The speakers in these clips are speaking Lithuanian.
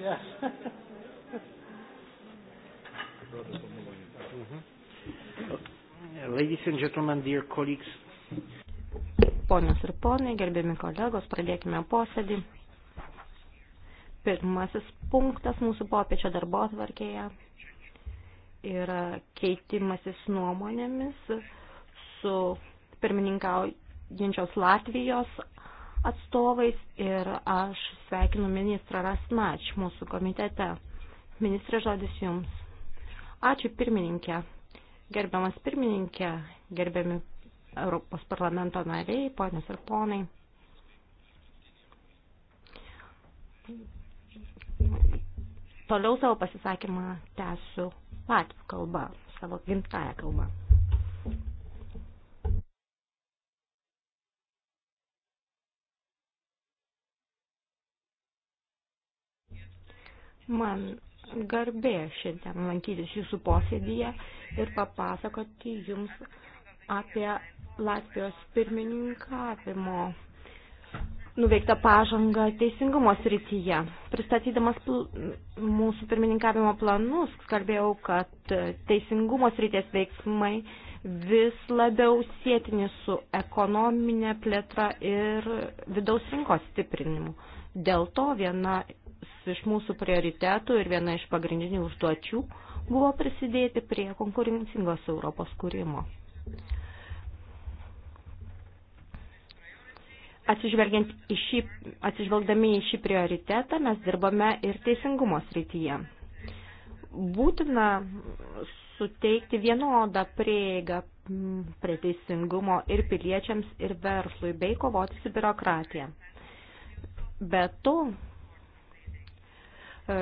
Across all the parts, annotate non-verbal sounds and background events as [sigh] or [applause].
Yeah. [laughs] Ladies and gentlemen, dear colleagues. Ponios ir ponai, gerbiami kolegos, pradėkime posėdį. Pirmasis punktas mūsų popiečio darbo atvarkėje yra keitimasis nuomonėmis su pirmininkaujančios Latvijos atstovais ir aš sveikinu ministrą Rasnač mūsų komitete. Ministrė žodis jums. Ačiū pirmininkė. Gerbiamas pirmininkė, gerbiami Europos parlamento nariai, ponios ir ponai. Toliau savo pasisakymą tęsiu latvių kalbą, savo gimtają kalbą. Man garbė šiandien lankytis jūsų posėdyje ir papasakoti jums apie Latvijos pirmininkavimo nuveiktą pažangą teisingumo srityje. Pristatydamas mūsų pirmininkavimo planus, kalbėjau, kad teisingumo srities veiksmai vis labiau sėtini su ekonominė plėtra ir vidaus rinkos stiprinimu. Dėl to viena iš mūsų prioritetų ir viena iš pagrindinių užduočių buvo prisidėti prie konkurencingos Europos kūrimo. Atsižvelgiant į šį, atsižvelgdami į šį prioritetą, mes dirbame ir teisingumo srityje. Būtina suteikti vienodą prieigą prie teisingumo ir piliečiams, ir verslui, bei kovoti su biurokratija. Be to, E,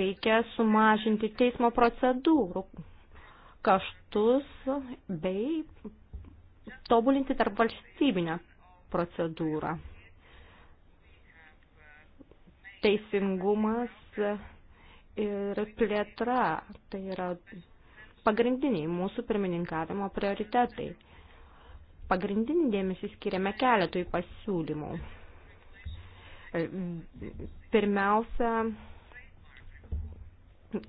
reikia sumažinti teismo procedūrų kaštus bei tobulinti tarp valstybinę procedūrą. Teisingumas ir plėtra tai yra pagrindiniai mūsų pirmininkavimo prioritetai. Pagrindinį dėmesį skiriame keletui pasiūlymų. Pirmiausia,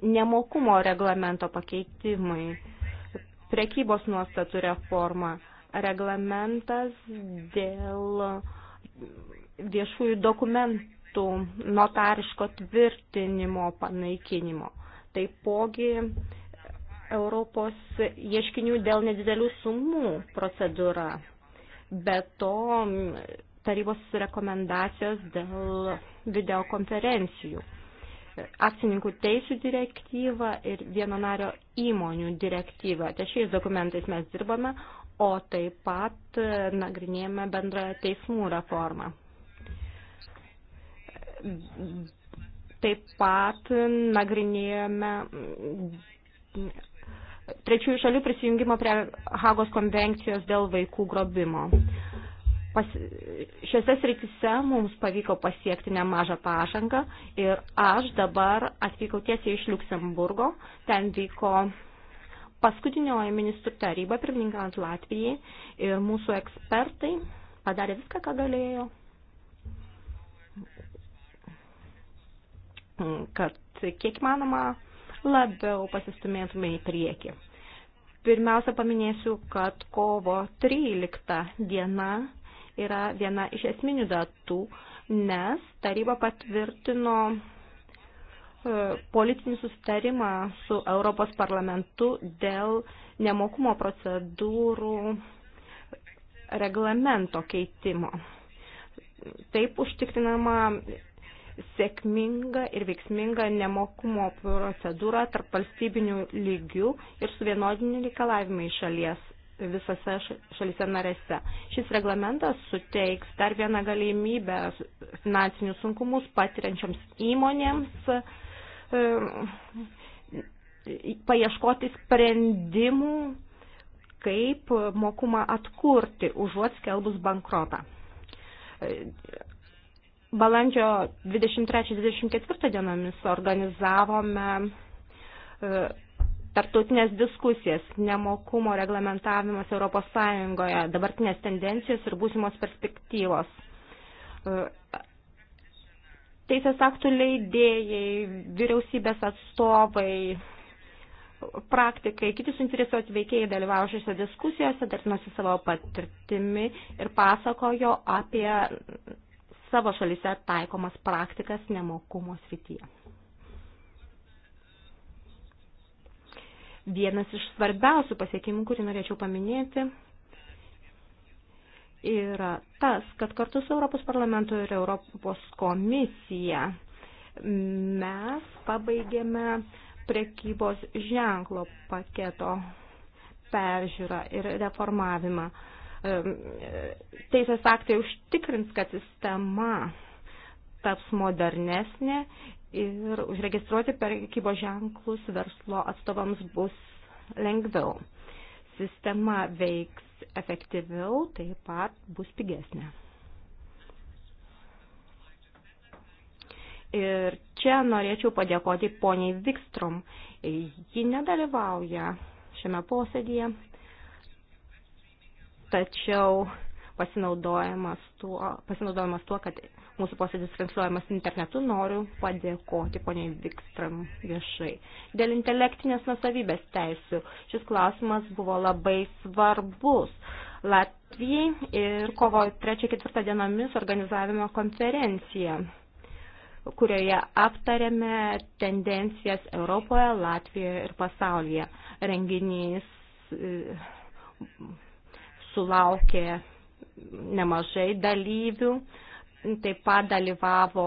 nemokumo reglamento pakeitimai, prekybos nuostatų reforma, reglamentas dėl viešųjų dokumentų notariško tvirtinimo panaikinimo. Taipogi Europos ieškinių dėl nedidelių sumų procedūra. Be to, tarybos rekomendacijos dėl videokonferencijų akcininkų teisų direktyvą ir vienonario įmonių direktyvą. Tai šiais dokumentais mes dirbame, o taip pat e, nagrinėjame bendrą teismų reformą. Taip pat nagrinėjame trečiųjų šalių prisijungimo prie Hagos konvencijos dėl vaikų grobimo. Pas, šiose srityse mums pavyko pasiekti nemažą pažangą ir aš dabar atvykau tiesiai iš Luksemburgo, ten vyko paskutinioji ministrų taryba, pirmininkant Latvijai, ir mūsų ekspertai padarė viską, ką galėjo, kad kiek manoma labiau pasistumėtume į priekį. Pirmiausia, paminėsiu, kad kovo 13 diena yra viena iš esminių datų, nes taryba patvirtino e, politinį susitarimą su Europos parlamentu dėl nemokumo procedūrų reglamento keitimo. Taip užtikrinama sėkminga ir veiksminga nemokumo procedūra tarp valstybinių lygių ir suvienodinių reikalavimai šalies visose šalise narėse. Šis reglamentas suteiks dar vieną galimybę finansinius sunkumus patiriančiams įmonėms e, paieškoti sprendimų, kaip mokumą atkurti, užuot skelbus bankrotą. Balandžio 23-24 dienomis organizavome e, tarptautinės diskusijas, nemokumo reglamentavimas Europos Sąjungoje, dabartinės tendencijos ir būsimos perspektyvos. E, teisės aktų leidėjai, vyriausybės atstovai, praktikai, kiti suinteresuoti veikėjai dalyvavo šiose diskusijose, dartinosi savo patirtimi ir pasakojo apie savo šalyse taikomas praktikas nemokumo srityje. vienas iš svarbiausių pasiekimų, kurį norėčiau paminėti, yra tas, kad kartu su Europos parlamentu ir Europos komisija mes pabaigėme prekybos ženklo paketo peržiūrą ir reformavimą. Teisės aktai užtikrins, kad sistema taps modernesnė ir užregistruoti prekybo ženklus verslo atstovams bus lengviau. Sistema veiks efektyviau, taip pat bus pigesnė. Ir čia norėčiau padėkoti poniai Vikstrom. Ji nedalyvauja šiame posėdėje, tačiau pasinaudojamas tuo, pasinaudojamas tuo kad Mūsų posėdis transliuojamas internetu. Noriu padėkoti poniai Vikstram viešai. Dėl intelektinės nusavybės teisių šis klausimas buvo labai svarbus. Latvijai ir kovo 3-4 dienomis organizavimo konferenciją kurioje aptarėme tendencijas Europoje, Latvijoje ir pasaulyje. Renginys e, sulaukė nemažai dalyvių, taip pat dalyvavo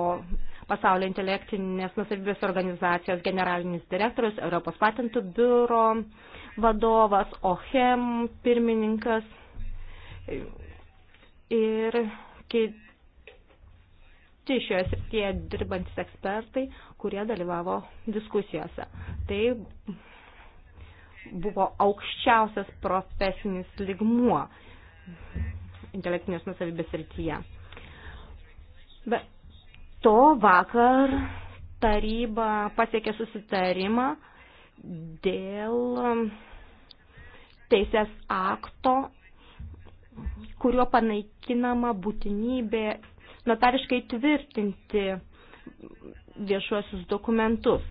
pasaulio intelektinės nusavybės organizacijos generalinis direktorius, Europos patentų biuro vadovas, OHEM pirmininkas ir kiti šioje srityje dirbantis ekspertai, kurie dalyvavo diskusijose. Tai buvo aukščiausias profesinis ligmuo intelektinės nusavybės srityje. Be to vakar taryba pasiekė susitarimą dėl um, teisės akto, kuriuo panaikinama būtinybė notariškai tvirtinti viešuosius dokumentus.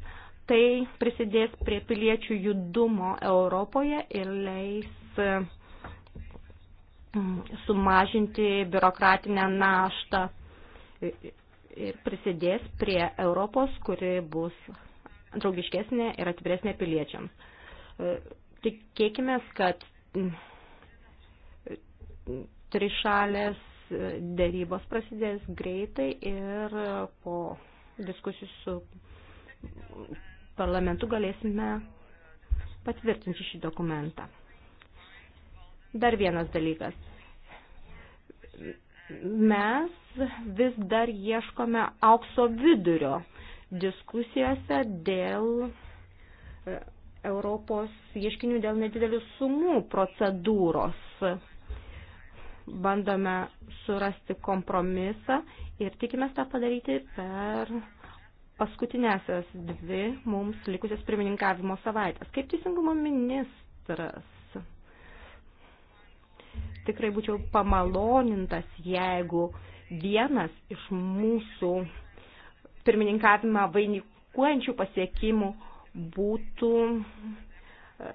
Tai prisidės prie piliečių judumo Europoje ir leis um, sumažinti biurokratinę naštą ir prisidės prie Europos, kuri bus draugiškesnė ir atviresnė piliečiams. E, tikėkime, kad trišalės e, dėrybos prasidės greitai ir po diskusijų su parlamentu galėsime patvirtinti šį dokumentą. Dar vienas dalykas mes vis dar ieškome aukso vidurio diskusijose dėl e, Europos ieškinių dėl nedidelių sumų procedūros. Bandome surasti kompromisą ir tikimės tą padaryti per paskutinėsias dvi mums likusias pirmininkavimo savaitės. Kaip teisingumo ministras tikrai būčiau pamalonintas, jeigu vienas iš mūsų pirmininkavimą vainikuojančių pasiekimų būtų e,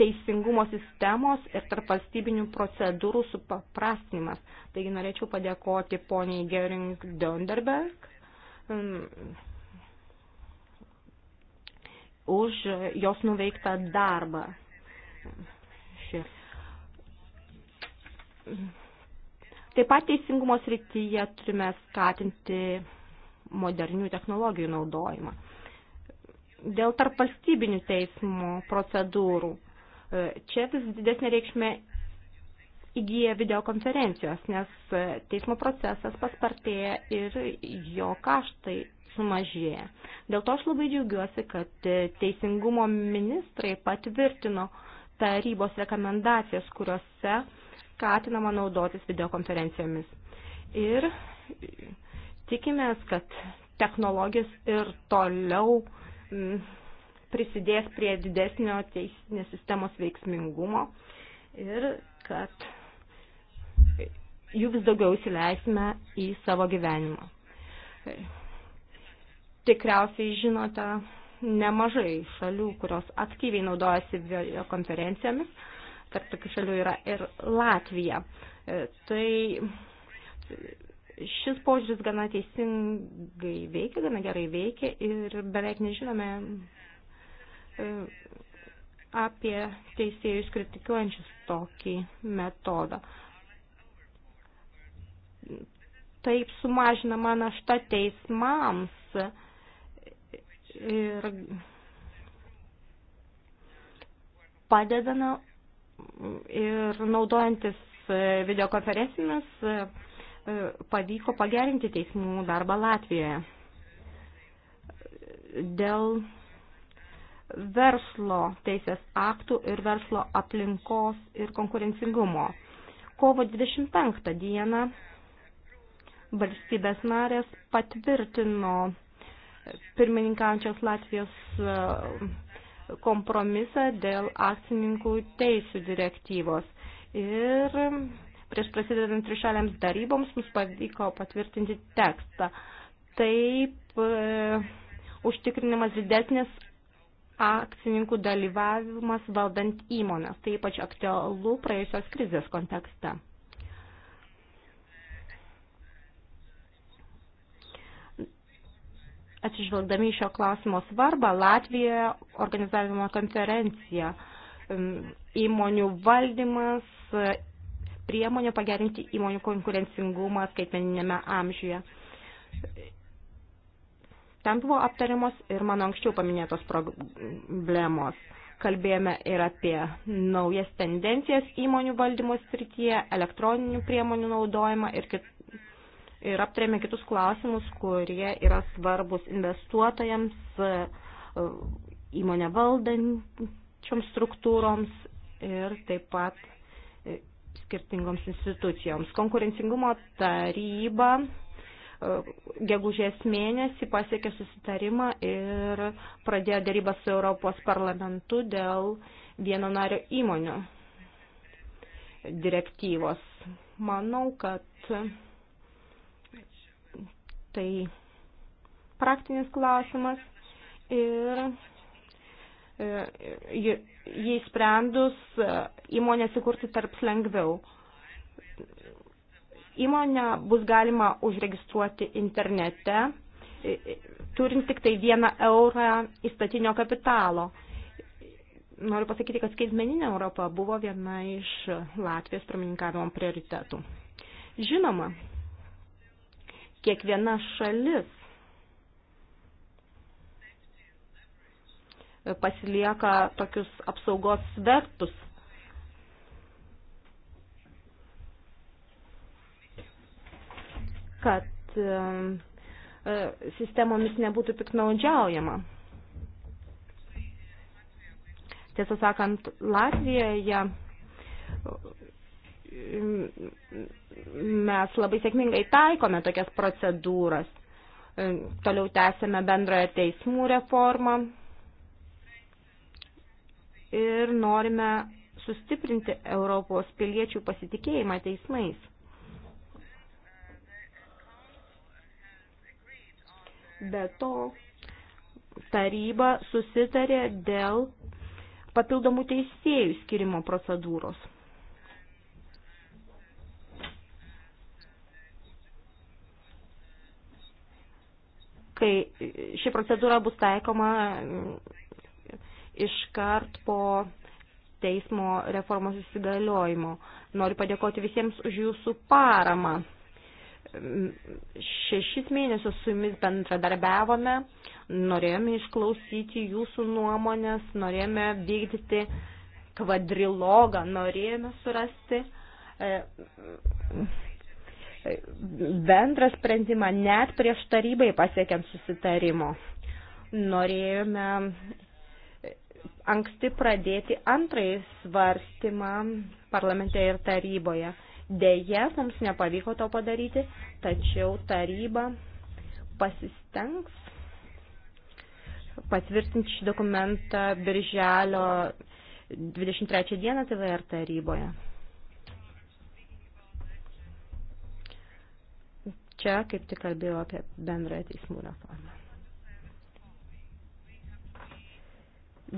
teisingumo sistemos ir tarp valstybinių procedūrų supaprastinimas. Taigi norėčiau padėkoti poniai Gering Dunderberg mm, už jos nuveiktą darbą. Taip pat teisingumo srityje turime skatinti modernių technologijų naudojimą. Dėl tarp valstybinių teismų procedūrų e, čia vis didesnė reikšmė įgyja videokonferencijos, nes e, teismo procesas paspartėja ir jo kaštai sumažėja. Dėl to aš labai džiaugiuosi, kad e, teisingumo ministrai patvirtino tarybos rekomendacijas, kuriuose skatinama naudotis videokonferencijomis. Ir tikimės, kad technologijos ir toliau mm, prisidės prie didesnio teisinės sistemos veiksmingumo ir kad jų vis daugiau įsileisime į savo gyvenimą. Tikriausiai žinote nemažai šalių, kurios aktyviai naudojasi konferencijomis tarp tokių šalių yra ir Latvija. E, tai šis požiūris gana teisingai veikia, gana gerai veikia ir beveik nežinome e, apie teisėjus kritikuojančius tokį metodą. Taip sumažinama našta teismams ir padedama ir naudojantis e, videokonferencijomis e, e, pavyko pagerinti teismų darbą Latvijoje. Dėl verslo teisės aktų ir verslo aplinkos ir konkurencingumo. Kovo 25 dieną valstybės narės patvirtino pirmininkaujančios Latvijos kompromisą dėl akcininkų teisų direktyvos. Ir prieš prasidedant trišalėms daryboms mums pavyko patvirtinti tekstą. Taip e, užtikrinimas didesnės akcininkų dalyvavimas valdant įmonės, taip ypač aktualu praėjusios krizės kontekste. atsižvelgdami šio klausimo svarbą Latvijoje organizavimo konferencija um, įmonių valdymas, priemonių pagerinti įmonių konkurencingumą skaitmeninėme amžiuje. Ten buvo aptariamos ir mano anksčiau paminėtos problemos. Kalbėjome ir apie naujas tendencijas įmonių valdymo srityje, elektroninių priemonių naudojimą ir kitų ir aptarėme kitus klausimus, kurie yra svarbus investuotojams, įmonę valdančioms struktūroms ir taip pat e, skirtingoms institucijoms. Konkurencingumo taryba e, gegužės mėnesį pasiekė susitarimą ir pradėjo darybą su Europos parlamentu dėl vieno nario įmonių direktyvos. Manau, kad tai praktinis klausimas ir e, jį sprendus e, įmonės įkurti tarps lengviau. Įmonę bus galima užregistruoti internete, e, turint tik tai vieną eurą įstatinio kapitalo. Noriu pasakyti, kad skaitmeninė Europa buvo viena iš Latvijos pirmininkavimo prioritetų. Žinoma, kiekviena šalis pasilieka tokius apsaugos svertus. kad e, e, sistemomis nebūtų piknaudžiaujama. Tiesą sakant, Latvijoje mes labai sėkmingai taikome tokias procedūras. Toliau tęsėme bendroje teismų reformą ir norime sustiprinti Europos piliečių pasitikėjimą teismais. Be to, taryba susitarė dėl papildomų teisėjų skirimo procedūros. kai ši procedūra bus taikoma iškart po teismo reformos įsigaliojimo. Noriu padėkoti visiems už jūsų paramą. Šešis mėnesius su jumis bendradarbiavome, norėjome išklausyti jūsų nuomonės, norėjome vykdyti kvadrilogą, norėjome surasti. E, bendrą sprendimą net prieš tarybai pasiekiant susitarimo. Norėjome e, anksti pradėti antrąjį svarstymą parlamente ir taryboje. Deja, mums nepavyko to padaryti, tačiau taryba pasistengs patvirtinti šį dokumentą birželio 23 dieną TVR taryboje. čia kaip tik kalbėjau apie bendrąją teismų reformą.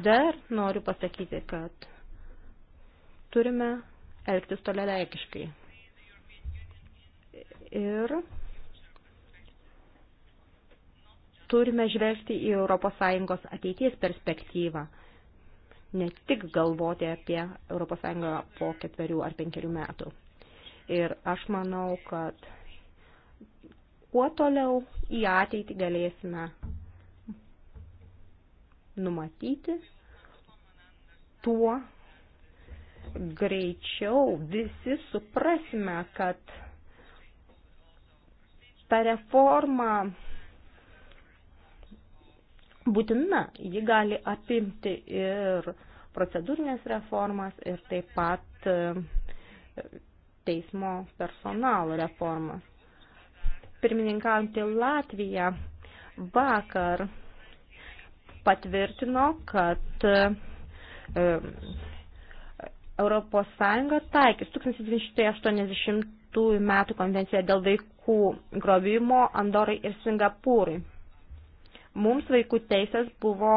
Dar noriu pasakyti, kad turime elgtis tolereikiškai. Ir turime žvelgti į ES ateities perspektyvą, ne tik galvoti apie ES po ketverių ar penkerių metų. Ir aš manau, kad kuo toliau į ateitį galėsime numatyti, tuo greičiau visi suprasime, kad ta reforma būtina, ji gali apimti ir procedūrinės reformas ir taip pat e, teismo personalo reformas pirmininkaujantį Latviją vakar patvirtino, kad e, Europos Sąjunga taikys 1980 metų konvenciją dėl vaikų grobimo Andorai ir Singapūrui. Mums vaikų teisės buvo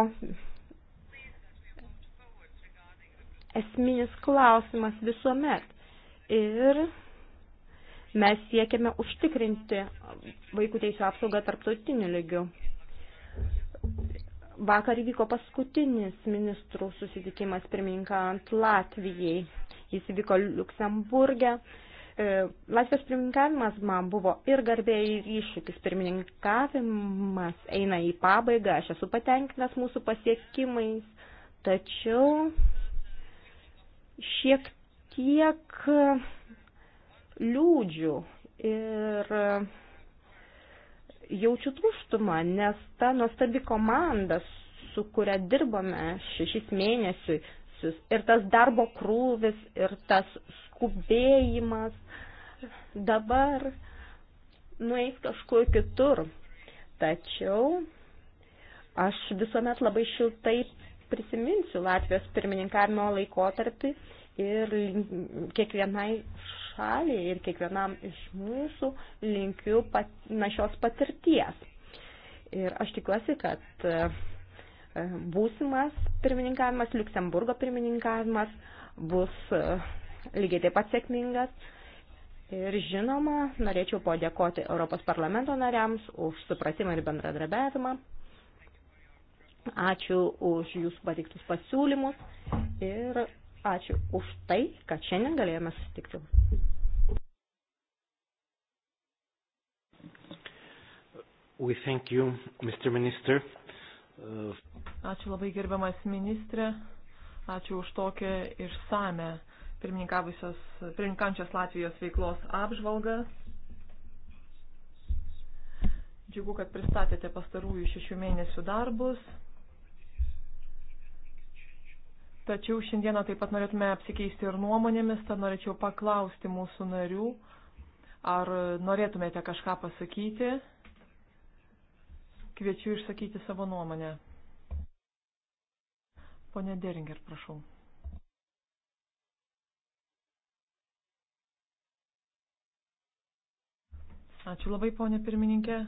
esminis klausimas visuomet. Ir Mes siekiame užtikrinti vaikų teisų apsaugą tarptautiniu lygiu. Vakar vyko paskutinis ministrų susitikimas pirmininkant Latvijai. Jis vyko Luksemburgė. E, Latvijos pirmininkavimas man buvo ir garbė, ir iššūkis. Pirmininkavimas eina į pabaigą, aš esu patenkinęs mūsų pasiekimais, tačiau šiek tiek liūdžiu ir jaučiu tuštumą, nes ta nuostabi komanda, su kuria dirbame šešis mėnesius, ir tas darbo krūvis, ir tas skubėjimas dabar nueis kažkur kitur. Tačiau aš visuomet labai šiltai prisiminsiu Latvijos pirmininkavimo laikotarpį ir kiekvienai šaliai ir kiekvienam iš mūsų linkiu pat, našios patirties. Ir aš tikiuosi, kad e, e, būsimas pirmininkavimas, Luksemburgo pirmininkavimas bus e, lygiai taip pat sėkmingas. Ir žinoma, norėčiau padėkoti Europos parlamento nariams už supratimą ir bendradarbiavimą. Ačiū už jūsų pateiktus pasiūlymus ir ačiū už tai, kad šiandien galėjome susitikti. We thank you, Mr. Minister. Uh... Ačiū labai gerbiamas ministrė. Ačiū už tokią išsame pirmininkančios Latvijos veiklos apžvalgą. Džiugu, kad pristatėte pastarųjų šešių mėnesių darbus. Tačiau šiandieną taip pat norėtume apsikeisti ir nuomonėmis, tad norėčiau paklausti mūsų narių, ar norėtumėte kažką pasakyti. Kviečiu išsakyti savo nuomonę. Pone Deringer, prašau. Ačiū labai, ponė pirmininkė.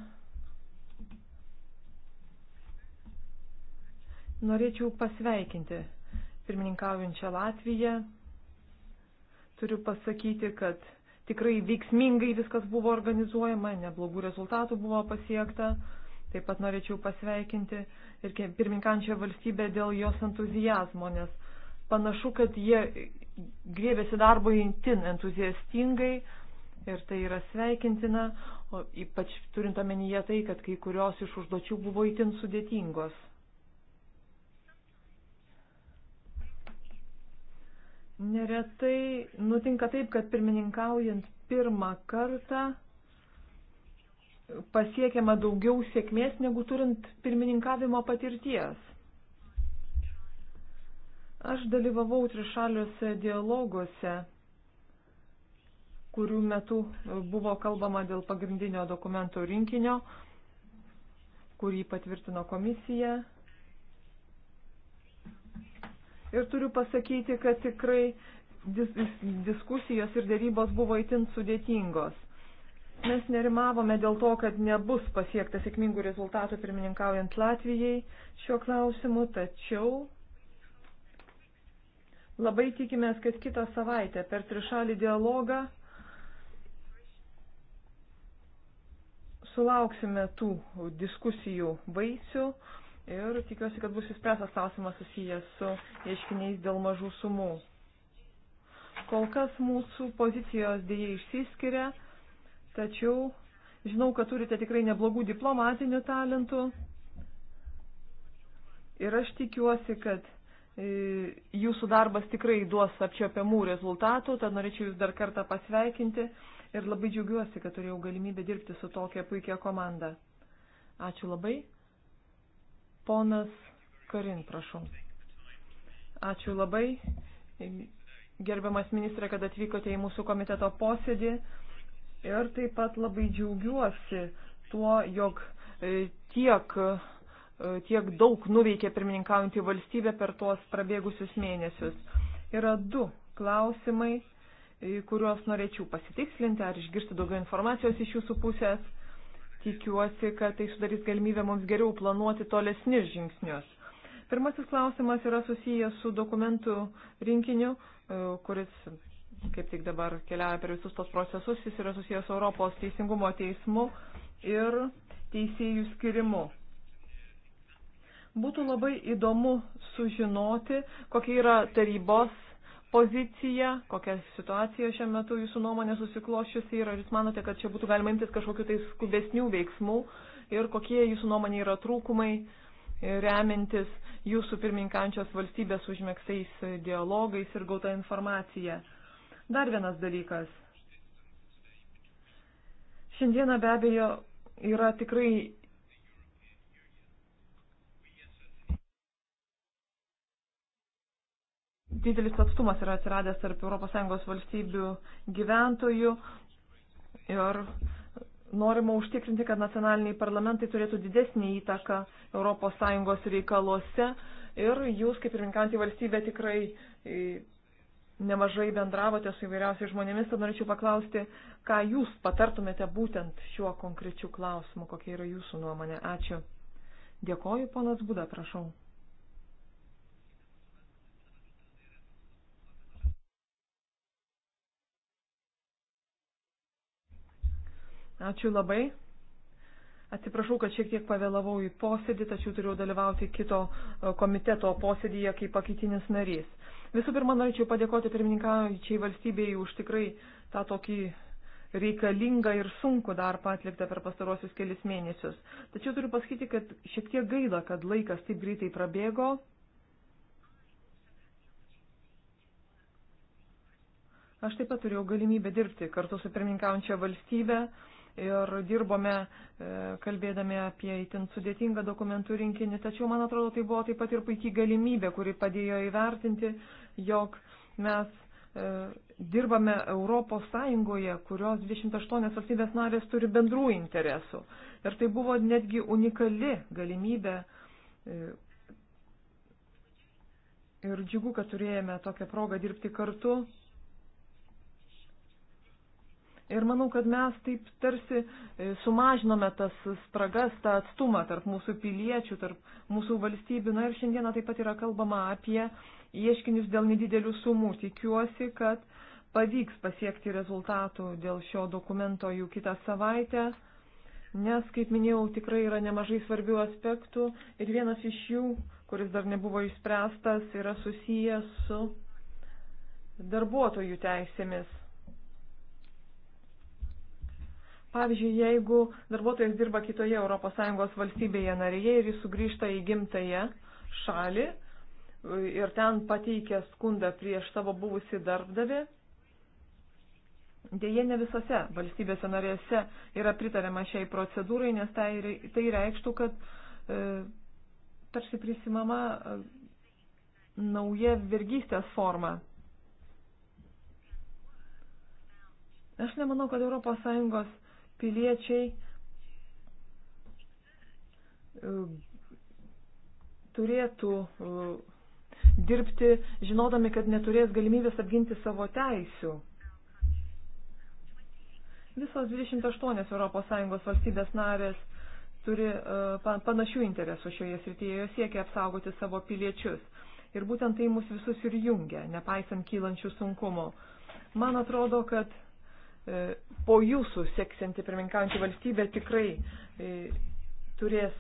Norėčiau pasveikinti pirmininkaujančią Latviją. Turiu pasakyti, kad tikrai veiksmingai viskas buvo organizuojama, neblogų rezultatų buvo pasiekta. Taip pat norėčiau pasveikinti ir pirmininkančią valstybę dėl jos entuzijazmo, nes panašu, kad jie grėbėsi darbo intin entuziastingai ir tai yra sveikintina, o ypač turint omenyje tai, kad kai kurios iš užduočių buvo itin sudėtingos. Neretai nutinka taip, kad pirmininkaujant pirmą kartą pasiekiama daugiau sėkmės, negu turint pirmininkavimo patirties. Aš dalyvavau trišaliuose dialoguose, kurių metu buvo kalbama dėl pagrindinio dokumento rinkinio, kurį patvirtino komisija ir turiu pasakyti, kad tikrai dis diskusijos ir dėrybos buvo itin sudėtingos. Mes nerimavome dėl to, kad nebus pasiektas sėkmingų rezultatų pirmininkaujant Latvijai šiuo klausimu, tačiau labai tikimės, kad kitą savaitę per trišalį dialogą sulauksime tų diskusijų vaisių, ir tikiuosi, kad bus įspręstas klausimas susijęs su ieškiniais dėl mažų sumų. Kol kas mūsų pozicijos dėja išsiskiria, tačiau žinau, kad turite tikrai neblogų diplomatinių talentų ir aš tikiuosi, kad e, jūsų darbas tikrai duos apčiopiamų rezultatų, tad norėčiau jūs dar kartą pasveikinti ir labai džiaugiuosi, kad turėjau galimybę dirbti su tokia puikia komanda. Ačiū labai. Ponas Karin, prašau. Ačiū labai. Gerbiamas ministrė, kad atvykote į mūsų komiteto posėdį. Ir taip pat labai džiaugiuosi tuo, jog e, tiek, e, tiek daug nuveikė pirmininkaujantį valstybę per tuos prabėgusius mėnesius. Yra du klausimai, kuriuos norėčiau pasitikslinti ar išgirsti daugiau informacijos iš jūsų pusės tikiuosi, kad tai sudarys galimybę mums geriau planuoti tolesnius žingsnius. Pirmasis klausimas yra susijęs su dokumentų rinkiniu, e, kuris kaip tik dabar keliauja per visus tos procesus, jis yra susijęs su Europos teisingumo teismu ir teisėjų skirimu. Būtų labai įdomu sužinoti, kokia yra tarybos poziciją, kokia situacija šiuo metu jūsų nuomonė susiklošiusi ir ar jūs manote, kad čia būtų galima imtis kažkokiu tai skubesnių veiksmų ir kokie jūsų nuomonė yra trūkumai remintis jūsų pirmininkančios valstybės užmėgstais dialogais ir gauta informacija. Dar vienas dalykas. Šiandieną be abejo yra tikrai didelis atstumas yra atsiradęs tarp ES valstybių gyventojų ir norima užtikrinti, kad nacionaliniai parlamentai turėtų didesnį įtaką ES reikaluose ir jūs kaip rinkantį valstybę tikrai e, nemažai bendravote su įvairiausiais žmonėmis, tad norėčiau paklausti, ką jūs patartumėte būtent šiuo konkrečiu klausimu, kokia yra jūsų nuomonė. Ačiū. Dėkoju, ponas Buda, prašau. Ačiū labai. Atsiprašau, kad šiek tiek pavėlavau į posėdį, tačiau turėjau dalyvauti kito e, komiteto posėdyje kaip pakeitinis narys. Visų pirma, norėčiau padėkoti pirmininkaujančiai valstybei už tikrai tą tokį reikalingą ir sunku darbą atliktą per pastarosius kelius mėnesius. Tačiau turiu pasakyti, kad šiek tiek gaila, kad laikas taip greitai prabėgo. Aš taip pat turėjau galimybę dirbti kartu su pirmininkaujančia valstybė ir dirbome e, kalbėdami apie itin sudėtingą dokumentų rinkinį, tačiau man atrodo tai buvo taip pat ir puikiai galimybė, kuri padėjo įvertinti, jog mes e, dirbame Europos Sąjungoje, kurios 28 valstybės narės turi bendrų interesų. Ir tai buvo netgi unikali galimybė. E, ir džiugu, kad turėjome tokią progą dirbti kartu Ir manau, kad mes taip tarsi e, sumažinome tas spragas, tą atstumą tarp mūsų piliečių, tarp mūsų valstybių. Na ir šiandieną taip pat yra kalbama apie ieškinius dėl nedidelių sumų. Tikiuosi, kad pavyks pasiekti rezultatų dėl šio dokumento jau kitą savaitę. Nes, kaip minėjau, tikrai yra nemažai svarbių aspektų ir vienas iš jų, kuris dar nebuvo išspręstas, yra susijęs su darbuotojų teisėmis. Pavyzdžiui, jeigu darbuotojas dirba kitoje ES valstybėje narėje ir jis sugrįžta į gimtąją šalį e, ir ten pateikia skundą prieš savo buvusi darbdavį, Deja, ne visose valstybėse narėse yra pritariama šiai procedūrai, nes tai, tai reikštų, kad e, tarsi prisimama e, nauja vergystės forma. Aš nemanau, kad ES piliečiai e, turėtų e, dirbti, žinodami, kad neturės galimybės apginti savo teisių. Visos 28 ES valstybės narės turi e, panašių interesų šioje srityje, jos siekia apsaugoti savo piliečius. Ir būtent tai mus visus ir jungia, nepaisant kylančių sunkumų. Man atrodo, kad E, po jūsų seksianti pirmininkaujantį valstybę tikrai e, turės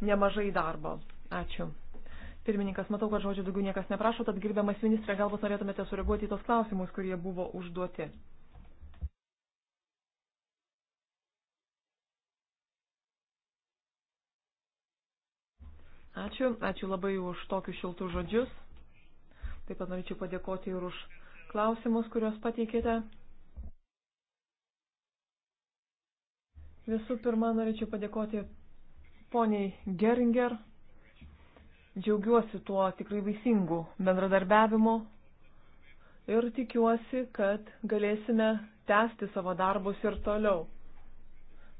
nemažai darbo. Ačiū. Pirmininkas, matau, kad žodžių daugiau niekas neprašo, tad gerbiamas ministrė, galbūt norėtumėte sureaguoti į tos klausimus, kurie buvo užduoti. Ačiū, ačiū labai už tokius šiltus žodžius. Taip pat norėčiau padėkoti ir už klausimus, kuriuos pateikėte. Visų pirma, norėčiau padėkoti poniai Geringer. Džiaugiuosi tuo tikrai vaisingu bendradarbiavimu ir tikiuosi, kad galėsime tęsti savo darbus ir toliau.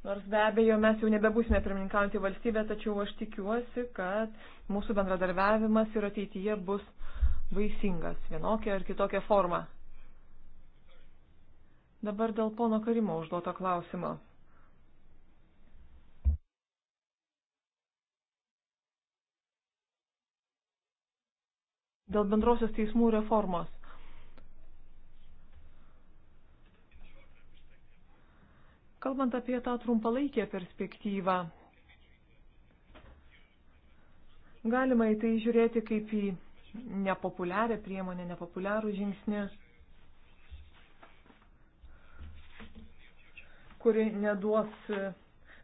Nors be abejo mes jau nebebūsime pirmininkaujantį valstybę, tačiau aš tikiuosi, kad mūsų bendradarbiavimas ir ateityje bus vaisingas vienokia ar kitokia forma. Dabar dėl pono Karimo užduoto klausimo. dėl bendrosios teismų reformos. Kalbant apie tą trumpalaikę perspektyvą, galima į tai žiūrėti kaip į nepopuliarią priemonę, nepopuliarų žingsnį, kuri neduos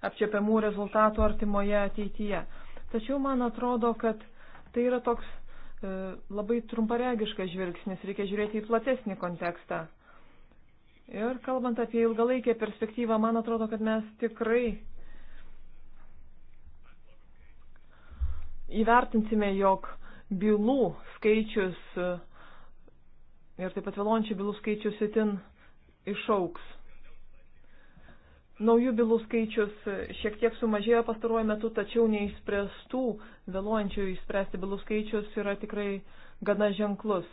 apčiopiamų rezultatų artimoje ateityje. Tačiau man atrodo, kad tai yra toks E, labai trumparegiškas žvilgsnis, reikia žiūrėti į platesnį kontekstą. Ir kalbant apie ilgalaikę perspektyvą, man atrodo, kad mes tikrai įvertinsime, jog bylų skaičius e, ir taip pat vėlončių bylų skaičius itin išauks. Naujų bylų skaičius šiek tiek sumažėjo pastaruoju metu, tačiau neįspręstų, vėluojančių įspręsti bylų skaičius yra tikrai gana ženklus.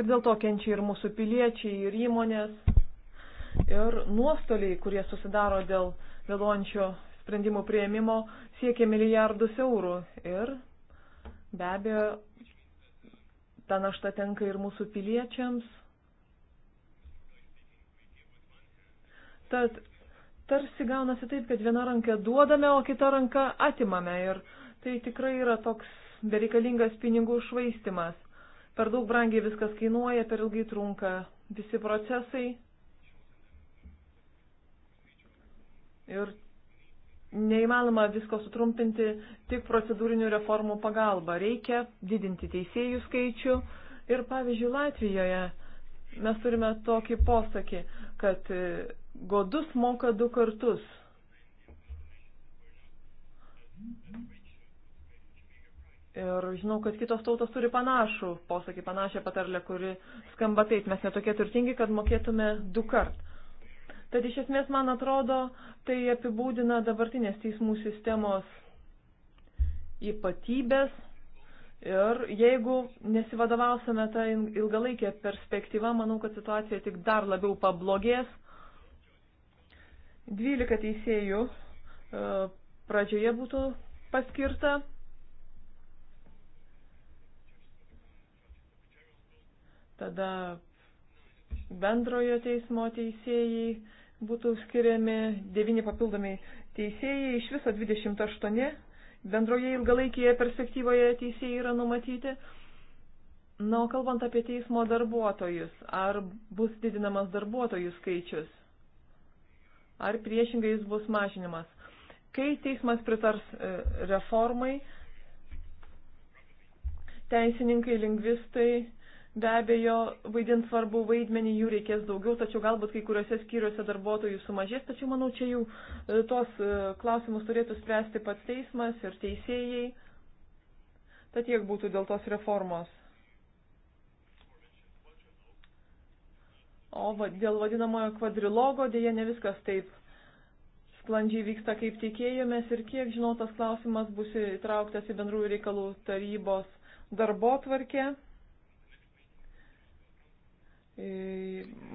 Ir dėl to kenčia ir mūsų piliečiai, ir įmonės, ir nuostoliai, kurie susidaro dėl vėluojančio sprendimų prieimimo, siekia milijardus eurų. Ir be abejo, ta našta tenka ir mūsų piliečiams. Tad tarsi gaunasi taip, kad vieną ranką duodame, o kitą ranką atimame ir tai tikrai yra toks bereikalingas pinigų švaistimas. Per daug brangiai viskas kainuoja, per ilgai trunka visi procesai. Ir neįmanoma visko sutrumpinti tik procedūrinių reformų pagalba. Reikia didinti teisėjų skaičių. Ir pavyzdžiui, Latvijoje mes turime tokį posakį, kad godus moka du kartus. Ir žinau, kad kitos tautos turi panašų posakį, panašią patarlę, kuri skamba taip, mes netokie turtingi, kad mokėtume du kart. Tad iš esmės, man atrodo, tai apibūdina dabartinės teismų sistemos ypatybės. Ir jeigu nesivadovausime tą ilgalaikę perspektyvą, manau, kad situacija tik dar labiau pablogės 12 teisėjų e, pradžioje būtų paskirta. Tada bendrojo teismo teisėjai būtų skiriami 9 papildomi teisėjai, iš viso 28 bendroje ilgalaikėje perspektyvoje teisėjai yra numatyti. Na, o kalbant apie teismo darbuotojus, ar bus didinamas darbuotojų skaičius? ar priešingai jis bus mažinimas. Kai teismas pritars e, reformai, teisininkai, lingvistai be abejo vaidins svarbu vaidmenį, jų reikės daugiau, tačiau galbūt kai kuriuose skyriuose darbuotojų sumažės, tačiau manau, čia jų e, tos e, klausimus turėtų spręsti pats teismas ir teisėjai. Tad tiek būtų dėl tos reformos. O dėl vadinamojo kvadrilogo dėje ne viskas taip sklandžiai vyksta, kaip tikėjomės ir kiek žinau, tas klausimas bus įtrauktas į bendrųjų reikalų tarybos darbo tvarkę. E,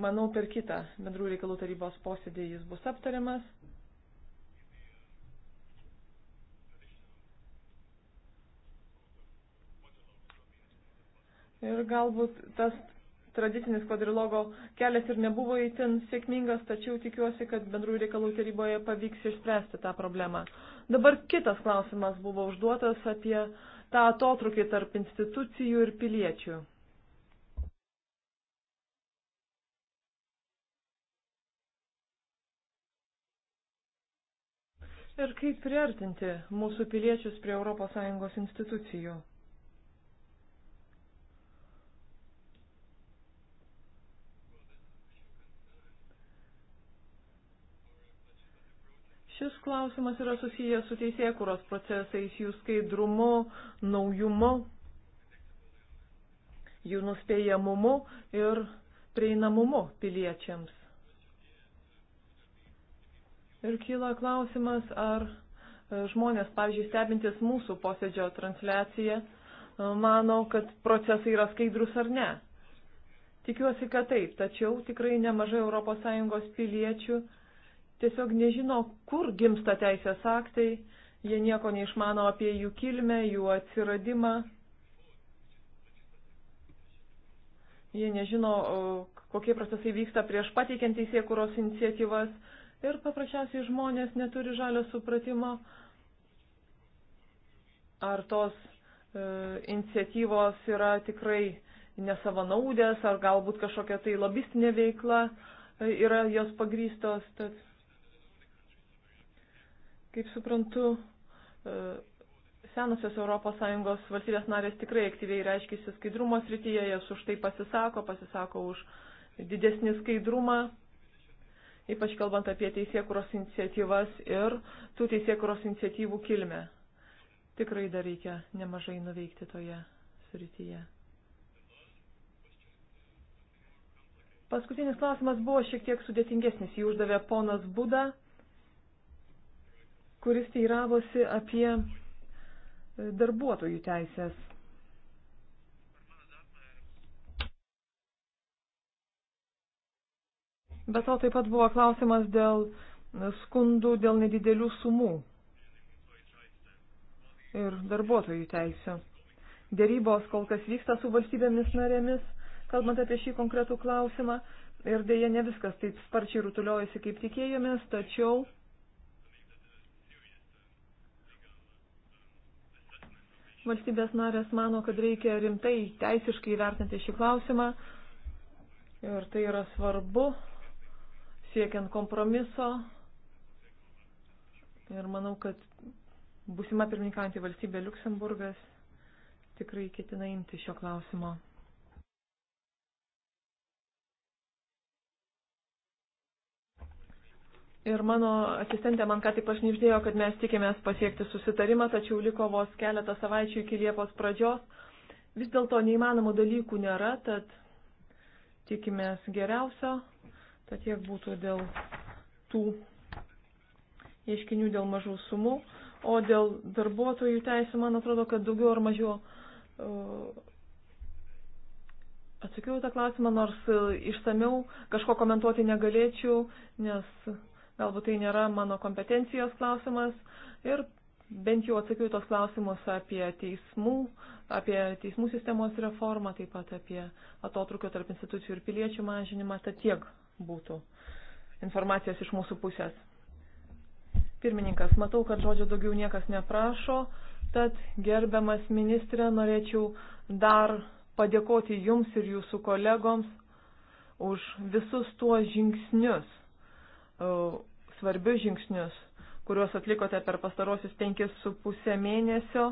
manau, per kitą bendrųjų reikalų tarybos posėdį jis bus aptariamas. Ir galbūt tas tradicinis kvadrilogo kelias ir nebuvo įtin sėkmingas, tačiau tikiuosi, kad bendrųjų reikalų taryboje pavyks išspręsti tą problemą. Dabar kitas klausimas buvo užduotas apie tą atotrukį tarp institucijų ir piliečių. Ir kaip priartinti mūsų piliečius prie ES institucijų? Šis klausimas yra susijęs su teisėkuros procesais, jų skaidrumu, naujumu, jų nuspėjamumu ir prieinamumu piliečiams. Ir kyla klausimas, ar e, žmonės, pavyzdžiui, stebintis mūsų posėdžio transliaciją, e, mano, kad procesai yra skaidrus ar ne. Tikiuosi, kad taip, tačiau tikrai nemažai ES piliečių tiesiog nežino, kur gimsta teisės aktai, jie nieko neišmano apie jų kilmę, jų atsiradimą. Jie nežino, kokie procesai vyksta prieš pateikiant teisėkuros iniciatyvas ir paprasčiausiai žmonės neturi žalio supratimo, ar tos e, iniciatyvos yra tikrai nesavanaudės, ar galbūt kažkokia tai lobistinė veikla e, yra jos pagrystos. Tad Kaip suprantu, e, senosios ES valstybės narės tikrai aktyviai reiškėsi skaidrumo srityje, jas už tai pasisako, pasisako už didesnį skaidrumą, ypač kalbant apie teisėkuros iniciatyvas ir tų teisėkuros iniciatyvų kilmę. Tikrai dar reikia nemažai nuveikti toje srityje. Paskutinis klausimas buvo šiek tiek sudėtingesnis, jį uždavė ponas Buda kuris teiravosi apie e, darbuotojų teisės. Bet to taip pat buvo klausimas dėl e, skundų dėl nedidelių sumų ir darbuotojų teisų. Dėrybos kol kas vyksta su valstybėmis narėmis, kalbant apie šį konkretų klausimą, ir dėja ne viskas taip sparčiai rutuliojasi, kaip tikėjomės, tačiau Valstybės narės mano, kad reikia rimtai teisiškai vertinti šį klausimą ir tai yra svarbu siekiant kompromiso. Ir manau, kad busima pirmininkantį valstybę Luksemburgas tikrai ketina imti šio klausimo. Ir mano asistentė man ką tik pašnipždėjo, kad mes tikimės pasiekti susitarimą, tačiau liko vos keletą savaičių iki Liepos pradžios. Vis dėlto neįmanomų dalykų nėra, tad tikimės geriausio. Tad tiek būtų dėl tų ieškinių dėl mažų sumų. O dėl darbuotojų teisų, man atrodo, kad daugiau ar mažiau uh, atsakiau tą klausimą, nors uh, išsameu kažko komentuoti negalėčiau, nes. Uh, Galbūt tai nėra mano kompetencijos klausimas ir bent jau atsakiau tos klausimus apie teismų, apie teismų sistemos reformą, taip pat apie atotrukio tarp institucijų ir piliečių mažinimą, tad tiek būtų informacijos iš mūsų pusės. Pirmininkas, matau, kad žodžio daugiau niekas neprašo, tad gerbiamas ministrė, norėčiau dar padėkoti jums ir jūsų kolegoms už visus tuos žingsnius, svarbius žingsnius, kuriuos atlikote per pastarosius penkis su pusę mėnesio.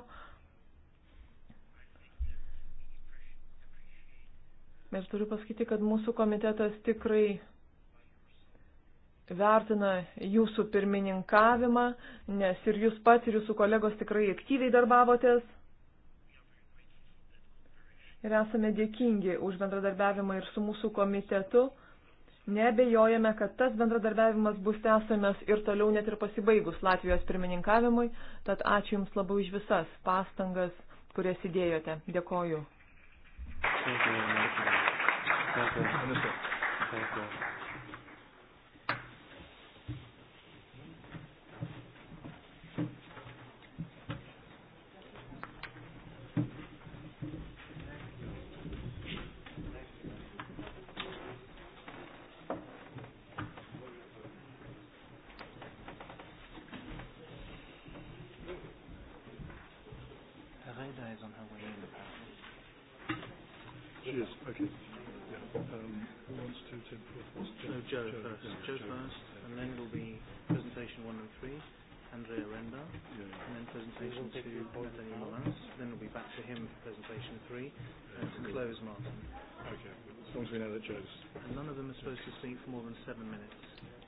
Ir turiu pasakyti, kad mūsų komitetas tikrai vertina jūsų pirmininkavimą, nes ir jūs pats, ir jūsų kolegos tikrai aktyviai darbavotės. Ir esame dėkingi už bendradarbiavimą ir su mūsų komitetu. Nebejojame, kad tas bendradarbiavimas bus tęsiamas ir toliau net ir pasibaigus Latvijos pirmininkavimui, tad ačiū Jums labai už visas pastangas, kurias įdėjote. Dėkoju. Thank you. Thank you. than seven minutes.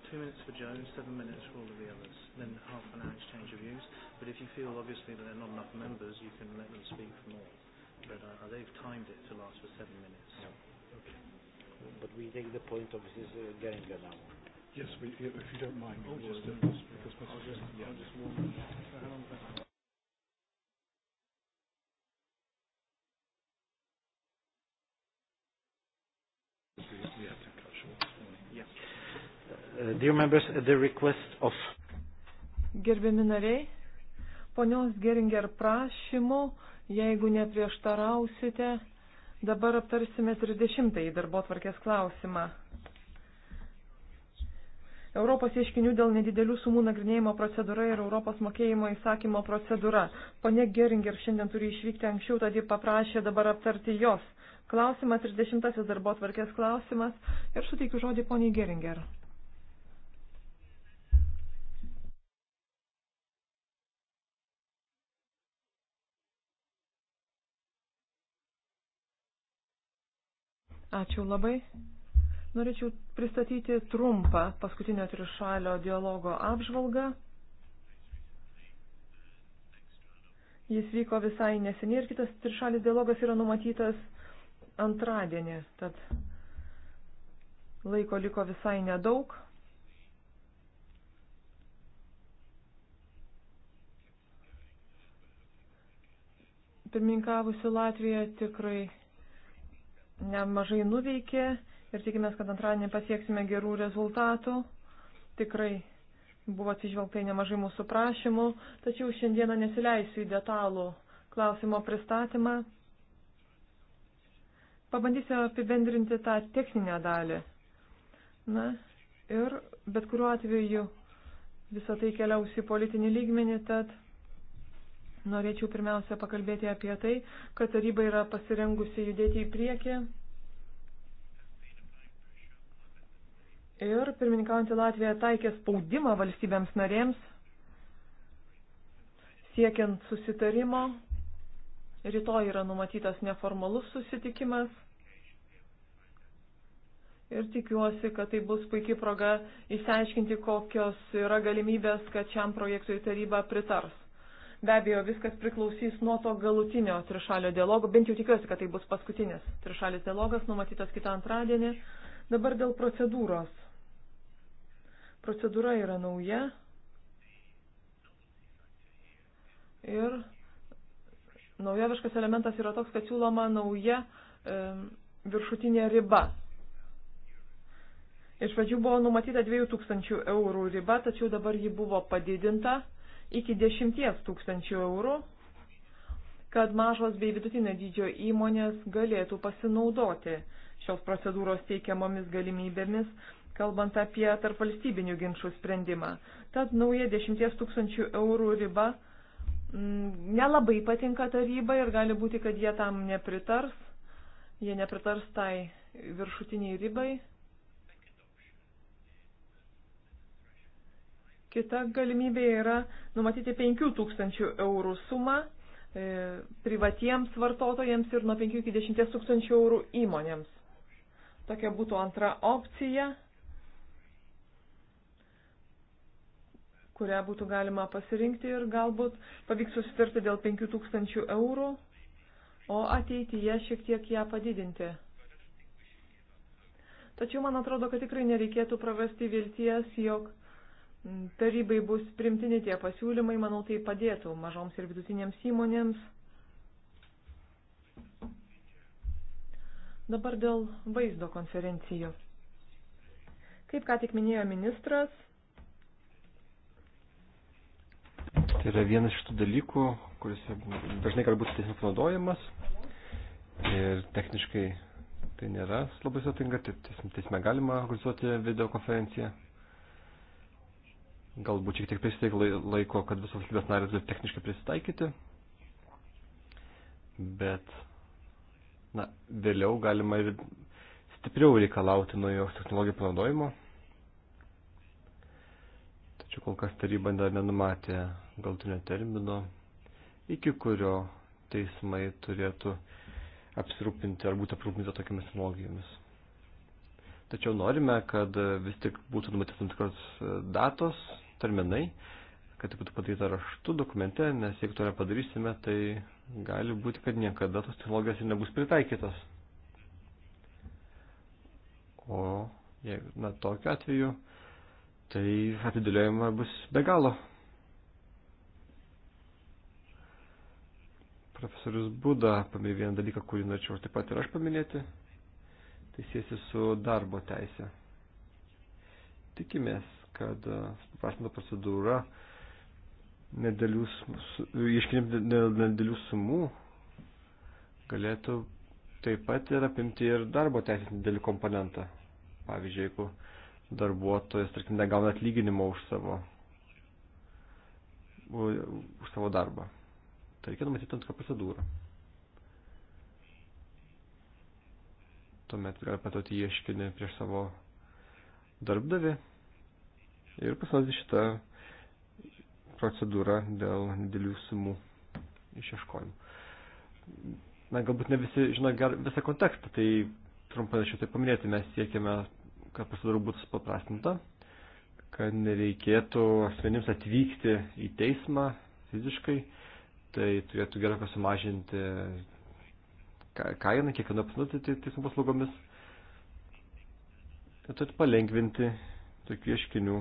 Two minutes for Joan, seven minutes for all of the others, then half an hour exchange of views. But if you feel obviously that there are not enough members, you can let them speak for more. But uh, they've timed it to last for seven minutes. Yeah. Okay. But we take the point of this uh, Geringer now. Yes, we, if you don't mind, oh, we'll oh, just, uh, because Mr. I'll just, yeah. I'll just warm up. Uh, dear members, at uh, the request of. Gerbiami nariai, ponios Geringer prašymu, jeigu neprieštarausite, dabar aptarsime 30-ąjį darbo tvarkės klausimą. Europos ieškinių dėl nedidelių sumų nagrinėjimo procedūra ir Europos mokėjimo įsakymo procedūra. Pone Geringer šiandien turi išvykti anksčiau, tad ji paprašė dabar aptarti jos. Klausimas 30-asis darbo tvarkės klausimas ir suteikiu žodį poniai Geringer. Ačiū labai. Norėčiau pristatyti trumpą paskutinio trišalio dialogo apžvalgą. Jis vyko visai neseniai ir kitas trišalis dialogas yra numatytas antradienį, tad laiko liko visai nedaug. Pirmininkavusi Latvija tikrai nemažai nuveikė ir tikimės, kad antradienį pasieksime gerų rezultatų. Tikrai buvo atsižvelgta į nemažai mūsų prašymų, tačiau šiandieną nesileisiu į detalų klausimo pristatymą. Pabandysiu apibendrinti tą techninę dalį. Na ir bet kuriuo atveju visą tai keliaus į politinį lygmenį, tad Norėčiau pirmiausia pakalbėti apie tai, kad taryba yra pasirengusi judėti į priekį. Ir pirmininkaujantį Latviją taikė spaudimą valstybėms narėms, siekiant susitarimo. Rytoj yra numatytas neformalus susitikimas. Ir tikiuosi, kad tai bus puikiai proga įsiaiškinti, kokios yra galimybės, kad šiam projektui taryba pritars. Be abejo, viskas priklausys nuo to galutinio trišalio dialogo, bent jau tikiuosi, kad tai bus paskutinis trišalis dialogas, numatytas kitą antradienį. Dabar dėl procedūros. Procedūra yra nauja ir naujoviškas elementas yra toks, kad siūloma nauja e, viršutinė riba Iš pradžių buvo numatyta 2000 eurų riba, tačiau dabar ji buvo padidinta iki 10 tūkstančių eurų, kad mažos bei vidutinio dydžio įmonės galėtų pasinaudoti šios procedūros teikiamomis galimybėmis, kalbant apie tarp valstybinių ginčių sprendimą. Tad nauja 10 tūkstančių eurų riba mm, nelabai patinka taryba ir gali būti, kad jie tam nepritars, jie nepritars tai viršutiniai ribai. Kita galimybė yra numatyti 5000 eurų sumą e, privatiems vartotojams ir nuo 5 iki 10 tūkstančių eurų įmonėms. Tokia būtų antra opcija, kurią būtų galima pasirinkti ir galbūt pavyks susitarti dėl 5000 eurų, o ateityje šiek tiek ją padidinti. Tačiau man atrodo, kad tikrai nereikėtų pravesti vilties, jog tarybai bus primtini tie pasiūlymai, manau, tai padėtų mažoms ir vidutinėms įmonėms. Dabar dėl vaizdo konferencijų. Kaip ką tik minėjo ministras. Tai yra vienas iš tų dalykų, kuris dažnai gali būti tiesiog naudojamas ir techniškai tai nėra labai sudėtinga, tai tiesiog galima organizuoti videokonferenciją. konferenciją. Galbūt šiek tiek prisiteik laiko, kad visos valstybės narės galėtų techniškai prisitaikyti, bet na, vėliau galima ir stipriau reikalauti nuo jos technologijų panaudojimo. Tačiau kol kas taryba dar nenumatė galtinio termino, iki kurio teismai turėtų apsirūpinti ar būti aprūpinti tokiamis technologijomis. Tačiau norime, kad vis tik būtų numatytas tam tikros datos, terminai, kad tai būtų padaryta raštu dokumente, nes jeigu to nepadarysime, tai gali būti, kad niekada tos technologijos ir nebus pritaikytos. O jeigu, na, tokiu atveju, tai atidėliojama bus be galo. Profesorius Buda paminėjo vieną dalyką, kurį norėčiau taip pat ir aš paminėti. Tai siesi su darbo teisė. Tikimės, kad e, suprastinta procedūra ieškinėms dėl nedėlių sumų galėtų taip pat ir apimti ir darbo teisės nedėlių komponentą. Pavyzdžiui, jeigu darbuotojas, tarkim, negauna atlyginimo už savo, už savo darbą. Tai reikėtų matyti tam tikrą procedūrą. Tuomet gali patoti ieškinį prieš savo darbdavį ir pasinaudoti šitą procedūrą dėl didelių sumų išieškojimų. Na, galbūt ne visi žino ger, visą kontekstą, tai trumpai aš tai paminėti, mes siekiame, kad procedūra būtų supaprastinta, kad nereikėtų asmenims atvykti į teismą fiziškai, tai turėtų gerokai sumažinti kainą kiekvieno pasinaudoti teismų paslaugomis. Tai turėtų palengvinti tokių ieškinių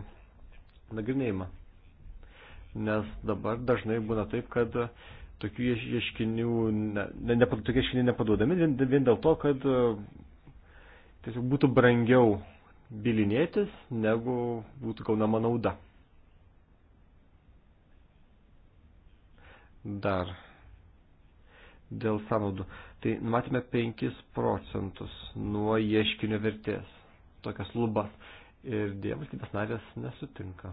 nagrinėjimą. Nes dabar dažnai būna taip, kad tokių ieškinių, ne, ne, tokie ieškiniai nepaduodami vien, vien dėl to, kad e, tiesiog būtų brangiau bilinėtis, negu būtų gaunama nauda. Dar dėl sąnaudų. Tai matėme 5 procentus nuo ieškinio vertės, tokias lubas ir dėl valstybės narės nesutinka.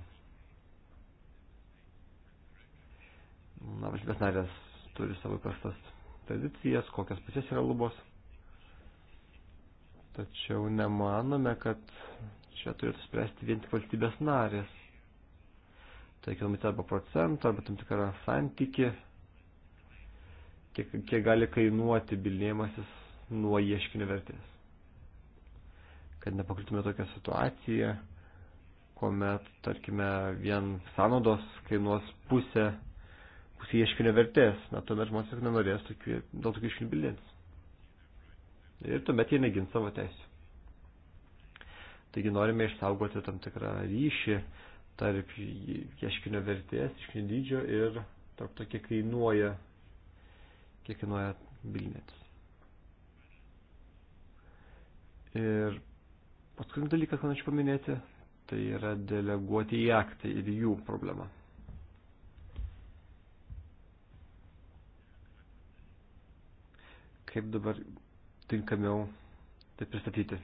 Na, valstybės narės turi savo prastas tradicijas, kokias pusės yra lubos. Tačiau nemanome, kad čia turėtų spręsti vien tik valstybės narės. Tai kilometrą arba procentą, arba tam tikrą santykį, kiek, kiek gali kainuoti bilinėjimasis nuo ieškinio vertės kad nepakliūtume tokią situaciją, kuomet, tarkime, vien sąnaudos kainuos pusę, pusę ieškinio vertės. Na, tuomet žmonės tik nenorės tokių, dėl tokių ieškinių bildėtis. Ir tuomet jie negins savo teisų. Taigi norime išsaugoti tam tikrą ryšį tarp ieškinio vertės, ieškinio dydžio ir tarp to, kiek kainuoja, kiek kainuoja bilinėtis. Ir Paskutinis dalykas, ką norėčiau paminėti, tai yra deleguoti į aktai ir jų problema. Kaip dabar tinkamiau tai pristatyti?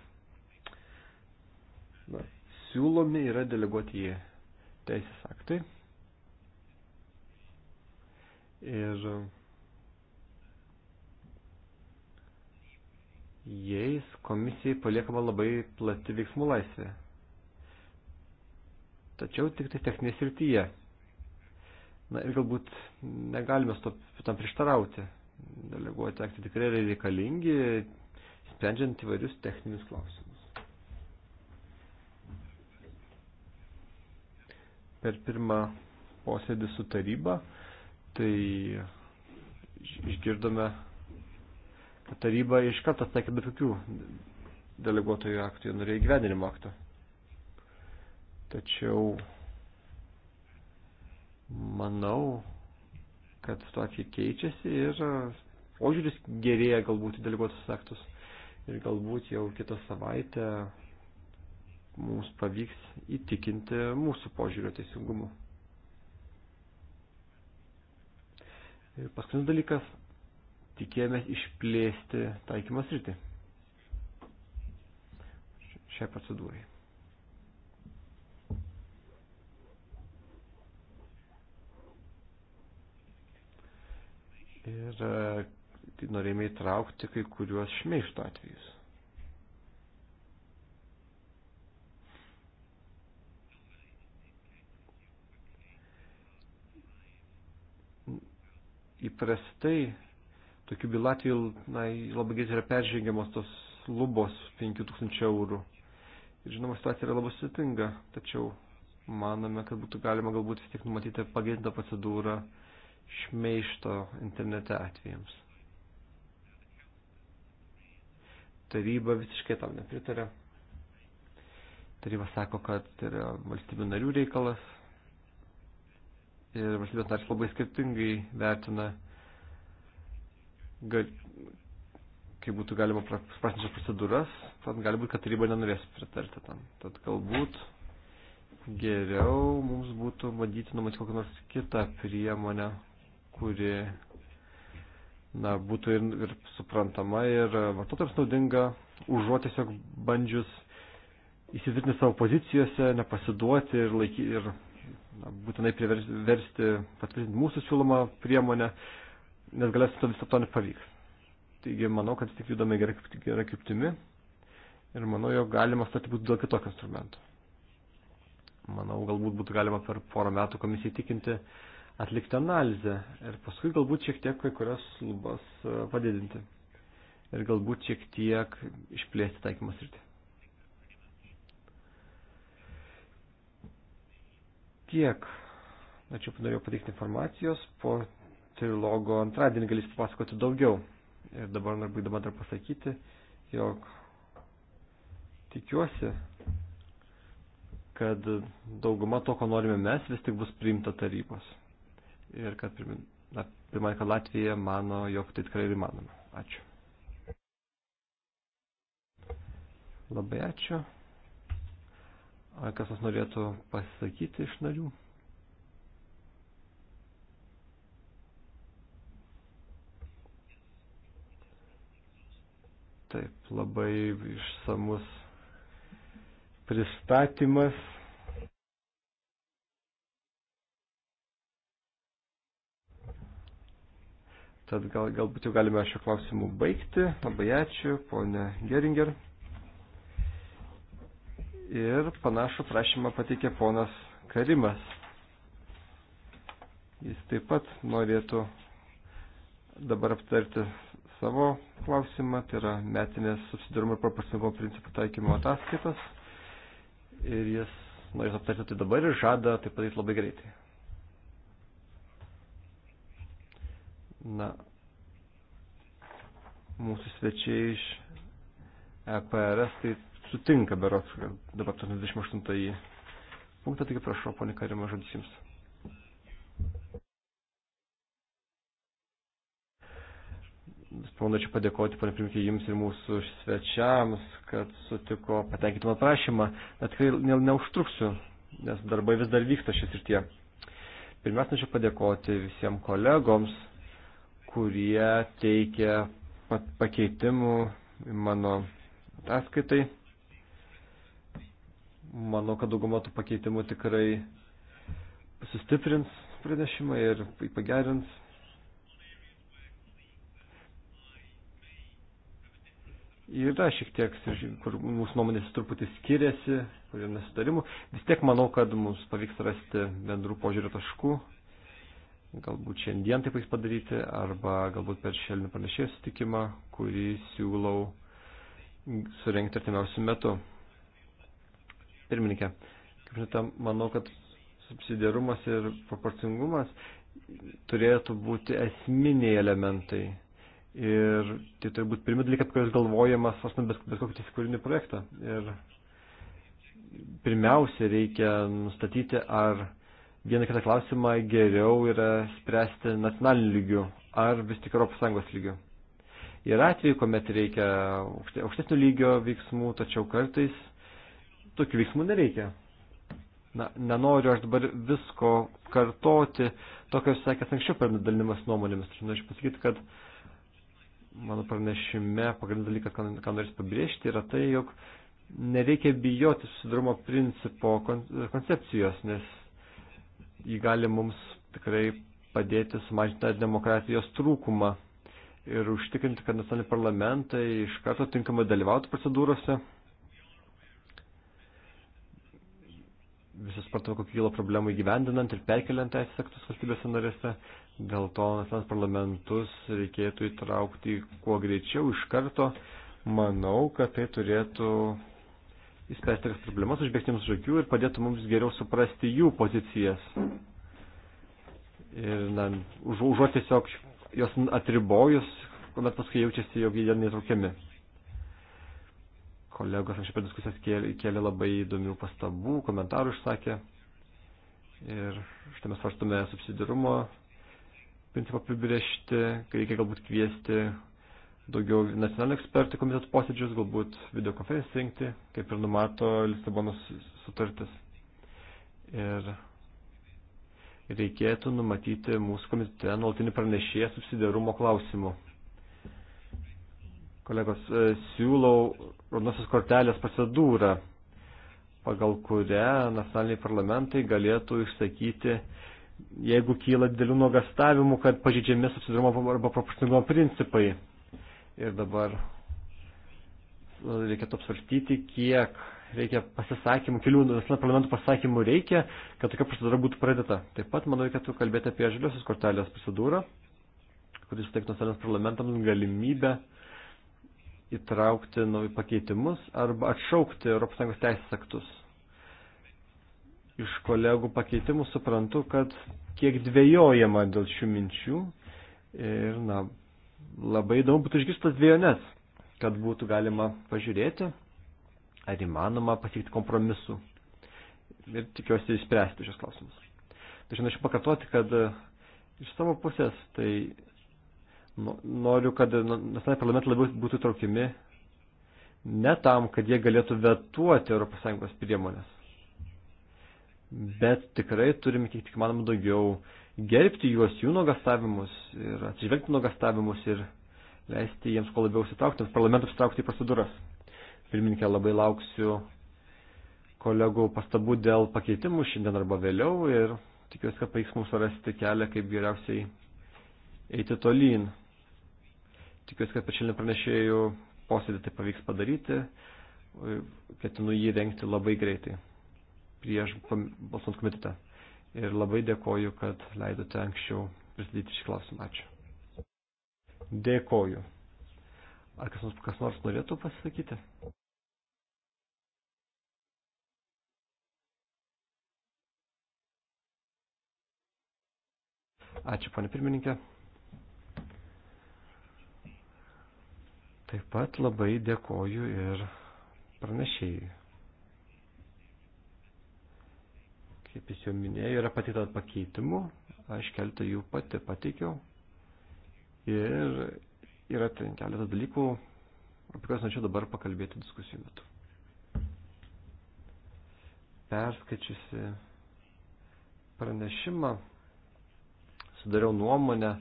Na, siūlomi yra deleguoti į teisės aktai. Ir jais komisijai paliekama labai plati veiksmų laisvė. Tačiau tik tai techninės srityje. Na ir galbūt negalime to, tam prieštarauti. Deleguoti aktai tikrai yra reikalingi, sprendžiant įvairius techninius klausimus. Per pirmą posėdį su taryba, tai išgirdome taryba iš karto atsakė be tokių deleguotojų aktų, jie norėjo įgyvendinimo akto. Tačiau manau, kad situacija keičiasi ir požiūris gerėja galbūt į deleguotus aktus. Ir galbūt jau kitą savaitę mums pavyks įtikinti mūsų požiūrio teisingumu. Ir paskutinis dalykas tikėjomės išplėsti taikymo sritį šiai procedūrai. Ir tai norėjome įtraukti kai kuriuos šmeišto atvejus. Įprastai tokių bylų atveju na, labai greit yra peržengiamos tos lubos 5000 eurų. Ir žinoma, situacija yra labai sudėtinga, tačiau manome, kad būtų galima galbūt vis tiek numatyti pagėdintą procedūrą šmeišto internete atvejams. Taryba visiškai tam nepritarė. Taryba sako, kad tai yra valstybių narių reikalas ir valstybės narys labai skirtingai vertina gal, kaip būtų galima prasmės procedūras, tad gali būti, kad taryba nenorės pritarti tam. Tad galbūt geriau mums būtų bandyti numatyti kokią nors kitą priemonę, kuri na, būtų ir, ir suprantama ir vartotojams naudinga, užuot tiesiog bandžius įsitvirtinti savo pozicijose, nepasiduoti ir, laiky, ir na, būtinai priversti patvirtinti mūsų siūlomą priemonę nes galiausiai to viso to nepavyks. Taigi manau, kad vis tik judame gerai, gerai kryptimi ir manau, jo galima stoti būtų dėl kitokio instrumento. Manau, galbūt būtų galima per porą metų komisijai tikinti atlikti analizę ir paskui galbūt šiek tiek kai kurias lubas e, padidinti ir galbūt šiek tiek išplėsti taikymas rytį. Tiek. Ačiū, norėjau pateikti informacijos. Po trilogo antradienį galėsiu papasakoti daugiau. Ir dabar norbaidama dar pasakyti, jog tikiuosi, kad dauguma to, ko norime mes, vis tik bus priimta tarybos. Ir kad na, pirmai, kad Latvija mano, jog tai tikrai įmanoma. Ačiū. Labai ačiū. Ar kas nors norėtų pasakyti iš narių? labai išsamus pristatymas. Tad gal, galbūt jau galime šio klausimu baigti. Labai ačiū, ponė Geringer. Ir panašų prašymą pateikė ponas Karimas. Jis taip pat norėtų dabar aptarti savo klausimą, tai yra metinės subsidiarumo ir proporcingumo principų taikymo ataskaitos. Ir jis norės nu, aptarti tai dabar ir žada tai padaryti labai greitai. Na, mūsų svečiai iš EPRS tai sutinka berots, kad dabar 28 punktą, taigi prašau, ponė Karima, žodis jums. Norėčiau padėkoti, pana Primkė, jums ir mūsų svečiams, kad sutiko patenkinti mano prašymą. Bet tikrai ne, neužtruksiu, nes darbai vis dar vyksta šis ir tie. Pirmiausia, norėčiau padėkoti visiems kolegoms, kurie teikia pakeitimų mano ataskaitai. Manau, kad dauguma tų pakeitimų tikrai sustiprins pranešimą ir pagerins yra šiek tiek, kur mūsų nuomonės truputį skiriasi, kur yra nesutarimų. Vis tiek manau, kad mums pavyks rasti bendrų požiūrio taškų. Galbūt šiandien taip pavyks padaryti, arba galbūt per šelnių pranešėjų sutikimą, kurį siūlau surenkti artimiausių metų. Pirmininkė, kaip žinote, manau, kad subsidiarumas ir proporcingumas turėtų būti esminiai elementai Ir tai turi būti pirmi dalykai, apie kuriuos galvojama, svarstant bet, bet kokį įsikūrinį projektą. Ir pirmiausia, reikia nustatyti, ar vieną kitą klausimą geriau yra spręsti nacionaliniu lygiu, ar vis tik ES lygiu. Yra atveju, kuomet reikia aukštesnio lygio veiksmų, tačiau kartais tokių veiksmų nereikia. Na, nenoriu aš dabar visko kartoti, tokios sakęs anksčiau per dalinimas nuomonėmis. Noriu pasakyti, kad mano pranešime pagrindinis dalykas, ką, ką norės pabrėžti, yra tai, jog nereikia bijoti susidarumo principo kon, koncepcijos, nes jį gali mums tikrai padėti sumažinti demokratijos trūkumą ir užtikrinti, kad nacionaliniai parlamentai iš karto tinkamai dalyvautų procedūrose. Visi supratome, kokių kyla problemų įgyvendinant ir perkeliant teisės aktus valstybėse narėse. Dėl to nacionalinius parlamentus reikėtų įtraukti kuo greičiau iš karto. Manau, kad tai turėtų įspręsti tas problemas, užbėgti jums už akių ir padėtų mums geriau suprasti jų pozicijas. Ir na, už, užuot tiesiog jos atribojus, kuomet paskui jaučiasi, jog jie netraukiami. Kolegos anksčiau per diskusijas kėlė, kėlė labai įdomių pastabų, komentarų išsakė. Ir štai mes svarstome subsidirumo principą apibriežti, kai reikia galbūt kviesti daugiau nacionalinių ekspertų komitetų posėdžius, galbūt videokonferenciją rinkti, kaip ir numato Lisabonos sutartis. Ir reikėtų numatyti mūsų komitete nuolatinį pranešėją subsidiarumo klausimų. Kolegos, e, siūlau raudonosios kortelės procedūrą, pagal kurią nacionaliniai parlamentai galėtų išsakyti jeigu kyla didelių nuogastavimų, kad pažydžiami subsidarumo arba proporcingumo principai. Ir dabar e, reikėtų apsvarstyti, kiek reikia pasisakymų, kelių nacionalinių parlamentų pasisakymų reikia, kad tokia procedūra būtų pradėta. Taip pat, manau, reikėtų kalbėti apie žaliosios kortelės procedūrą, kuris suteiktų nacionaliniams parlamentams galimybę įtraukti naujų pakeitimus arba atšaukti ES teisės aktus iš kolegų pakeitimų suprantu, kad kiek dvėjojama dėl šių minčių ir, na, labai įdomu būtų išgirstas dviejonės, kad būtų galima pažiūrėti, ar įmanoma pasiekti kompromisu ir tikiuosi išspręsti šios klausimus. Tačiau norėčiau pakartoti, kad e, iš savo pusės tai noriu, kad nacionaliniai parlamentai labiau būtų traukimi ne tam, kad jie galėtų vetuoti ES priemonės bet tikrai turime kiek tik manoma daugiau gerbti juos, jų nuogastavimus ir atsižvelgti nuogastavimus ir leisti jiems kuo labiau sitraukti, parlamentus sitraukti į procedūras. Pirmininkė, labai lauksiu kolegų pastabų dėl pakeitimų šiandien arba vėliau ir tikiuosi, kad paiks mums rasti kelią, kaip geriausiai eiti tolyn. Tikiuosi, kad per šiandien pranešėjų posėdį tai pavyks padaryti, ketinu jį rengti labai greitai prieš balsams komitete. Ir labai dėkoju, kad leidote anksčiau pristatyti šį klausimą. Ačiū. Dėkoju. Ar kas nors, kas nors norėtų pasisakyti? Ačiū, ponė pirmininkė. Taip pat labai dėkoju ir pranešėjai. kaip jis jau minėjo, yra pateikta pakeitimų, aš keletą jų pati pateikiau. Ir yra ten keletas dalykų, apie kuriuos norėčiau dabar pakalbėti diskusijų metu. Perskaičiusi pranešimą, sudariau nuomonę,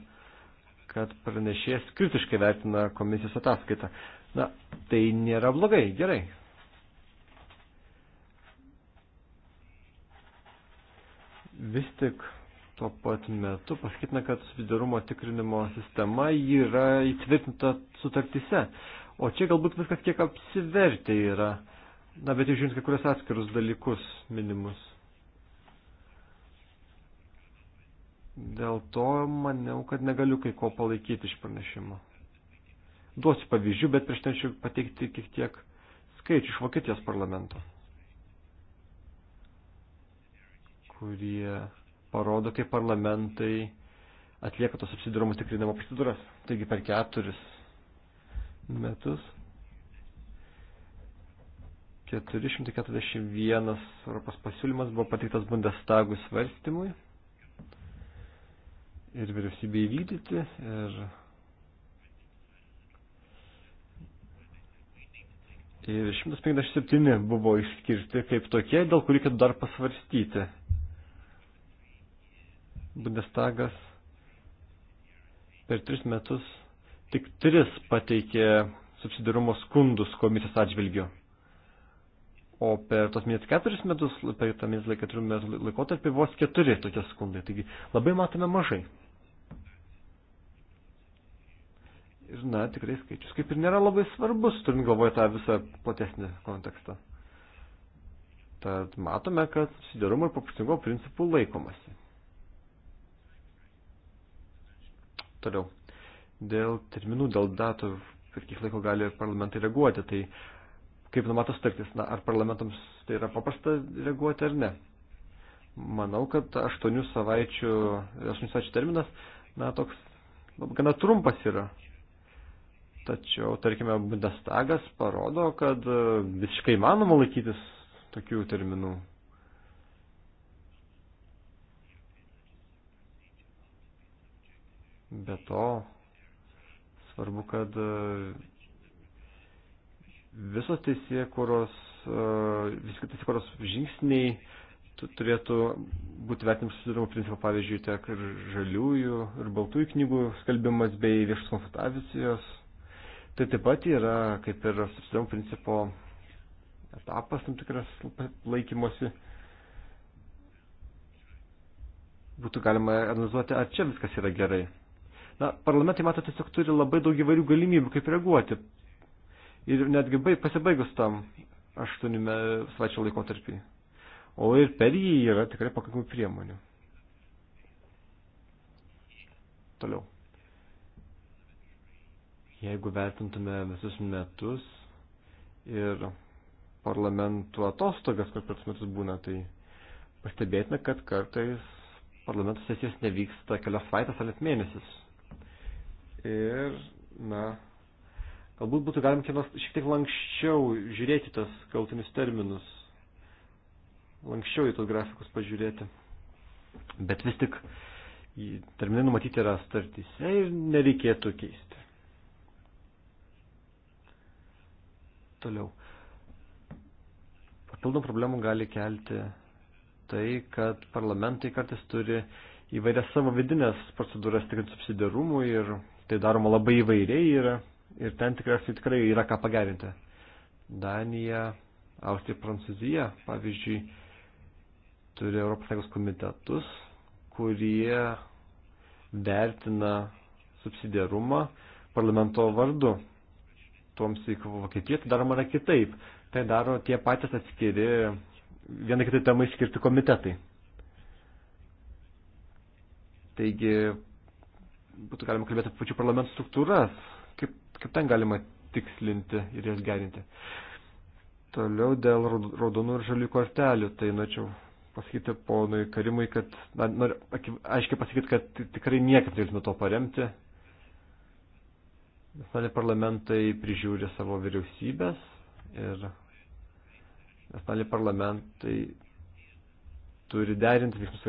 kad pranešėjas kritiškai vertina komisijos ataskaitą. Na, tai nėra blogai, gerai, Vis tik tuo pat metu pasakytina, kad solidarumo tikrinimo sistema yra įtvirtinta sutartyse. O čia galbūt viskas kiek apsivertė yra. Na, bet jau žiūrint kai kurias atskirus dalykus minimus. Dėl to maniau, kad negaliu kai ko palaikyti iš pranešimo. Duosiu pavyzdžių, bet prieš tenčiau pateikti kiek tiek skaičių iš Vokietijos parlamento. kurie parodo, kaip parlamentai atlieka tos apsidaromus tikrinimo procedūras. Taigi per keturis metus 441 Europos pasiūlymas buvo pateiktas Bundestagui svarstymui ir vyriausybė įvykdyti ir Ir 157 buvo išskirti kaip tokie, dėl kurių reikėtų dar pasvarstyti. Bundestagas per tris metus tik tris pateikė subsidarumo skundus komisijos atžvilgiu. O per tos minėtus keturis metus, per tą minėtą keturių metų laikotarpį, vos keturi tokie skundai. Taigi labai matome mažai. Ir na, tikrai skaičius kaip ir nėra labai svarbus, turint galvoje tą visą platesnį kontekstą. Tad matome, kad susidarumo ir paprastingo principų laikomasi. Toliau. Dėl terminų, dėl datų, per kiek laiko gali parlamentai reaguoti, tai kaip numato sutartis, na, ar parlamentams tai yra paprasta reaguoti ar ne. Manau, kad 8 savaičių, 8 savaičių terminas, na, toks gana trumpas yra. Tačiau, tarkime, Bundestagas parodo, kad visiškai manoma laikytis tokių terminų. Be to, svarbu, kad e, visos teisėkuros, e, visi teisėkuros žingsniai turėtų būti vertinimus sudarimo principą, pavyzdžiui, tiek ir žaliųjų, ir baltųjų knygų skalbimas bei viešas konsultacijos. Tai taip pat yra kaip ir susidarimo principo etapas tam tikras laikymosi. Būtų galima analizuoti, ar čia viskas yra gerai. Na, parlamentai, matote, tiesiog turi labai daug įvairių galimybių, kaip reaguoti. Ir netgi baig, pasibaigus tam aštuonime svaičio laikotarpį. O ir per jį yra tikrai pakankamai priemonių. Toliau. Jeigu vertintume visus metus ir parlamentų atostogas, kur per metus būna, tai pastebėtume, kad kartais parlamentų sesijos nevyksta kelias savaitės ar net mėnesis ir, na, galbūt būtų galima kienos šiek tiek lankščiau žiūrėti tas kaltinius terminus, lankščiau į tos grafikus pažiūrėti. Bet vis tik terminai numatyti yra startyse ir nereikėtų keisti. Toliau. Papildomų problemų gali kelti tai, kad parlamentai kartais turi įvairias savo vidinės procedūras tikrint subsidiarumų ir Tai daroma labai įvairiai ir, ir ten tikriausiai tikrai yra ką pagerinti. Danija, Austrija, Prancūzija, pavyzdžiui, turi ES komitetus, kurie vertina subsidiarumą parlamento vardu. Tuoms į Vokietiją tai daroma yra kitaip. Tai daro tie patys atskiri, viena kitai temai skirti komitetai. Taigi būtų galima kalbėti apie pačių parlamentų struktūras, kaip, kaip ten galima tikslinti ir jas gerinti. Toliau dėl raudonų ir žalių kortelių, tai norėčiau pasakyti ponui Karimui, kad, na, noriu aiškiai pasakyti, kad tikrai niekaip negalime to paremti. Nacionaliniai parlamentai prižiūri savo vyriausybės ir nacionaliniai parlamentai turi derinti veiksmus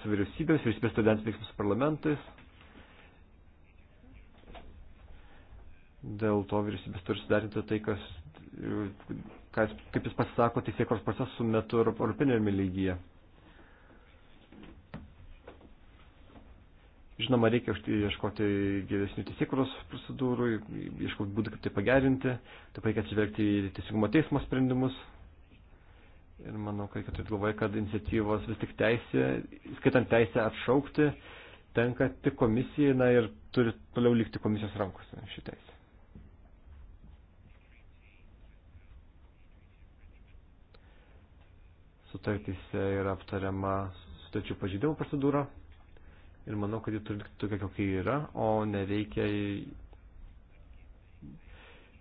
su vyriausybės, vyriausybės turi derinti veiksmus su parlamentais. Dėl to vyriausybės turi sudarinti tai, kas, kas kaip jis pasisako, teisėkos procesų metu europinėme lygyje. Žinoma, reikia ieškoti geresnių teisėkuros procedūrų, ieškoti būdų, kaip tai pagerinti, taip reikia atsižvelgti į teisingumo teismo sprendimus. Ir manau, kad reikia turėti galvoje, kad iniciatyvos vis tik teisė, skaitant teisę atšaukti, tenka tik komisijai, na ir turi toliau likti komisijos rankose ši teisė. sutartyse yra aptariama sutarčių pažydimų procedūra ir manau, kad ji turi likti tokia, kokia yra, o nereikia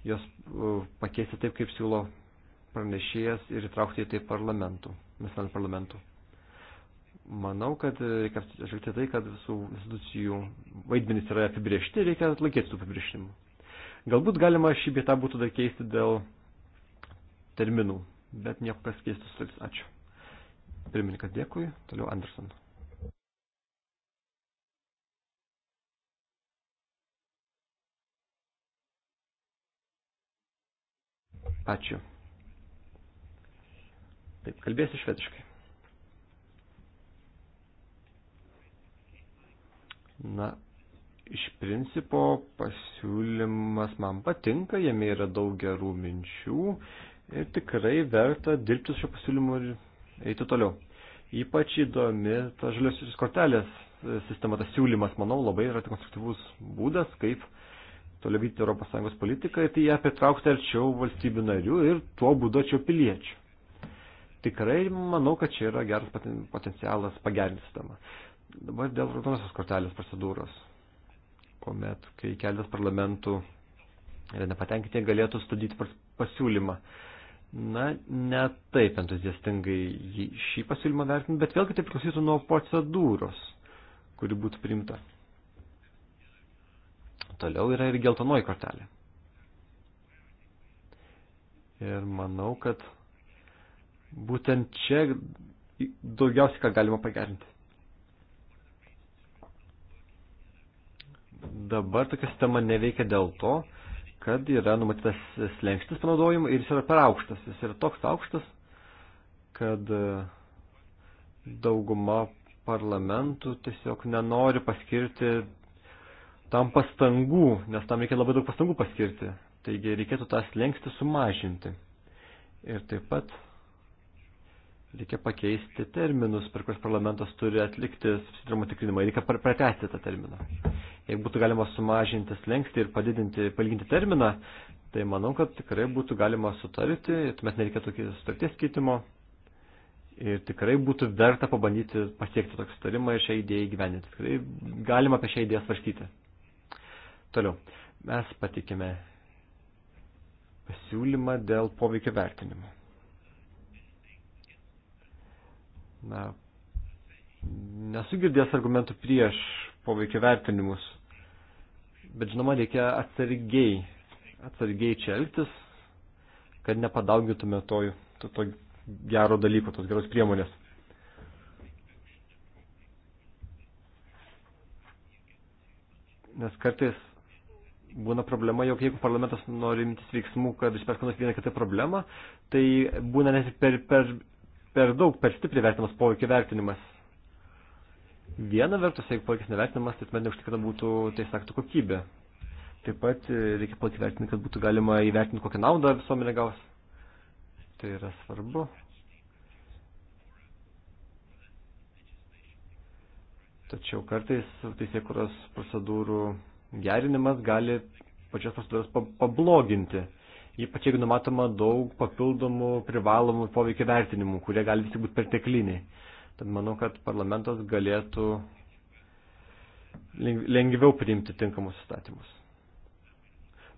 jos pakeisti taip, kaip siūlo pranešėjas ir įtraukti į tai parlamentų, nacionalinių parlamentų. Manau, kad reikia atsižvelgti tai, kad visų institucijų vaidmenys yra apibriežti, reikia atlaikyti tų apibriežtimų. Galbūt galima šį vietą būtų dar keisti dėl terminų, bet nieko kas keistų sutartis. Ačiū. Pirmininkas dėkui, toliau Anderson. Ačiū. Taip, kalbėsiu švediškai. Na, iš principo pasiūlymas man patinka, jame yra daug gerų minčių ir tikrai verta dirbti su šio pasiūlymu ir eiti toliau. Ypač įdomi ta žaliosios kortelės sistema, tas siūlymas, manau, labai yra konstruktyvus būdas, kaip toliau vykti ES politiką ir tai ją pritraukti arčiau valstybių narių ir tuo būdu arčiau piliečių. Tikrai manau, kad čia yra geras potencialas pagerinti sistemą. Dabar dėl raudonosios kortelės procedūros, kuomet, kai keletas parlamentų yra nepatenkinti, galėtų studyti pasiūlymą na, netaip entuziastingai šį pasiūlymą vertinu, bet vėlgi tai priklausytų nuo procedūros, kuri būtų priimta. Toliau yra ir geltonoji kortelė. Ir manau, kad būtent čia daugiausiai ką galima pagerinti. Dabar tokia sistema neveikia dėl to, kad yra numatytas slengštis panaudojimui ir jis yra per aukštas. Jis yra toks aukštas, kad e, dauguma parlamentų tiesiog nenori paskirti tam pastangų, nes tam reikia labai daug pastangų paskirti. Taigi reikėtų tą slengstį sumažinti. Ir taip pat reikia pakeisti terminus, per kuriuos parlamentas turi atlikti susidramo tikrinimą. Reikia pratesti tą terminą jeigu būtų galima sumažinti slengsti ir padidinti, palyginti terminą, tai manau, kad tikrai būtų galima sutarti, tuomet nereikėtų sutarties keitimo ir tikrai būtų verta pabandyti pasiekti tokį sutarimą ir šią idėją įgyveninti. Tikrai galima apie šią idėją svarstyti. Toliau, mes patikime pasiūlymą dėl poveikio vertinimo. Na, nesu girdėjęs argumentų prieš poveikio vertinimus. Bet žinoma, reikia atsargiai, atsargiai čia elgtis, kad nepadaugytume to, to, to gero dalyko, tos geros priemonės. Nes kartais būna problema, jog jeigu parlamentas nori imtis veiksmų, kad išperskanos vieną kitą problemą, tai būna nes per, per, per daug, per stipriai vertinamas poveikio vertinimas Viena vertus, jeigu poveikis nevertinamas, tai tuomet neužtikrina būtų teisės aktų kokybė. Taip pat e, reikia poveikį vertinti, kad būtų galima įvertinti, kokią naudą visuomenė gaus. Tai yra svarbu. Tačiau kartais teisėkuros procedūrų gerinimas gali pačias procedūras pabloginti. Ypač jeigu numatoma daug papildomų privalomų poveikio vertinimų, kurie gali visi būti pertekliniai. Tad manau, kad parlamentas galėtų lengviau priimti tinkamus įstatymus.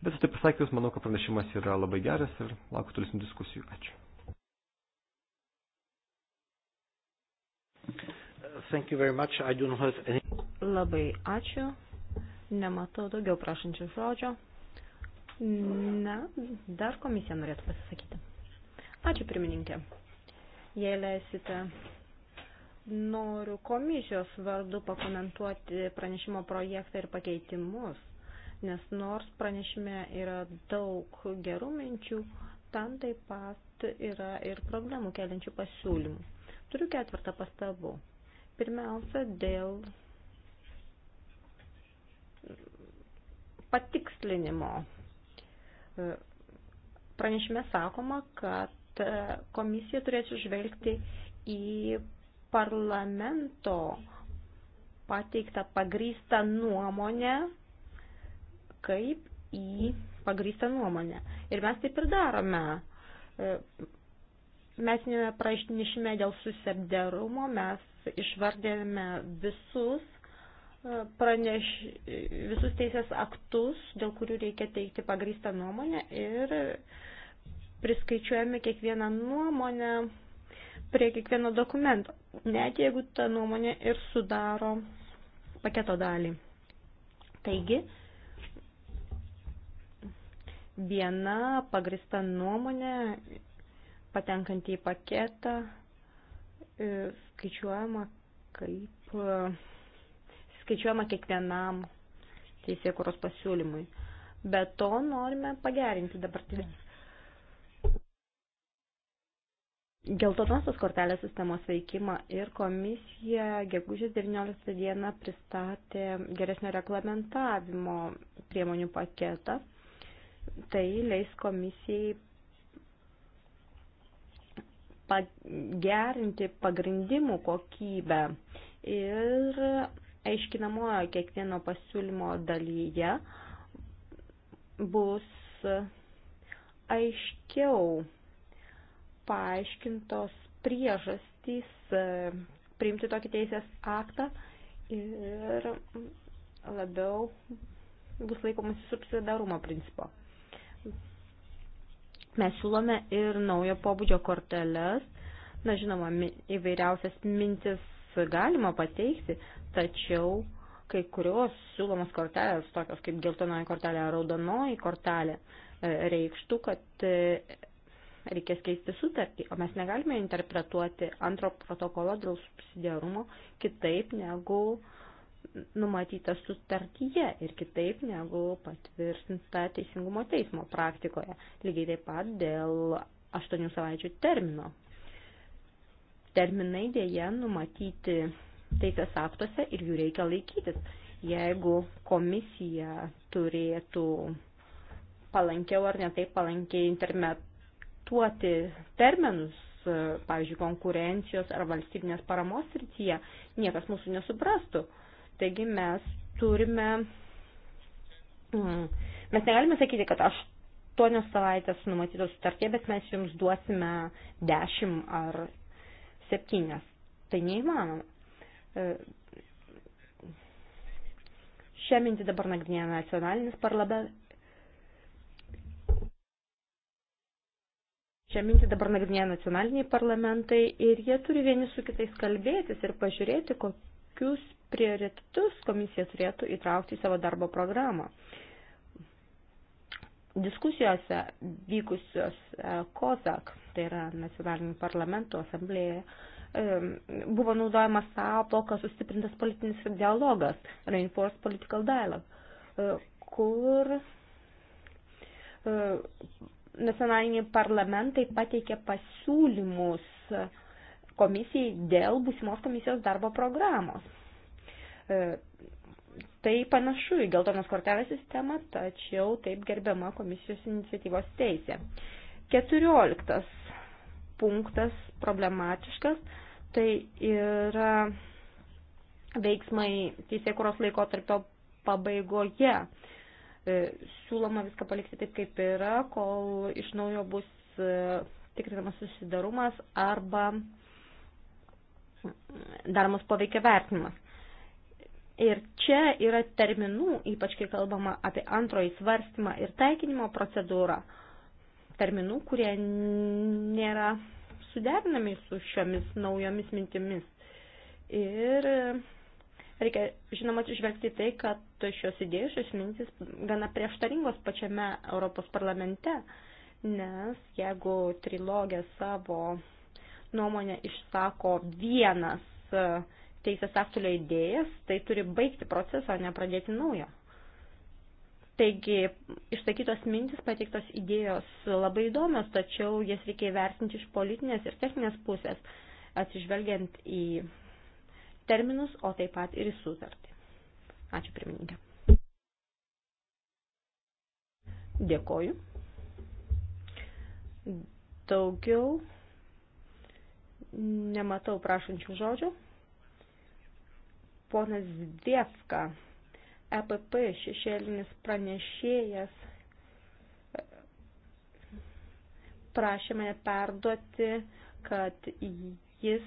Bet taip pasakius, manau, kad pranešimas yra labai geras ir laukiu tolesnių diskusijų. Ačiū. Thank you very much. I do not have any... Labai ačiū. Nematau daugiau prašančių žodžio. Na, dar komisija norėtų pasisakyti. Ačiū, pirmininkė. Jei leisite, Noriu komisijos vardu pakomentuoti pranešimo projektą ir pakeitimus, nes nors pranešime yra daug gerų minčių, tam taip pat yra ir problemų keliančių pasiūlymų. Turiu ketvirtą pastabų. Pirmiausia, dėl patikslinimo. Pranešime sakoma, kad komisija turės žvelgti į parlamento pateiktą pagrįstą nuomonę kaip į pagrįstą nuomonę. Ir mes taip ir darome. E, Metinėme prašnešime dėl susibderumo mes išvardėme visus e, praneš visus teisės aktus, dėl kurių reikia teikti pagrįstą nuomonę ir priskaičiuojame kiekvieną nuomonę prie kiekvieno dokumento, net jeigu ta nuomonė ir sudaro paketo dalį. Taigi, viena pagrista nuomonė patenkant į paketą e, skaičiuojama kaip e, skaičiuojama kiekvienam teisėkuros pasiūlymui. Be to norime pagerinti dabartinės geltonosios kortelės sistemos veikimą ir komisija gegužės 19 dieną pristatė geresnio reglamentavimo priemonių paketą. Tai leis komisijai pagerinti pagrindimų kokybę ir aiškinamojo kiekvieno pasiūlymo dalyje bus aiškiau paaiškintos priežastys e, priimti tokį teisės aktą ir labiau bus laikomasi subsidarumo principo. Mes siūlome ir naujo pobūdžio korteles. Na, žinoma, įvairiausias mintis galima pateikti, tačiau kai kurios siūlomos kortelės, tokios kaip geltonoji kortelė ar raudonoji kortelė, e, reikštų, kad e, reikės keisti sutartį, o mes negalime interpretuoti antro protokolo dėl subsidiarumo kitaip negu numatyta sutartyje ir kitaip negu patvirtinta teisingumo teismo praktikoje. Lygiai taip pat dėl aštuonių savaičių termino. Terminai dėje numatyti teisės aktuose ir jų reikia laikytis. Jeigu komisija turėtų palankiau ar netai palankiai internet, diktuoti terminus, e, pavyzdžiui, konkurencijos ar valstybinės paramos srityje, niekas mūsų nesuprastų. Taigi mes turime, mm, mes negalime sakyti, kad aš aštuonios savaitės numatytos sutartie, bet mes jums duosime dešimt ar septynias. Tai neįmanoma. E, šią mintį dabar nagrinėja nacionalinis parlamentas, Šią mintį dabar nagrinėja nacionaliniai parlamentai ir jie turi vieni su kitais kalbėtis ir pažiūrėti, kokius prioritetus komisija turėtų įtraukti į savo darbo programą. Diskusijose vykusios e, COSAC, tai yra nacionalinių parlamentų asamblėje, e, buvo naudojamas savoka sustiprintas politinis dialogas, reinforced political dialogue, e, kur nacionaliniai parlamentai pateikė pasiūlymus komisijai dėl būsimos komisijos darbo programos. E, tai panašu į geltonos kortelės sistemą, tačiau taip gerbiama komisijos iniciatyvos teisė. Keturioliktas punktas problematiškas, tai yra veiksmai teisėkuros laiko tarpio pabaigoje. Yeah E, siūloma viską palikti taip, kaip yra, kol iš naujo bus e, tikrinamas susidarumas arba daromas poveikia vertinimas. Ir čia yra terminų, ypač kai kalbama apie antrojį svarstymą ir taikinimo procedūrą, terminų, kurie nėra suderinami su šiomis naujomis mintimis. Ir reikia, žinoma, atsižvelgti tai, kad šios idėjos, šios mintys gana prieštaringos pačiame Europos parlamente, nes jeigu trilogė savo nuomonę išsako vienas e, teisės aktų leidėjas, tai turi baigti procesą, o ne pradėti naujo. Taigi, išsakytos mintis, pateiktos idėjos labai įdomios, tačiau jas reikia įvertinti iš politinės ir techninės pusės, atsižvelgiant į terminus, o taip pat ir į sutartį. Ačiū pirmininkė. Dėkoju. Daugiau nematau prašančių žodžių. Ponas Dievka, EPP šešėlinis pranešėjas, prašė mane perduoti, kad Jis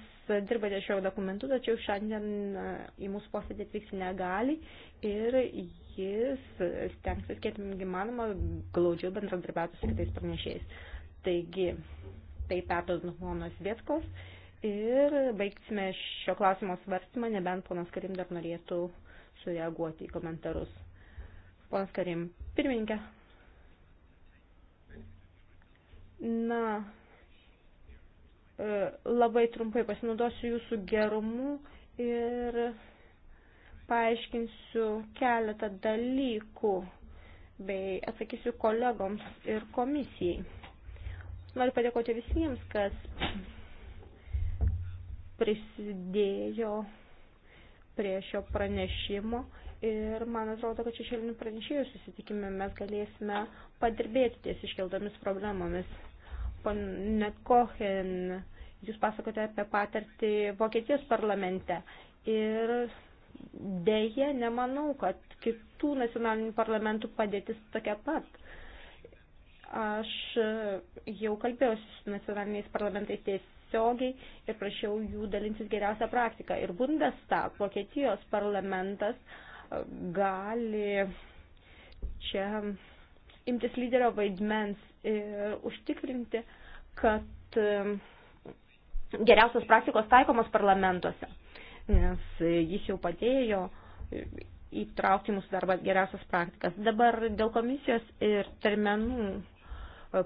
dirba dėl šio dokumentų, tačiau šiandien e, į mūsų posėdį atvykti negali ir jis stengsis, kiek įmanoma, glaudžiau bendradarbiauti su kitais pranešėjais. Taigi, tai perduodu ponas Vietkos ir baigsime šio klausimo svarstymą, nebent ponas Karim dar norėtų sureaguoti į komentarus. Ponas Karim, pirmininkė. Na, E, labai trumpai pasinaudosiu jūsų gerumu ir paaiškinsiu keletą dalykų bei atsakysiu kolegoms ir komisijai. Noriu padėkoti visiems, kas prisidėjo prie šio pranešimo ir man atrodo, kad šešėlinių pranešėjų susitikime mes galėsime padirbėti ties iškeltomis problemomis. Pane Kohen Jūs pasakote apie patirtį Vokietijos parlamente. Ir dėje nemanau, kad kitų nacionalinių parlamentų padėtis tokia pat. Aš jau kalbėjausi su nacionaliniais parlamentais tiesiogiai ir prašiau jų dalintis geriausią praktiką. Ir Bundestag, Vokietijos parlamentas, gali čia imtis lyderio vaidmens ir užtikrinti, kad geriausios praktikos taikomos parlamentuose, nes jis jau padėjo įtraukti mūsų darbą geriausias praktikas. Dabar dėl komisijos ir terminų,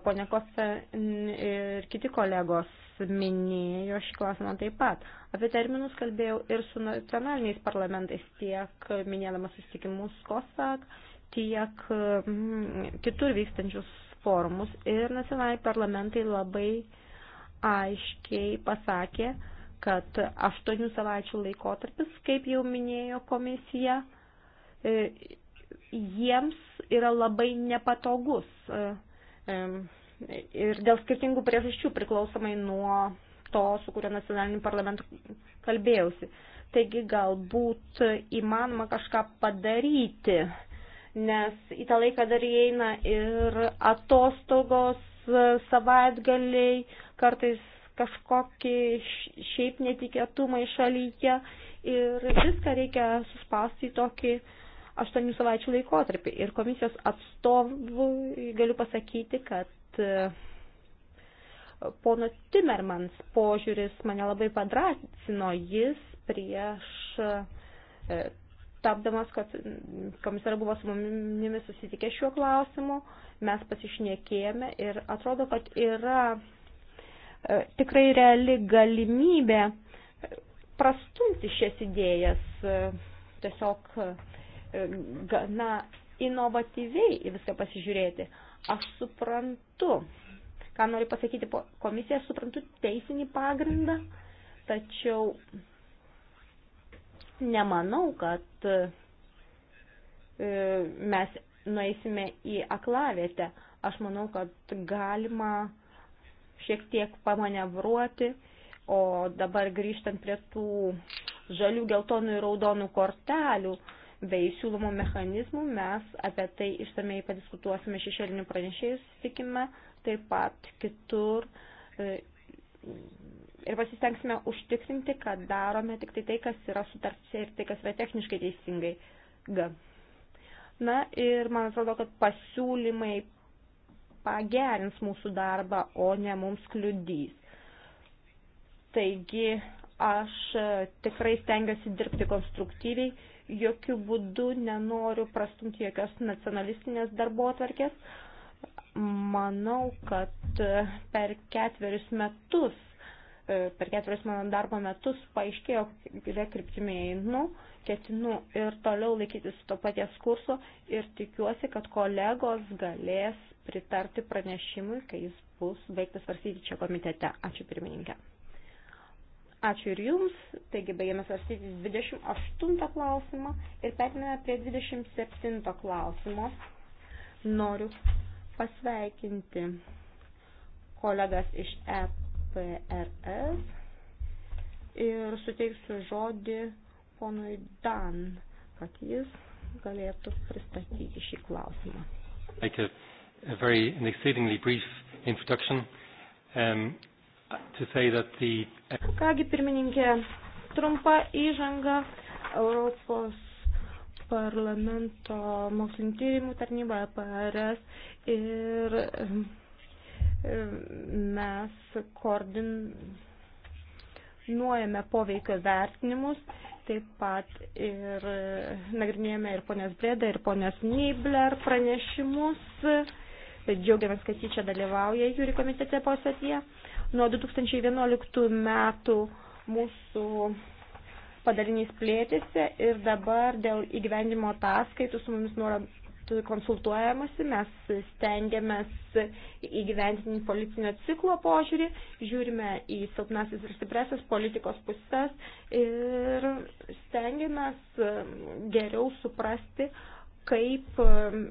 ponė Kosta ir kiti kolegos minėjo šį klausimą taip pat. Apie terminus kalbėjau ir su nacionaliniais parlamentais, tiek minėdamas susitikimus Kosak, tiek mm, kitur vykstančius forumus ir nacionaliniai parlamentai labai uh, aiškiai pasakė, kad aštuonių savaičių laikotarpis, kaip jau minėjo komisija, e, jiems yra labai nepatogus e, e, ir dėl skirtingų priežasčių priklausomai nuo to, su kurio nacionaliniu parlamentu kalbėjausi. Taigi galbūt įmanoma kažką padaryti, nes į tą laiką dar įeina ir atostogos, E, savaitgaliai, kartais kažkokie šiaip netikėtumai šalyje ir viską reikia suspausti į tokį aštuonių savaičių laikotarpį. Ir komisijos atstovui galiu pasakyti, kad e, pono Timermans požiūris mane labai padrasino. Jis prieš e, tapdamas, kad mm, komisarai buvo su mumis susitikę šiuo klausimu, mes pasišnekėjome ir atrodo, kad yra e, tikrai reali galimybė e, prastumti šias idėjas e, tiesiog gana inovatyviai į viską pasižiūrėti. Aš suprantu, ką nori pasakyti komisija, suprantu teisinį pagrindą, tačiau Nemanau, kad e, mes nueisime į aklavietę. Aš manau, kad galima šiek tiek pamanevruoti, o dabar grįžtant prie tų žalių, geltonų ir raudonų kortelių bei siūlomų mechanizmų, mes apie tai išsamei padiskutuosime šešėlinių pranešėjų susitikime, taip pat kitur e, ir pasistengsime užtikrinti, kad darome tik tai tai, kas yra sutartyse ir tai, kas yra techniškai teisingai. G. Na ir man atrodo, kad pasiūlymai pagerins mūsų darbą, o ne mums kliudys. Taigi aš tikrai stengiuosi dirbti konstruktyviai, jokių būdų nenoriu prastumti jokios nacionalistinės darbo atvarkės. Manau, kad per ketverius metus E, per ketverius mano darbo metus paaiškėjo, kuria kryptimi einu, ketinu ir toliau laikytis to paties kurso ir tikiuosi, kad kolegos galės pritarti pranešimui, kai jis bus baigtas svarstyti čia komitete. Ačiū pirmininkė. Ačiū ir jums. Taigi baigėme svarstyti 28 klausimą ir perėmėme prie 27 klausimo. Noriu pasveikinti kolegas iš EP PRS ir suteiksiu žodį ponui Dan, kad jis galėtų pristatyti šį klausimą. Like a, a very, an exceedingly brief introduction um, to say that the... Uh, Kągi pirmininkė, trumpa įžanga Europos parlamento mokslinio tyrimų tarnyba PRS ir um, mes koordinuojame poveikio vertinimus, taip pat ir nagrinėjame ir ponės Breda, ir ponės Nibler pranešimus. Džiaugiamės, kad jį čia dalyvauja jūri komitete posėdėje. Nuo 2011 metų mūsų padalinys plėtėsi ir dabar dėl įgyvendimo ataskaitų su mumis nuolat konsultuojamasi, mes stengiamės įgyventinį policinio ciklo požiūrį, žiūrime į silpnasis ir stipresias politikos pusės ir stengiamės geriau suprasti, kaip um,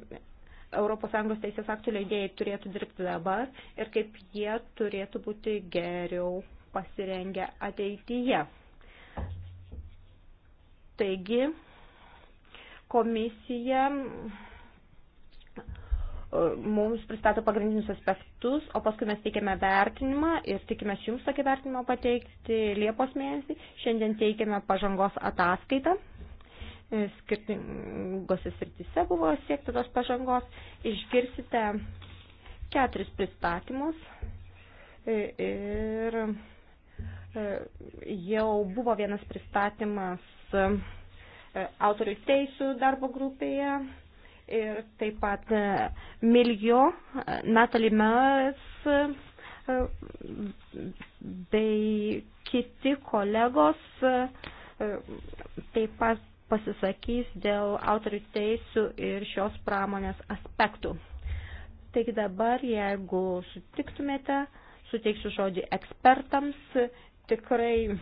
ES teisės aktų leidėjai turėtų dirbti dabar ir kaip jie turėtų būti geriau pasirengę ateityje. Taigi, komisija mums pristato pagrindinius aspektus, o paskui mes teikiame vertinimą ir tikimės jums tokį vertinimą pateikti Liepos mėnesį. Šiandien teikiame pažangos ataskaitą. E, skirtingose srityse buvo siekti tos pažangos. Išgirsite keturis pristatymus e, ir e, jau buvo vienas pristatymas autorių teisų darbo grupėje ir taip pat e, Miljo, e, Natalie Mers e, bei kiti kolegos taip pat pasisakys dėl autorių teisų ir šios pramonės aspektų. Taigi dabar, jeigu sutiktumėte, suteiksiu žodį ekspertams, tikrai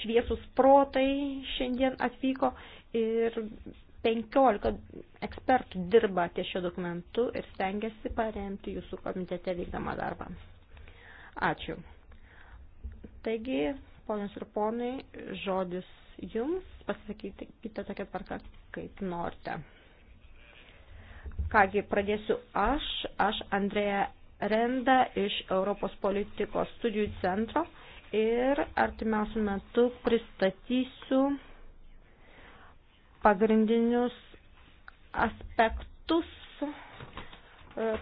šviesus protai šiandien atvyko ir 15 ekspertų dirba ties šio dokumentu ir stengiasi paremti jūsų komitete vykdomą darbą. Ačiū. Taigi, ponios ir ponai, žodis jums, pasakykite tokią tvarką, kaip norite. Kągi, pradėsiu aš, aš Andrėja Renda iš Europos politikos studijų centro ir artimiausiu metu pristatysiu pagrindinius aspektus e,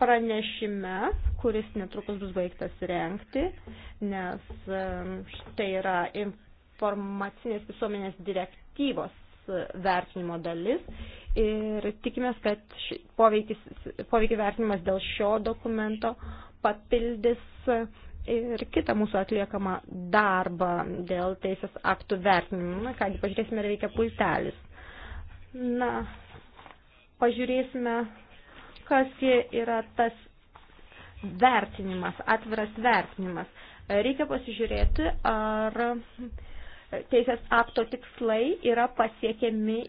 pranešime, kuris netrukus bus baigtas rengti, nes e, štai yra informacinės visuomenės direktyvos e, vertinimo dalis ir tikimės, kad poveikis, poveikį vertinimas dėl šio dokumento papildys ir kitą mūsų atliekamą darbą dėl teisės aktų vertinimo. Na kągi, pažiūrėsime, ar veikia pultelis. Na, pažiūrėsime, kas yra tas vertinimas, atviras vertinimas. Reikia pasižiūrėti, ar teisės akto tikslai yra pasiekiami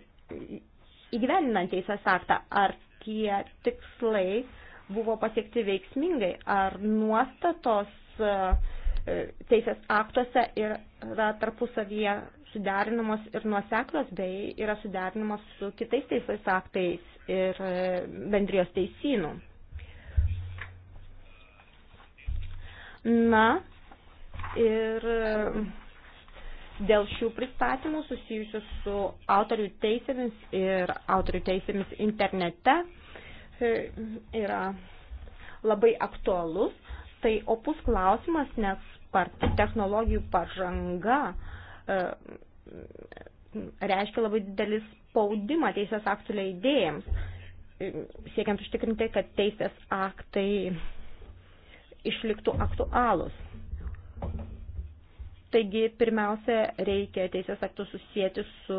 įgyveninant teisės aktą, ar tie tikslai buvo pasiekti veiksmingai, ar nuostatos e, teisės aktuose yra tarpusavyje suderinamos ir nuoseklios bei yra suderinamos su kitais teisės aktais ir e, bendrijos teisynų. Na ir e, dėl šių pristatymų susijusių su autorių teisėmis ir autorių teisėmis internete e, yra labai aktualus. Tai opus klausimas, nes technologijų pažanga uh, E, reiškia labai didelis spaudimą teisės aktų leidėjams, e, siekiant užtikrinti, kad teisės aktai išliktų aktualūs. Taigi, pirmiausia, reikia teisės aktų susijęti su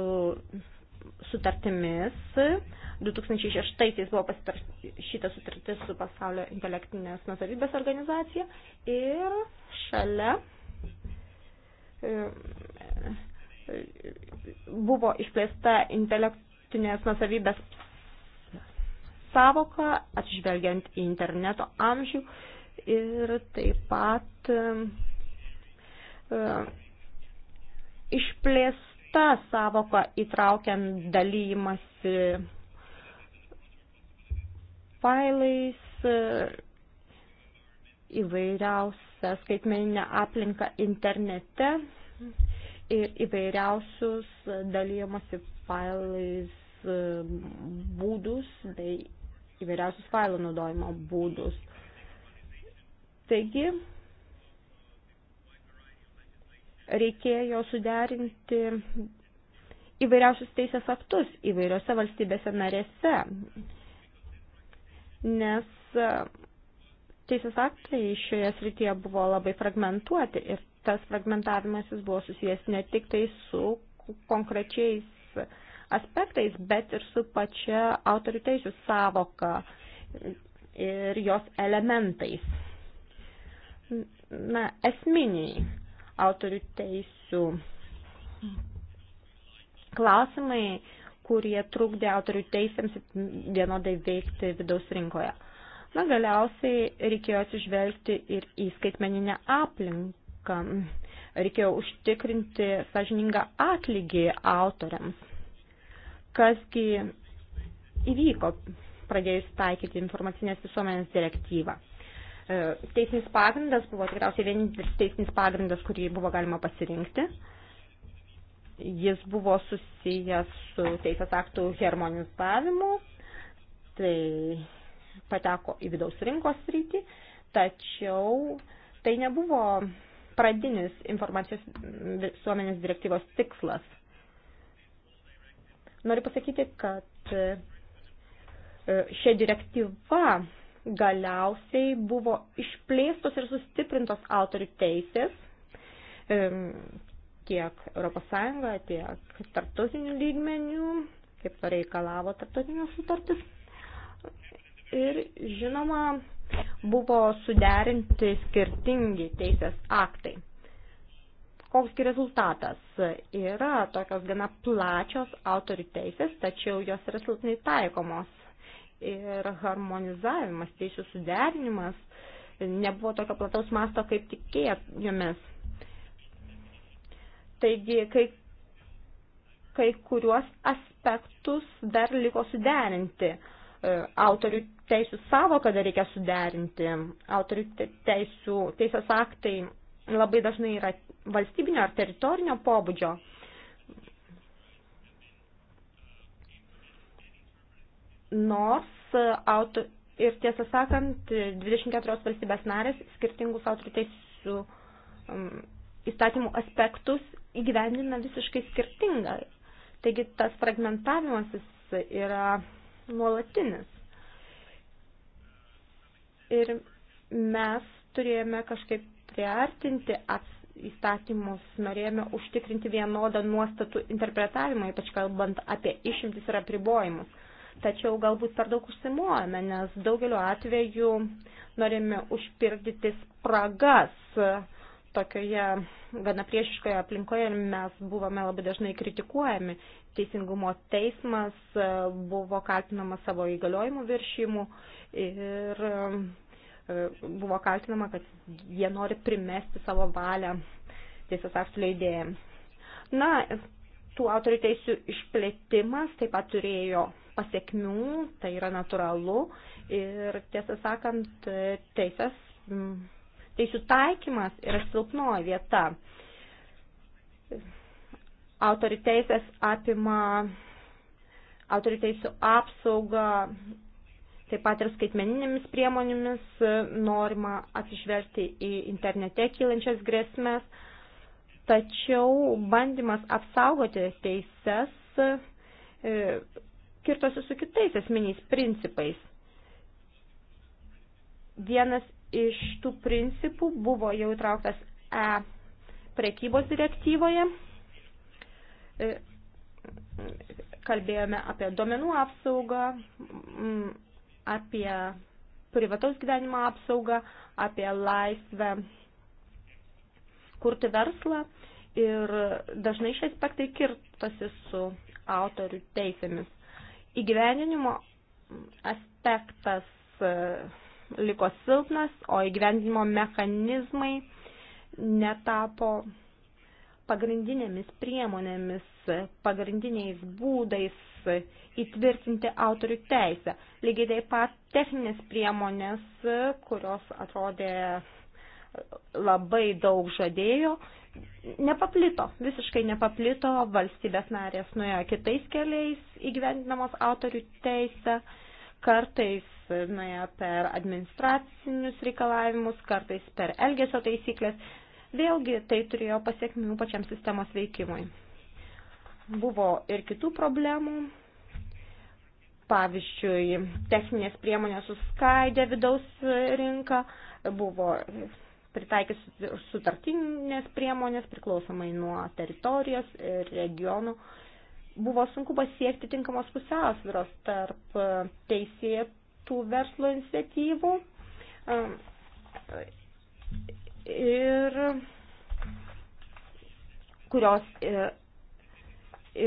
sutartimis. 2006-aisiais buvo pasirašyta sutartis su pasaulio intelektinės nusavybės organizacija ir šalia buvo išplėsta intelektinės nusavybės savoka, atsižvelgiant į interneto amžių ir taip pat e, išplėsta savoka įtraukiant dalymasi failais e, įvairiaus skaitmeninę aplinką internete ir įvairiausius dalyjimosi failais e, būdus bei įvairiausius failų naudojimo būdus. Taigi, reikėjo suderinti įvairiausius teisės aktus įvairiose valstybėse narėse, nes teisės aktai šioje srityje buvo labai fragmentuoti ir tas fragmentavimas jis buvo susijęs ne tik tai su konkrečiais aspektais, bet ir su pačia autorių teisų savoka ir jos elementais. Na, esminiai autorių teisų klausimai, kurie trukdė autorių teisėms vienodai veikti vidaus rinkoje. Na, galiausiai reikėjo atsižvelgti ir į skaitmeninę aplinką. Reikėjo užtikrinti sažiningą atlygį autoriams. Kasgi įvyko pradėjus taikyti informacinės visuomenės direktyvą. E, teisinis pagrindas buvo tikriausiai vienintelis teisinis pagrindas, kurį buvo galima pasirinkti. Jis buvo susijęs su teisės aktų harmonizavimu. Tai pateko į vidaus rinkos rytį, tačiau tai nebuvo pradinis informacijos visuomenės direktyvos tikslas. Noriu pasakyti, kad e, šia direktyva galiausiai buvo išplėstos ir sustiprintos autorių teisės e, tiek ES, tiek tarptautinių lygmenių, kaip to reikalavo tarptautinės sutartis ir žinoma buvo suderinti skirtingi teisės aktai. Koks rezultatas? Yra tokios gana plačios autorių teisės, tačiau jos yra silpnai taikomos. Ir harmonizavimas, teisų suderinimas nebuvo tokio plataus masto, kaip tikėjomės. Taigi, kai, kai kuriuos aspektus dar liko suderinti e, autorių teisų savoką dar reikia suderinti. Autorių teisų, teisės aktai labai dažnai yra valstybinio ar teritorinio pobūdžio. Nors auto, ir tiesą sakant, 24 valstybės narės skirtingus autorių teisų um, įstatymų aspektus įgyvendina visiškai skirtingai. Taigi tas fragmentavimas yra nuolatinis ir mes turėjome kažkaip priartinti įstatymus, norėjome užtikrinti vienodą nuostatų interpretavimą, ypač kalbant apie išimtis ir apribojimus. Tačiau galbūt per daug užsimuojame, nes daugeliu atveju norime užpirdyti spragas tokioje gana priešiškoje aplinkoje ir mes buvome labai dažnai kritikuojami. Teisingumo teismas buvo kaltinamas savo įgaliojimų viršymų ir E, buvo kaltinama, kad jie nori primesti savo valią teisės aktų leidėjams. Na, tų autorių teisų išplėtimas taip pat turėjo pasiekmių, tai yra natūralu ir tiesą sakant, teisės, teisų taikymas yra silpnoji vieta. Autorių teisės apima autorių teisų apsaugą Taip pat ir skaitmeninėmis priemonėmis e, norima atsižvelgti į internete kylančias grėsmės, tačiau bandymas apsaugoti teises e, kirtosi su kitais esminiais principais. Vienas iš tų principų buvo jau įtrauktas E prekybos direktyvoje. E, kalbėjome apie domenų apsaugą, apie privataus gyvenimo apsaugą, apie laisvę kurti verslą ir dažnai šie aspektai kirtasi su autorių teisėmis. Įgyvendinimo aspektas e, liko silpnas, o įgyvendinimo mechanizmai netapo pagrindinėmis priemonėmis, pagrindiniais būdais įtvirtinti autorių teisę. Lygiai taip pat techninės priemonės, kurios atrodė labai daug žadėjo, nepaplito, visiškai nepaplito, valstybės narės nuėjo kitais keliais įgyvendinamos autorių teisę, kartais nuėjo per administracinius reikalavimus, kartais per elgesio taisyklės, Vėlgi tai turėjo pasiekmių pačiam sistemos veikimui. Buvo ir kitų problemų. Pavyzdžiui, techninės priemonės suskaidė vidaus rinką, buvo pritaikys sutartinės priemonės priklausomai nuo teritorijos ir regionų. Buvo sunku pasiekti tinkamos pusiausviros tarp teisėtų verslo iniciatyvų ir kurios e,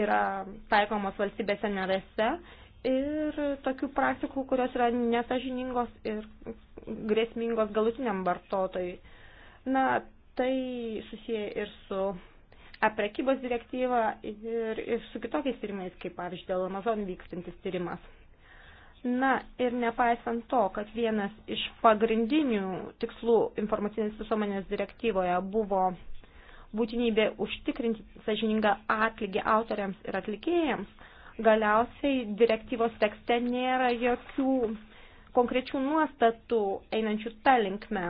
yra taikomos valstybėse narėse ir tokių praktikų, kurios yra nesažiningos ir grėsmingos galutiniam vartotojui. Na, tai susiję ir su aprekybos direktyva ir, ir su kitokiais tyrimais, kaip pavyzdžiui, dėl Amazon vykstantis tyrimas. Na ir nepaisant to, kad vienas iš pagrindinių tikslų informacinės visuomenės direktyvoje buvo būtinybė užtikrinti sažiningą atlygį autoriams ir atlikėjams, galiausiai direktyvos tekste nėra jokių konkrečių nuostatų einančių tą linkmę.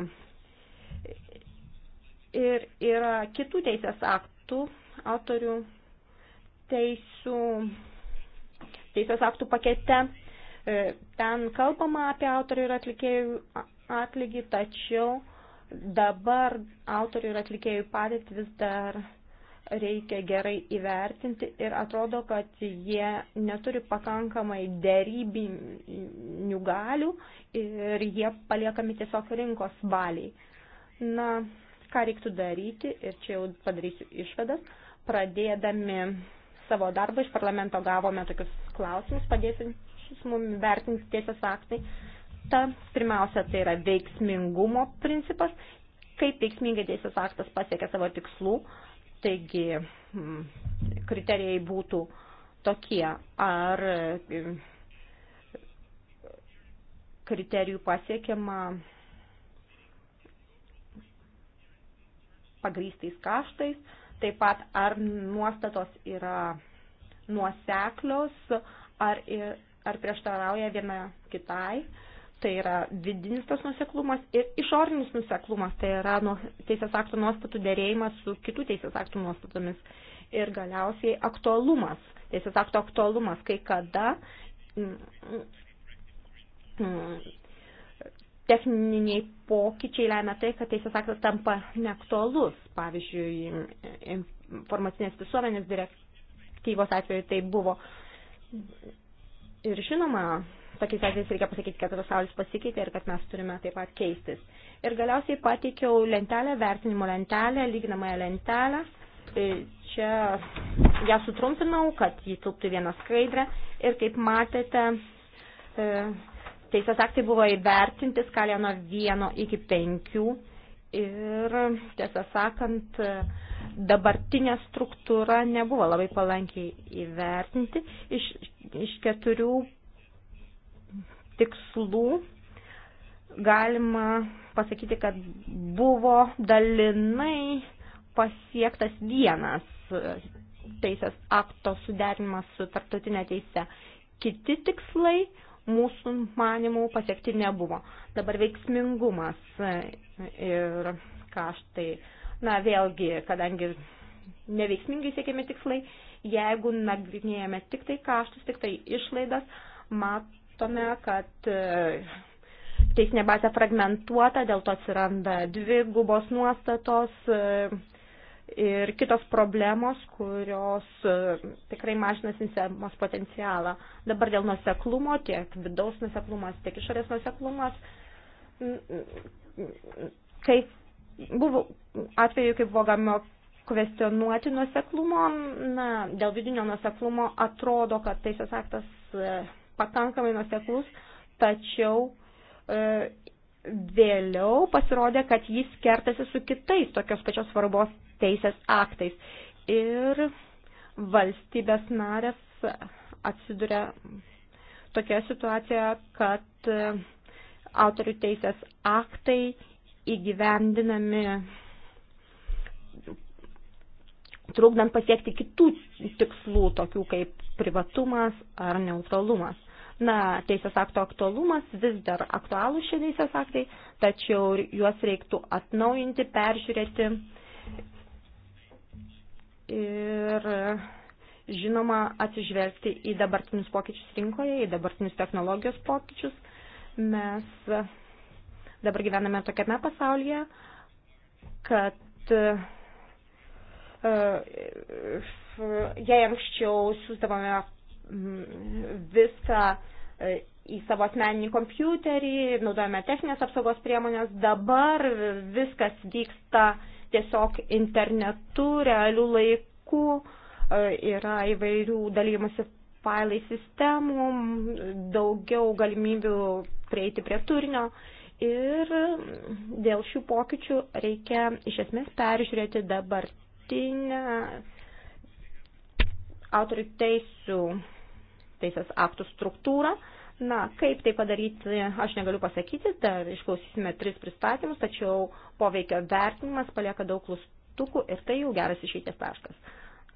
Ir yra kitų teisės aktų, autorių teisų, teisės aktų pakete E, ten kalbama apie autorių ir atlikėjų atlygį, tačiau dabar autorių ir atlikėjų padėtį vis dar reikia gerai įvertinti ir atrodo, kad jie neturi pakankamai dėrybinių galių ir jie paliekami tiesiog rinkos valiai. Na, ką reiktų daryti, ir čia jau padarysiu išvadas, pradėdami savo darbą iš parlamento gavome tokius klausimus, padėsim mumi vertinti tiesias aktai. Ta, pirmiausia, tai yra veiksmingumo principas, kaip veiksmingai tiesias aktas pasiekia savo tikslų. Taigi, hmm, kriterijai būtų tokie, ar kriterijų pasiekiama pagrystais kaštais, taip pat ar nuostatos yra nuoseklios, ar ar prieštarauja viena kitai. Tai yra vidinis tas nuseklumas ir išorinis nuseklumas, tai yra nuo teisės aktų nuostatų dėrėjimas su kitų teisės aktų nuostatomis. Ir galiausiai aktualumas, teisės akto aktualumas, kai kada mm, mm, mm, techniniai pokyčiai lemia tai, kad teisės aktas tampa neaktualus. Pavyzdžiui, informacinės visuomenės direktyvos atveju tai buvo Ir žinoma, tokiais atvejais reikia pasakyti, kad pasaulis pasikeitė ir kad mes turime taip pat keistis. Ir galiausiai pateikiau lentelę, vertinimo lentelę, lyginamąją lentelę. Tai čia ją sutrumpinau, kad jį tilptų vieną skaidrę. Ir kaip matėte, e, teisės aktai buvo įvertinti skalę nuo 1 iki 5. Ir tiesą sakant, dabartinė struktūra nebuvo labai palankiai įvertinti. Iš, iš keturių tikslų galima pasakyti, kad buvo dalinai pasiektas vienas teisės akto suderinimas su tarptautinė teise. Kiti tikslai mūsų manimų pasiekti nebuvo. Dabar veiksmingumas ir kaštai. tai Na, vėlgi, kadangi neveiksmingai siekiami tikslai, jeigu nagrinėjame tik tai kaštus, tik tai išlaidas, matome, kad e, teisinė bazė fragmentuota, dėl to atsiranda dvi gubos nuostatos e, ir kitos problemos, kurios e, tikrai mažina sistemos potencialą. Dabar dėl nuseklumo, tiek vidaus nuseklumas, tiek išorės nuseklumas. Kai Buvo atveju, kai buvo galima kvestionuoti nuseklumo, na, dėl vidinio nuseklumo atrodo, kad teisės aktas e, pakankamai nuseklus, tačiau e, vėliau pasirodė, kad jis kertasi su kitais tokios pačios svarbos teisės aktais. Ir valstybės narės atsiduria tokioje situacijoje, kad e, autorių teisės aktai įgyvendinami trukdant pasiekti kitų tikslų, tokių kaip privatumas ar neutralumas. Na, teisės akto aktualumas vis dar aktualų šie teisės aktai, tačiau juos reiktų atnaujinti, peržiūrėti. Ir žinoma, atsižvelgti į dabartinius pokyčius rinkoje, į dabartinius technologijos pokyčius. Mes dabar gyvename tokiame pasaulyje, kad e, e, jei anksčiau siūsdavome mm, visą e, į savo asmeninį kompiuterį, naudojame techninės apsaugos priemonės, dabar viskas vyksta tiesiog internetu, realių laikų, yra įvairių dalymusi failai sistemų, daugiau galimybių prieiti prie turinio Ir dėl šių pokyčių reikia iš esmės peržiūrėti dabartinę autorių teisų teisės aktų struktūrą. Na, kaip tai padaryti, aš negaliu pasakyti, dar išklausysime tris pristatymus, tačiau poveikio vertinimas palieka daug lustukų ir tai jau geras išeities taškas.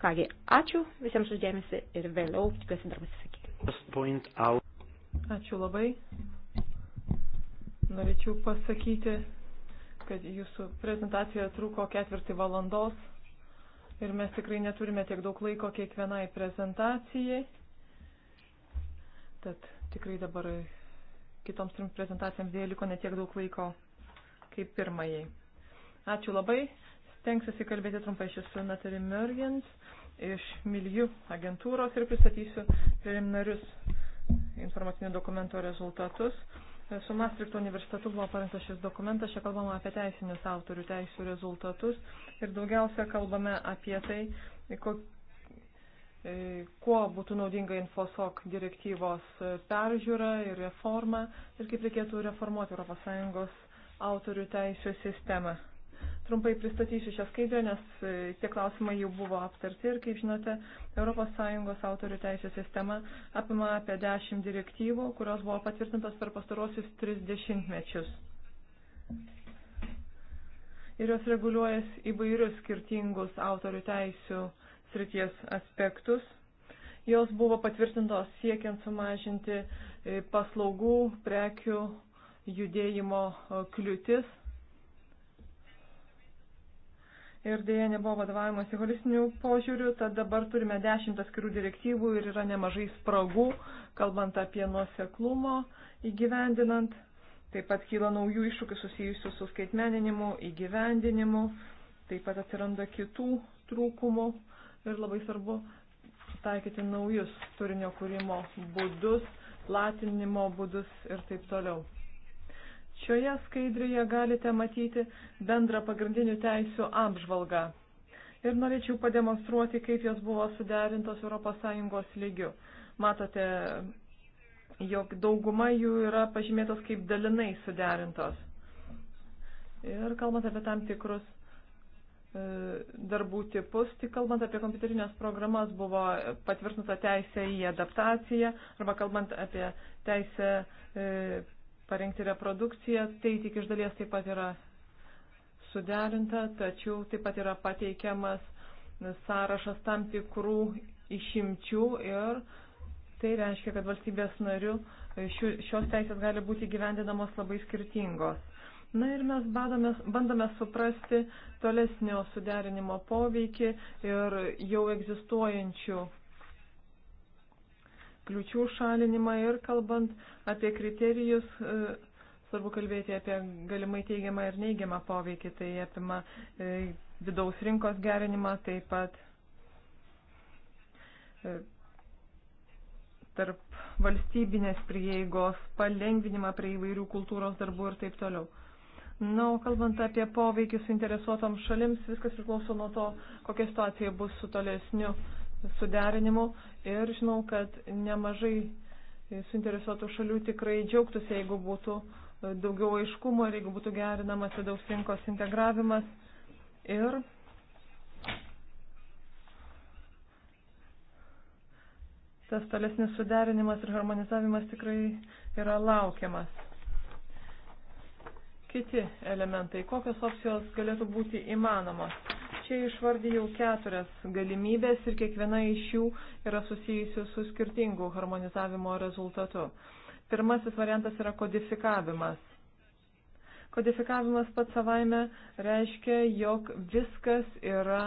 Kągi, ačiū visiems uždėmesi ir vėliau tikiuosi dar pasisakyti. Ačiū labai. Norėčiau pasakyti, kad jūsų prezentacija truko ketvirtį valandos ir mes tikrai neturime tiek daug laiko kiekvienai prezentacijai. Tad tikrai dabar kitoms trims prezentacijoms dėja liko netiek daug laiko kaip pirmajai. Ačiū labai. Stengsiuosi kalbėti trumpai. Aš esu Natali Murgens iš Milijų agentūros ir pristatysiu preliminarius informacinio dokumento rezultatus. Su Maastrichto universitetu buvo parengtas šis dokumentas, čia kalbama apie teisinius autorių teisų rezultatus ir daugiausia kalbame apie tai, ko, e, kuo būtų naudinga infosok direktyvos peržiūra ir reforma ir kaip reikėtų reformuoti ES autorių teisų sistemą. Trumpai pristatysiu šią skaidrę, nes e, tie klausimai jau buvo aptarti ir, kaip žinote, ES autorių teisės sistema apima apie 10 direktyvų, kurios buvo patvirtintos per pastarosius 30 mečius. Ir jos reguliuojas įvairius skirtingus autorių teisių srities aspektus. Jos buvo patvirtintos siekiant sumažinti e, paslaugų, prekių judėjimo e, kliūtis ir dėja nebuvo vadovavimas į holistinių požiūrių, tad dabar turime dešimt atskirų direktyvų ir yra nemažai spragų, kalbant apie nuoseklumo įgyvendinant. Taip pat kyla naujų iššūkių susijusių su skaitmeninimu, įgyvendinimu, taip pat atsiranda kitų trūkumų ir labai svarbu taikyti naujus turinio kūrimo būdus, platinimo būdus ir taip toliau. Šioje skaidrėje galite matyti bendrą pagrindinių teisių apžvalgą. Ir norėčiau pademonstruoti, kaip jos buvo suderintos ES lygiu. Matote, jog dauguma jų yra pažymėtos kaip dalinai suderintos. Ir kalbant apie tam tikrus e, darbų tipus, tik kalbant apie kompiuterinės programas buvo patvirtinta teisė į adaptaciją arba kalbant apie teisę e, parengti reprodukciją, tai tik iš dalies taip pat yra suderinta, tačiau taip pat yra pateikiamas sąrašas tam tikrų išimčių ir tai reiškia, kad valstybės narių šios teisės gali būti gyvendinamos labai skirtingos. Na ir mes badome, bandome suprasti tolesnio suderinimo poveikį ir jau egzistuojančių kliučių šalinimą ir kalbant apie kriterijus, e, svarbu kalbėti apie galimai teigiamą ir neigiamą poveikį, tai apima e, vidaus rinkos gerinimą, taip pat e, tarp valstybinės prieigos, palengvinimą prie įvairių kultūros darbų ir taip toliau. Na, o kalbant apie poveikį suinteresuotom šalims, viskas priklauso nuo to, kokia situacija bus su tolesniu uh, suderinimu ir žinau, kad nemažai suinteresuotų šalių tikrai džiaugtųsi, jeigu būtų e, daugiau aiškumo ir jeigu būtų gerinamas vidaus rinkos integravimas. Ir tas tolesnis suderinimas ir harmonizavimas tikrai yra laukiamas. Kiti elementai, kokios opcijos galėtų būti įmanomos? Čia išvardėjau keturias galimybės ir kiekviena iš jų yra susijusi su skirtingu harmonizavimo rezultatu. Pirmasis variantas yra kodifikavimas. Kodifikavimas pats savaime reiškia, jog viskas yra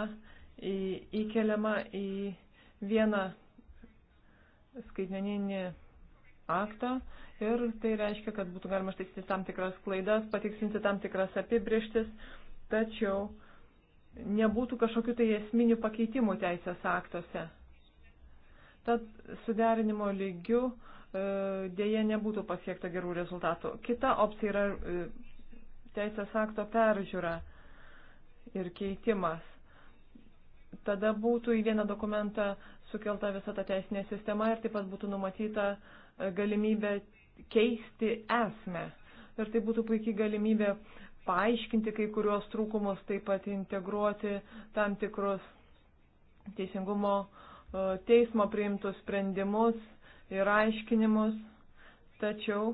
į, įkeliama į vieną skaitmeninį aktą ir tai reiškia, kad būtų galima ištaisyti tam tikras klaidas, patiksinti tam tikras apibrieštis, tačiau nebūtų kažkokių tai esminių pakeitimų teisės aktuose. Tad suderinimo lygių e, dėje nebūtų pasiekta gerų rezultatų. Kita opcija yra e, teisės akto peržiūra ir keitimas. Tada būtų į vieną dokumentą sukelta visa ta teisinė sistema ir taip pat būtų numatyta e, galimybė keisti esmę. Ir tai būtų puikiai galimybė paaiškinti kai kuriuos trūkumus, taip pat integruoti tam tikrus teisingumo e, teismo priimtus sprendimus ir aiškinimus, tačiau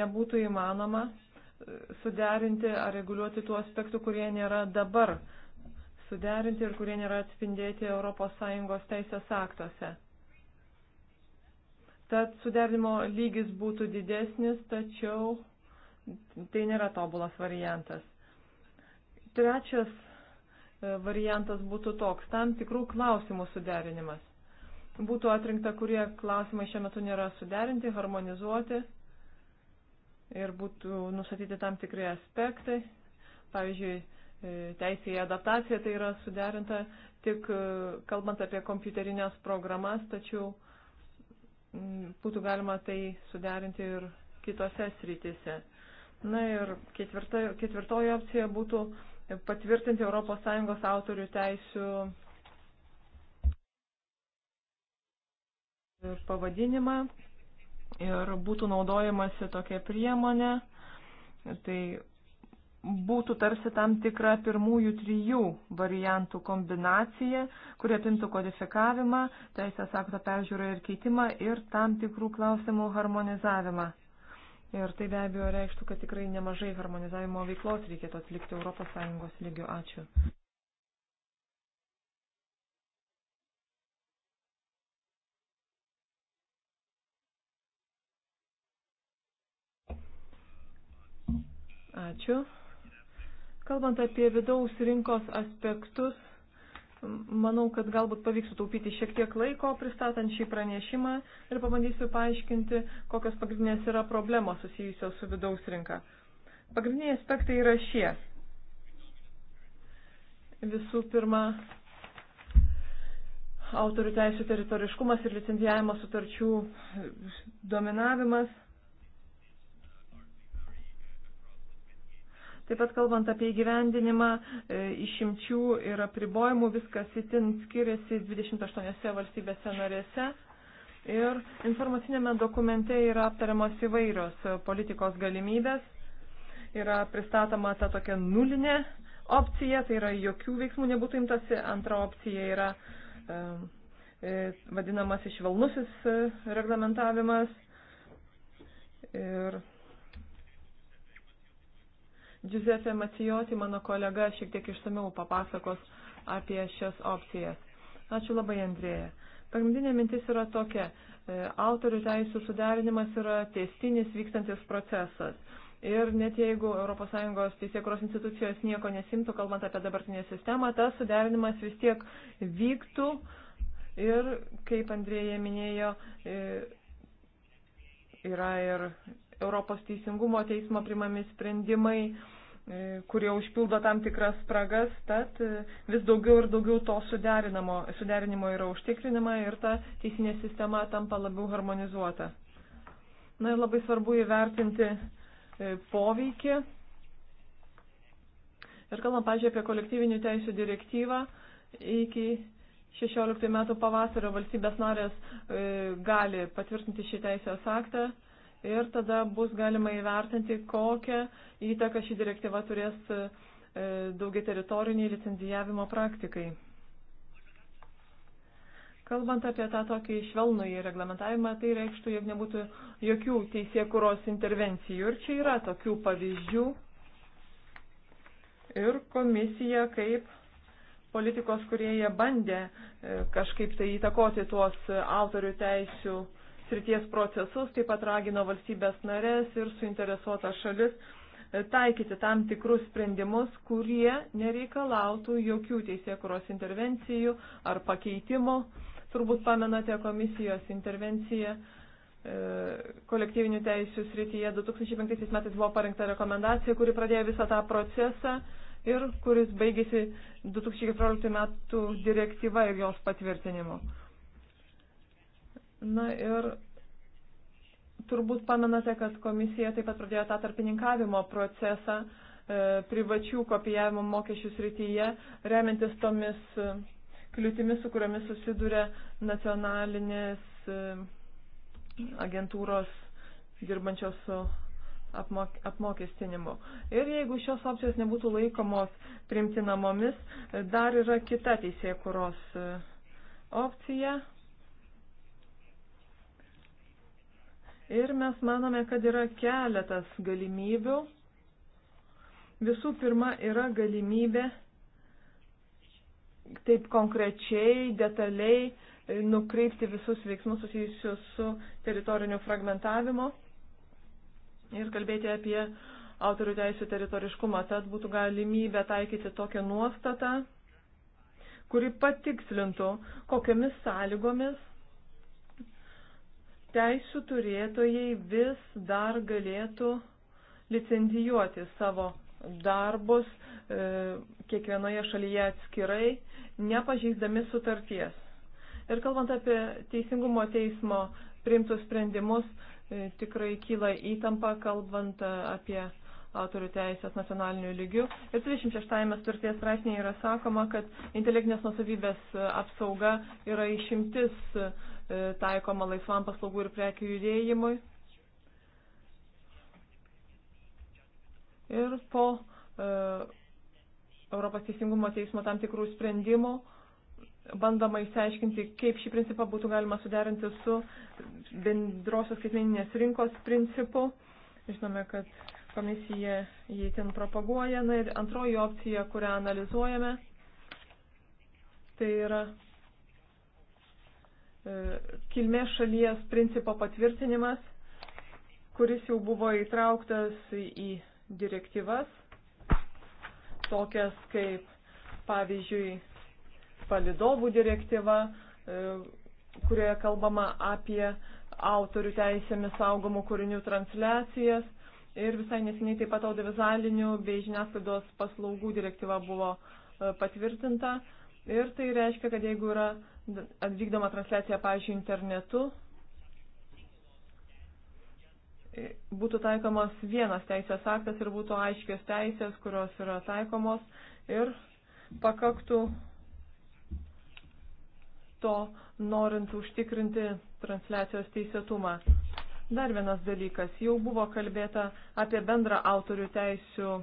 nebūtų įmanoma e, suderinti ar reguliuoti tų aspektų, kurie nėra dabar suderinti ir kurie nėra atspindėti ES teisės aktuose. Tad suderinimo lygis būtų didesnis, tačiau tai nėra tobulas variantas. Trečias e, variantas būtų toks, tam tikrų klausimų suderinimas. Būtų atrinkta, kurie klausimai šiuo metu nėra suderinti, harmonizuoti ir būtų nusatyti tam tikri aspektai. Pavyzdžiui, e, teisė į adaptaciją tai yra suderinta tik e, kalbant apie kompiuterinės programas, tačiau būtų galima tai suderinti ir kitose srityse. Na ir ketvirta, ketvirtoji opcija būtų patvirtinti ES autorių teisių pavadinimą ir būtų naudojamasi tokia priemonė. Tai būtų tarsi tam tikra pirmųjų trijų variantų kombinacija, kurie apimtų kodifikavimą, teisės akto peržiūrą ir keitimą ir tam tikrų klausimų harmonizavimą. Ir tai be abejo reikštų, kad tikrai nemažai harmonizavimo veiklos reikėtų atlikti ES lygiu. Ačiū. Ačiū. Kalbant apie vidaus rinkos aspektus, Manau, kad galbūt pavyks sutaupyti šiek tiek laiko pristatant šį pranešimą ir pabandysiu paaiškinti, kokios pagrindinės yra problemos susijusios su vidaus rinka. Pagrindiniai aspektai yra šie. Visų pirma, autorių teisų teritoriškumas ir licencijavimo sutarčių dominavimas. Taip pat kalbant apie įgyvendinimą, e, išimčių ir apribojimų viskas itin skiriasi 28 valstybėse narėse. Ir informacinėme dokumente yra aptariamos įvairios e, politikos galimybės. Yra pristatoma ta tokia nulinė opcija, tai yra jokių veiksmų nebūtų imtasi. Antra opcija yra e, e vadinamas išvelnusis reglamentavimas. Ir Giuseppe Macijoti, mano kolega, šiek tiek išsameu papasakos apie šias opcijas. Ačiū labai, Andrėja. Pagrindinė mintis yra tokia. E, autorių teisų suderinimas yra tiestinis vykstantis procesas. Ir net jeigu ES teisėkuros institucijos nieko nesimtų, kalbant apie dabartinę sistemą, tas suderinimas vis tiek vyktų. Ir, kaip Andrėja minėjo, e, yra ir Europos teisingumo teismo primami sprendimai, e, kurie užpildo tam tikras spragas, tad e, vis daugiau ir daugiau to suderinimo yra užtikrinama ir ta teisinė sistema tampa labiau harmonizuota. Na ir labai svarbu įvertinti e, poveikį. Ir kalbant, pažiūrėjau, apie kolektyvinių teisų direktyvą, iki 16 metų pavasario valstybės narės gali patvirtinti šį teisės aktą ir tada bus galima įvertinti, kokią įtaką ši direktyva turės e, daugia teritoriniai licenzijavimo praktikai. Kalbant apie tą tokį švelnųjį reglamentavimą, tai reikštų, jog nebūtų jokių teisėkuros intervencijų. Ir čia yra tokių pavyzdžių. Ir komisija kaip politikos, kurie jie bandė e, kažkaip tai įtakoti tuos autorių teisių srities procesus, taip pat ragino valstybės narės ir suinteresuotas šalis e, taikyti tam tikrus sprendimus, kurie nereikalautų jokių teisėkuros intervencijų ar pakeitimų. Turbūt pamenate komisijos intervenciją e, kolektyvinių teisų srityje 2005 metais buvo parengta rekomendacija, kuri pradėjo visą tą procesą ir kuris baigėsi 2014 metų direktyva ir jos patvirtinimu. Na ir turbūt pamenate, kad komisija taip pat pradėjo tą tarpininkavimo procesą e, privačių kopijavimo mokesčių srityje, remiantis tomis e, kliūtimis, su kuriomis susiduria nacionalinės e, agentūros dirbančios su apmok apmokestinimu. Ir jeigu šios opcijos nebūtų laikomos primtinamomis, dar yra kita teisėkuros opcija. Ir mes manome, kad yra keletas galimybių. Visų pirma, yra galimybė taip konkrečiai, detaliai nukreipti visus veiksmus susijusius su teritoriniu fragmentavimu ir kalbėti apie autorių teisų teritoriškumą. Tad būtų galimybė taikyti tokią nuostatą, kuri patikslintų, kokiamis sąlygomis teisų turėtojai vis dar galėtų licencijuoti savo darbus e, kiekvienoje šalyje atskirai, nepažeisdami sutarties. Ir kalbant apie teisingumo teismo priimtus sprendimus, e, tikrai kyla įtampa, kalbant e, apie autorių teisės nacionalinių lygių. Ir 26-ame sutarties straipsnėje yra sakoma, kad intelektinės nusavybės e, apsauga yra išimtis e, E, taikoma laisvam paslaugų ir prekių judėjimui. Ir po e, Europos teisingumo teismo tam tikrų sprendimų bandoma įsiaiškinti, kaip šį principą būtų galima suderinti su bendrosios skaitmeninės rinkos principu. Žinome, kad komisija jį ten propaguoja. Na ir antroji opcija, kurią analizuojame, tai yra E, kilmės šalies principo patvirtinimas, kuris jau buvo įtrauktas į direktyvas, tokias kaip pavyzdžiui palidovų direktyva, e, kurioje kalbama apie autorių teisėmis saugomų kūrinių transliacijas ir visai nesiniai taip pat audiovizualinių bei žiniasklaidos paslaugų direktyva buvo e, patvirtinta. Ir tai reiškia, kad jeigu yra vykdoma transliacija, pavyzdžiui, internetu, e, būtų taikomas vienas teisės aktas ir būtų aiškios teisės, kurios yra taikomos ir pakaktų to, norint užtikrinti transliacijos teisėtumą. Dar vienas dalykas. Jau buvo kalbėta apie bendrą autorių teisių e,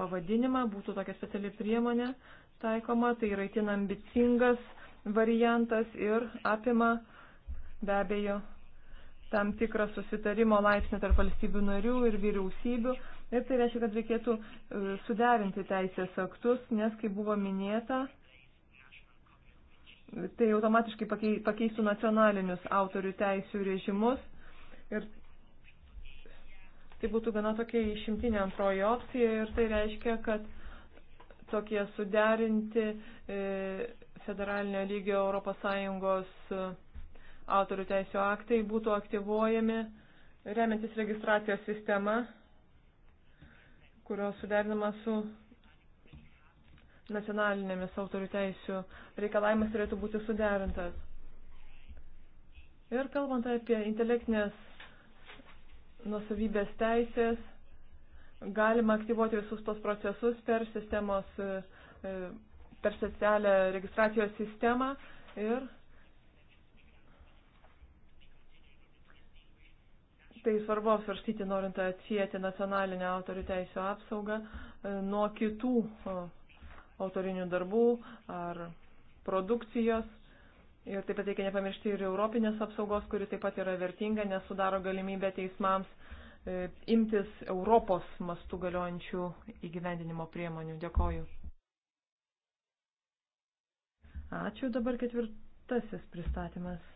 pavadinimą, būtų tokia speciali priemonė, taikoma, tai yra itin ambicingas variantas ir apima be abejo tam tikrą susitarimo laipsnį tarp valstybių narių ir vyriausybių. Ir tai reiškia, kad reikėtų e, suderinti teisės aktus, nes, kaip buvo minėta, tai automatiškai pakeistų nacionalinius autorių teisių režimus. Ir tai būtų gana tokia išimtinė antroji opcija ir tai reiškia, kad tokie suderinti e, federalinio lygio ES e, autorių teisų aktai būtų aktyvuojami remiantis registracijos sistema, kurios suderinama su nacionalinėmis autorių teisų reikalavimas turėtų būti suderintas. Ir kalbant apie intelektinės nusavybės teisės, galima aktyvuoti visus tos procesus per sistemos, e, e, per socialią registracijos sistemą ir tai svarbu apsvarstyti, norint atsijėti nacionalinę autorių teisų apsaugą e, nuo kitų autorinių darbų ar produkcijos. Ir taip pat reikia nepamiršti ir europinės apsaugos, kuri taip pat yra vertinga, nes sudaro galimybę teismams E, imtis Europos mastų galiojančių įgyvendinimo priemonių. Dėkoju. Ačiū. Dabar ketvirtasis pristatymas.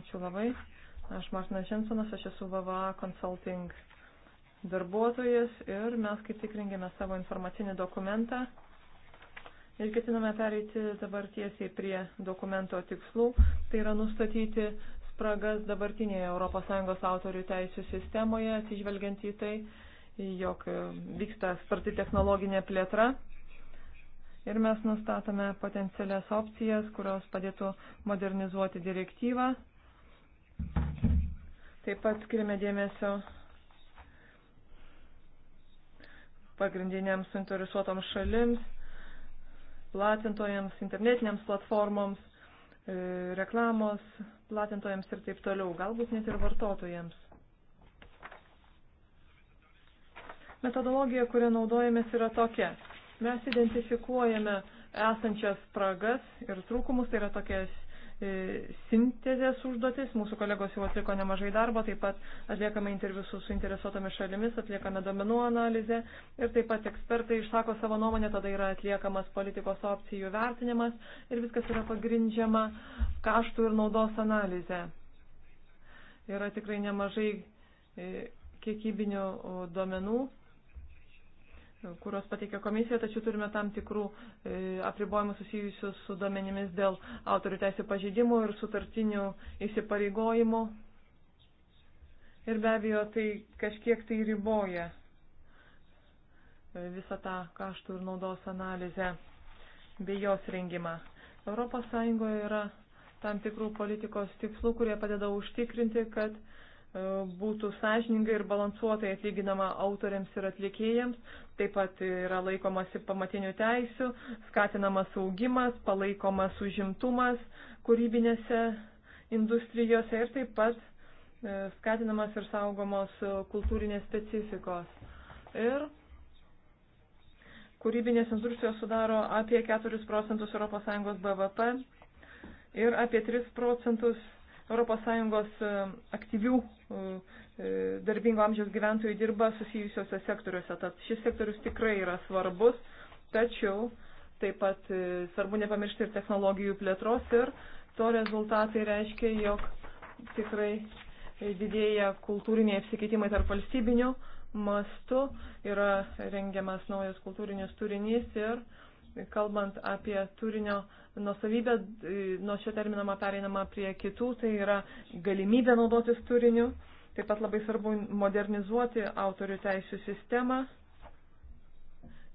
Ačiū labai. Aš Martinas Žinsonas, aš esu VVA Consulting darbuotojas ir mes kaip tik rengėme savo informacinį dokumentą Ir ketiname pereiti dabar tiesiai prie dokumento tikslų, tai yra nustatyti spragas dabartinėje ES autorių teisų sistemoje, atsižvelgiant į tai, jog e, vyksta sparti technologinė plėtra. Ir mes nustatome potencialias opcijas, kurios padėtų modernizuoti direktyvą. Taip pat skirime dėmesio pagrindiniams suinteresuotoms šalims platintojams, internetinėms platformoms, e, reklamos platintojams ir taip toliau, galbūt net ir vartotojams. Metodologija, kurią naudojamės, yra tokia. Mes identifikuojame esančias spragas ir trūkumus, tai yra tokia E, sintezės užduotis. Mūsų kolegos jau atliko nemažai darbo, taip pat atliekame interviu su suinteresuotomis šalimis, atliekame domenų analizę ir taip pat ekspertai išsako savo nuomonę, tada yra atliekamas politikos opcijų vertinimas ir viskas yra pagrindžiama kaštų ir naudos analizė. Yra tikrai nemažai e, kiekybinių duomenų kuriuos pateikė komisija, tačiau turime tam tikrų e, apribojimų susijusių su duomenimis dėl autorių teisų pažeidimų ir sutartinių įsipareigojimų. Ir be abejo, tai kažkiek tai riboja e, visą tą kaštų ir naudos analizę bei jos rengimą. ES yra tam tikrų politikos tikslų, kurie padeda užtikrinti, kad E, būtų sąžiningai ir balansuotai atlyginama autoriams ir atlikėjams, taip pat yra laikomasi pamatinių teisių, skatinamas augimas, palaikomas užimtumas kūrybinėse industrijose ir taip pat e, skatinamas ir saugomos kultūrinės specifikos. Ir kūrybinės industrijos sudaro apie 4 procentus ES BVP ir apie 3 procentus ES e, aktyvių e, e, darbingo amžiaus gyventojų dirba susijusiuose sektoriuose. Tad šis sektorius tikrai yra svarbus, tačiau taip pat svarbu nepamiršti ir technologijų plėtros ir to rezultatai reiškia, jog tikrai didėja kultūriniai apsikeitimai tarp valstybinių mastų, yra rengiamas naujas kultūrinis turinys ir kalbant apie turinio nusavybė, e, nuo šio terminama pereinama prie kitų, tai yra galimybė naudotis turiniu. Taip pat labai svarbu modernizuoti autorių teisų sistemą,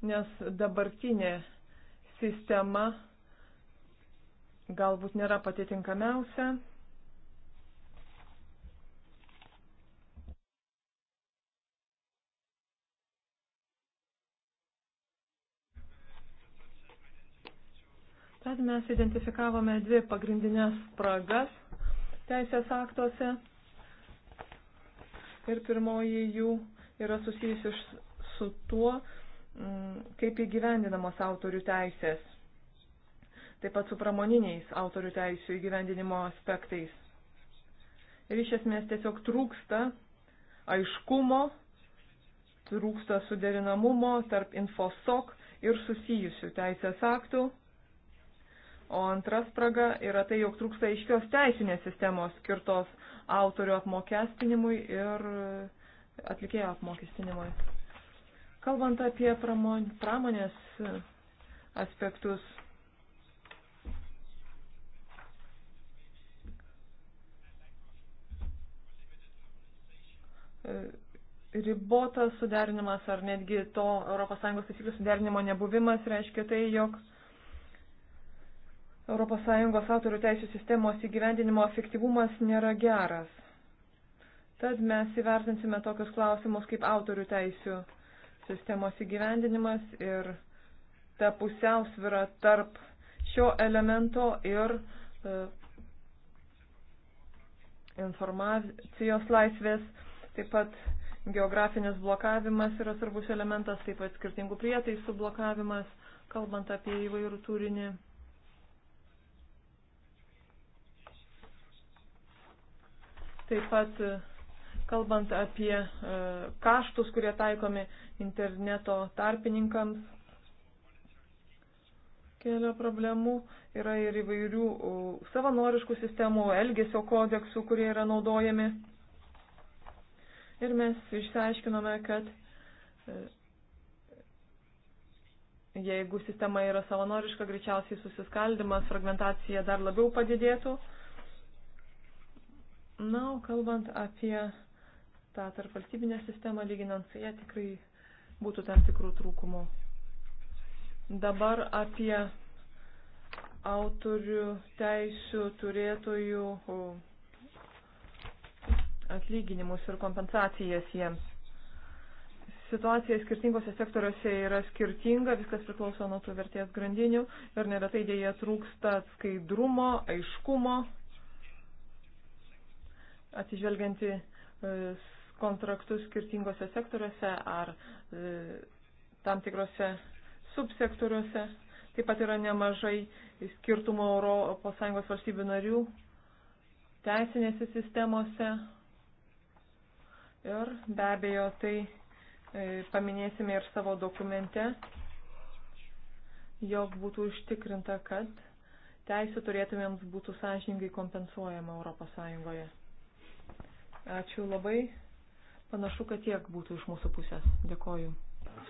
nes dabartinė sistema galbūt nėra pati tinkamiausia. Tad mes identifikavome dvi pagrindinės spragas teisės aktuose. Ir pirmoji jų yra susijusi su tuo, mm, kaip įgyvendinamos autorių teisės. Taip pat su pramoniniais autorių teisų įgyvendinimo aspektais. Ir iš esmės tiesiog trūksta aiškumo, trūksta suderinamumo tarp infosok ir susijusių teisės aktų. O antras spraga yra tai, jog trūksta aiškios teisinės sistemos skirtos autorių apmokestinimui ir e, atlikėjo apmokestinimui. Kalbant apie pramonės e, aspektus, e, ribotas suderinimas ar netgi to ES taisyklių suderinimo nebuvimas reiškia tai, jog ES autorių teisų sistemos įgyvendinimo efektyvumas nėra geras. Tad mes įvertinsime tokius klausimus kaip autorių teisų sistemos įgyvendinimas ir ta pusiausvyra tarp šio elemento ir e, informacijos laisvės, taip pat geografinis blokavimas yra svarbus elementas, taip pat skirtingų prietaisų blokavimas, kalbant apie įvairių turinį. Taip pat e, kalbant apie e, kaštus, kurie taikomi interneto tarpininkams, kelia problemų. Yra ir įvairių savanoriškų sistemų, elgesio kodeksų, kurie yra naudojami. Ir mes išsiaiškinome, kad e, jeigu sistema yra savanoriška, greičiausiai susiskaldimas, fragmentacija dar labiau padidėtų. Na, o kalbant apie tą tarp valstybinę sistemą, lyginant su ją, tikrai būtų tam tikrų trūkumų. Dabar apie autorių teisių turėtojų atlyginimus ir kompensacijas jiems. Situacija skirtingose sektoriuose yra skirtinga, viskas priklauso nuo tų vertės grandinių ir neretai dėja trūksta skaidrumo, aiškumo atsižvelgianti e, kontraktus skirtingose sektoriuose ar e, tam tikrose subsektoriuose. Taip pat yra nemažai skirtumų ES valstybių narių teisinėse sistemose. Ir be abejo, tai e, paminėsime ir savo dokumente, jog būtų užtikrinta, kad teisų turėtumėms būtų sąžiningai kompensuojama ES. Ačiū labai. Panašu, kad tiek būtų iš mūsų pusės. Dėkoju.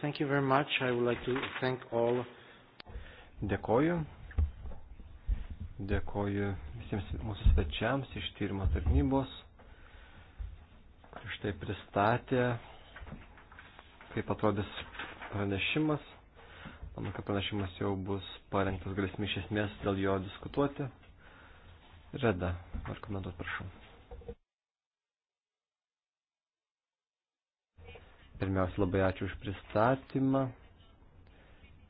Thank you very much. I would like to thank all. Dėkoju. Dėkoju visiems mūsų svečiams iš tyrimo tarnybos. Štai pristatė, kaip atrodys pranešimas. Manau, kad pranešimas jau bus parengtas, galėsime iš esmės dėl jo diskutuoti. Reda, ar komentuot prašau. Pirmiausia, labai ačiū už pristatymą.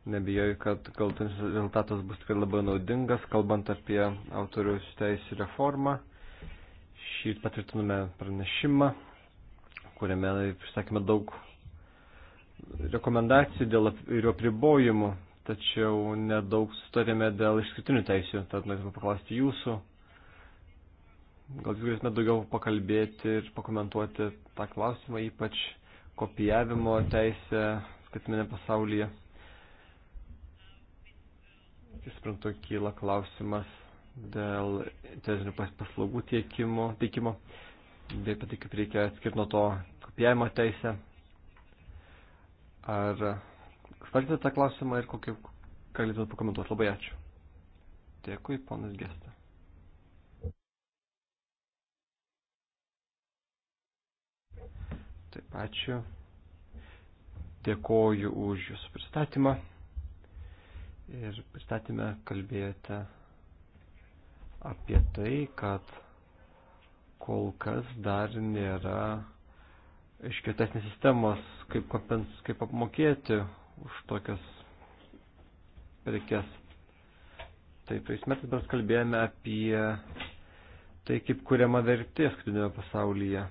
Nebijoju, kad galtinis rezultatas bus tikrai labai naudingas, kalbant apie autorius teisų reformą. Šį patvirtiname pranešimą, kuriame išsakėme daug rekomendacijų dėl ir apribojimų, tačiau nedaug sutarėme dėl išskirtinių teisių. Tad norėtume paklausti jūsų. Gal jūs galėtume daugiau pakalbėti ir pakomentuoti tą klausimą, ypač kopijavimo teisę skaitmenė pasaulyje. Kaip suprantu, kyla klausimas dėl internetinių paslaugų tiekimo, teikimo, bei apie tai, kaip reikia atskirti nuo to kopijavimo teisę. Ar svarstėte tą klausimą ir kokį galėtumėte pakomentuoti? Labai ačiū. Dėkui, ponas Gesta. Taip, ačiū. Dėkoju už Jūsų pristatymą. Ir pristatymę kalbėjote apie tai, kad kol kas dar nėra iškietesnės sistemos, kaip, kompens, kaip apmokėti už tokias prekes. Taip, tais metais mes kalbėjome apie tai, kaip kuriama vertė skaitmeninėme pasaulyje.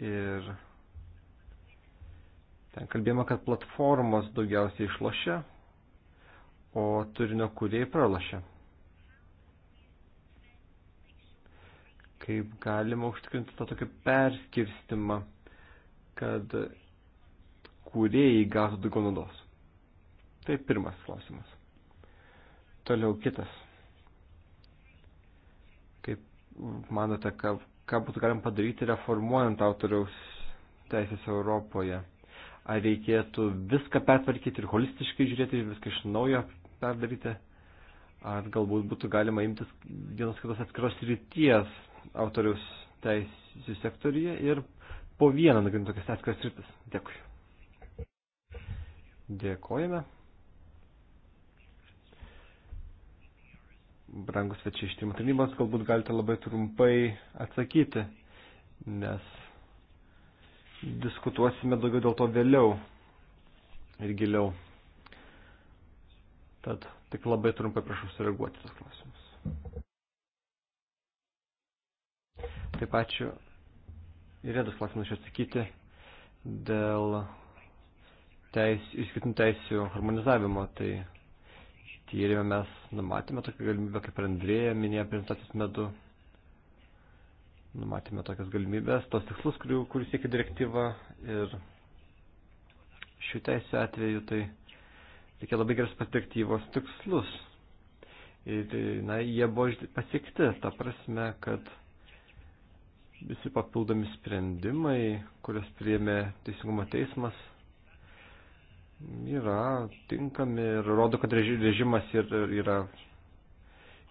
Ir Ten kalbėjome, kad platformos daugiausiai išlošia, o turinio kūrėjai pralošia. Kaip galima užtikrinti tą tokį perskirstimą, kad kūrėjai gautų daugiau naudos? Tai pirmas klausimas. Toliau kitas. Kaip manote, ką, ką būtų galima padaryti reformuojant autoriaus teisės Europoje? ar reikėtų viską pertvarkyti ir holistiškai žiūrėti ir viską iš naujo perdaryti, ar galbūt būtų galima imtis vienos kitos atskiros ryties autoriaus teisų sektoriuje ir po vieną nagrinti tokias atskiras rytis. Dėkui. Dėkojame. Brangus svečiai iš tyrimo tarnybos, galbūt galite labai trumpai atsakyti, nes diskutuosime daugiau dėl to vėliau ir giliau. Tad tik labai trumpai prašau sureaguoti tos klausimus. Taip ačiū. Ir redas klausimas čia atsakyti dėl teis, išskirtinių teisių harmonizavimo. Tai tyrėme mes, numatėme tokią galimybę, kaip Andrėja minėjo prezentacijos metu numatėme tokias galimybės, tos tikslus, kurių, kurių siekia direktyva ir šių teisų atveju, tai reikia labai geras perspektyvos tikslus. Ir, tai, na, jie buvo pasiekti, ta prasme, kad visi papildomi sprendimai, kurias priėmė Teisingumo teismas, yra tinkami ir rodo, kad režimas yra, yra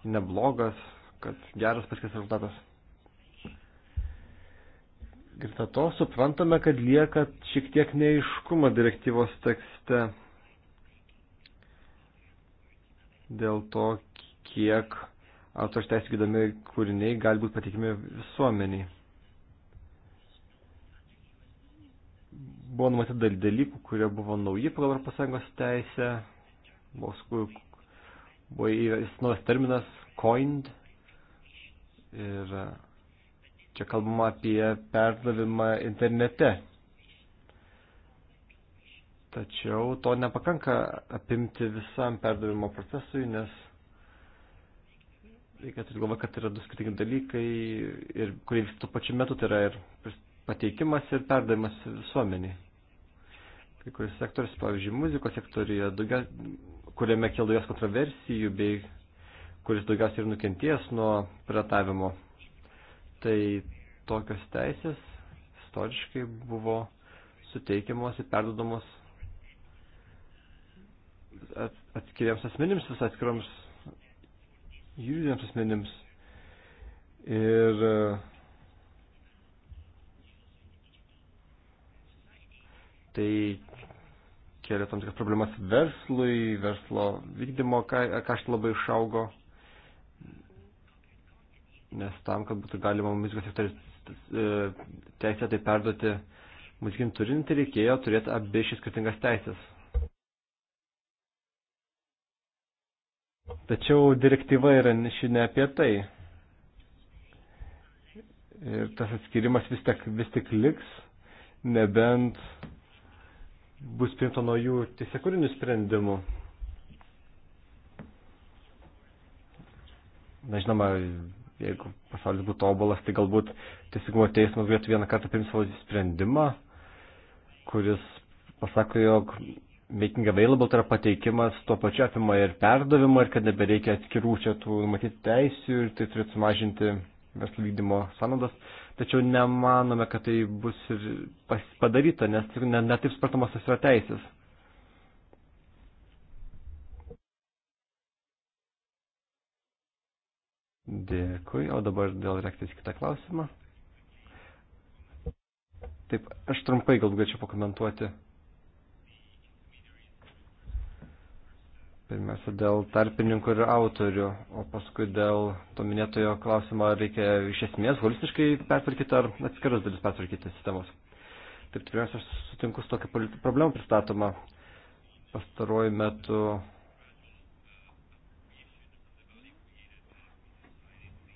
neblogas, kad geras paskirtas rezultatas. Greta to suprantame, kad lieka šiek tiek neiškumo direktyvos tekste dėl to, kiek autoriaus teisų gydami kūriniai gali būti patikimi visuomeniai. Buvo numatyti dėl dalykų, kurie buvo nauji pagal Europos Sąjungos teisę, buvo, buvo įvestas naujas terminas coined ir Čia kalbama apie perdavimą internete. Tačiau to nepakanka apimti visam perdavimo procesui, nes reikia turėti galvoje, kad yra du skirtingi dalykai, ir kurie vis tuo pačiu metu tai yra ir pateikimas ir perdavimas visuomeniai. Kai kuris sektorius, pavyzdžiui, muzikos sektorija, daugia, kuriame kilo jos kontroversijų bei kuris daugiausiai ir nukentėjęs nuo piratavimo tai tokios teisės istoriškai buvo suteikiamos ir perdodamos atskiriams asmenims, vis atskiriams juridiniams asmenims. Ir e, tai kėlė tam tikras problemas verslui, verslo vykdymo kaštai labai išaugo nes tam, kad būtų galima muzikos sektorius e, teisę tai perduoti muzikinį turinį, tai reikėjo turėti abi šis skirtingas teisės. Tačiau direktyva yra ši ne apie tai. Ir tas atskirimas vis tik, vis tik liks, nebent bus priimta naujų teisėkūrinių sprendimų. na žinoma, jeigu pasaulis būtų tobulas, tai galbūt teisingumo teismas galėtų vieną kartą priimti savo sprendimą, kuris pasako, jog making available tai yra pateikimas tuo pačiu apima ir perdavimą ir kad nebereikia atskirų čia tų numatyti teisių ir tai turėtų sumažinti verslo vykdymo sąnaudas. Tačiau nemanome, kad tai bus ir padaryta, nes netaip ne, ne suprantamos tas yra teisės. Dėkui, o dabar dėl reakcijos kitą klausimą. Taip, aš trumpai galbūt galėčiau pakomentuoti. Pirmiausia, dėl tarpininkų ir autorių, o paskui dėl to minėtojo klausimo, ar reikia iš esmės holistiškai pertvarkyti ar atskiras dalis pertvarkyti sistemos. Taip, pirmiausia, aš sutinku su tokia problemų pristatoma. Pastaruoju metu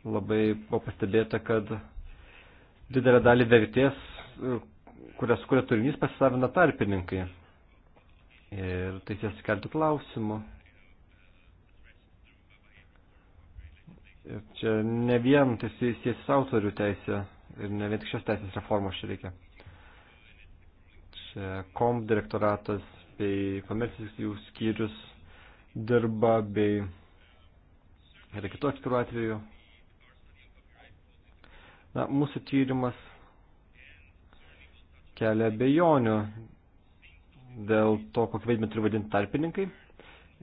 labai buvo pastebėta, kad didelę dalį vertės, kurias sukuria turinys, pasisavina tarpininkai. Ir tai ties kelti klausimų. Ir čia ne vien teisės tai autorių teisė ir ne vien tik šios teisės reformos čia reikia. Čia kom direktoratas bei komercijos jų skyrius dirba bei yra kitų atskirų atvejų Na, mūsų tyrimas kelia bejonių dėl to, kokį vaidmenį turi vadinti tarpininkai.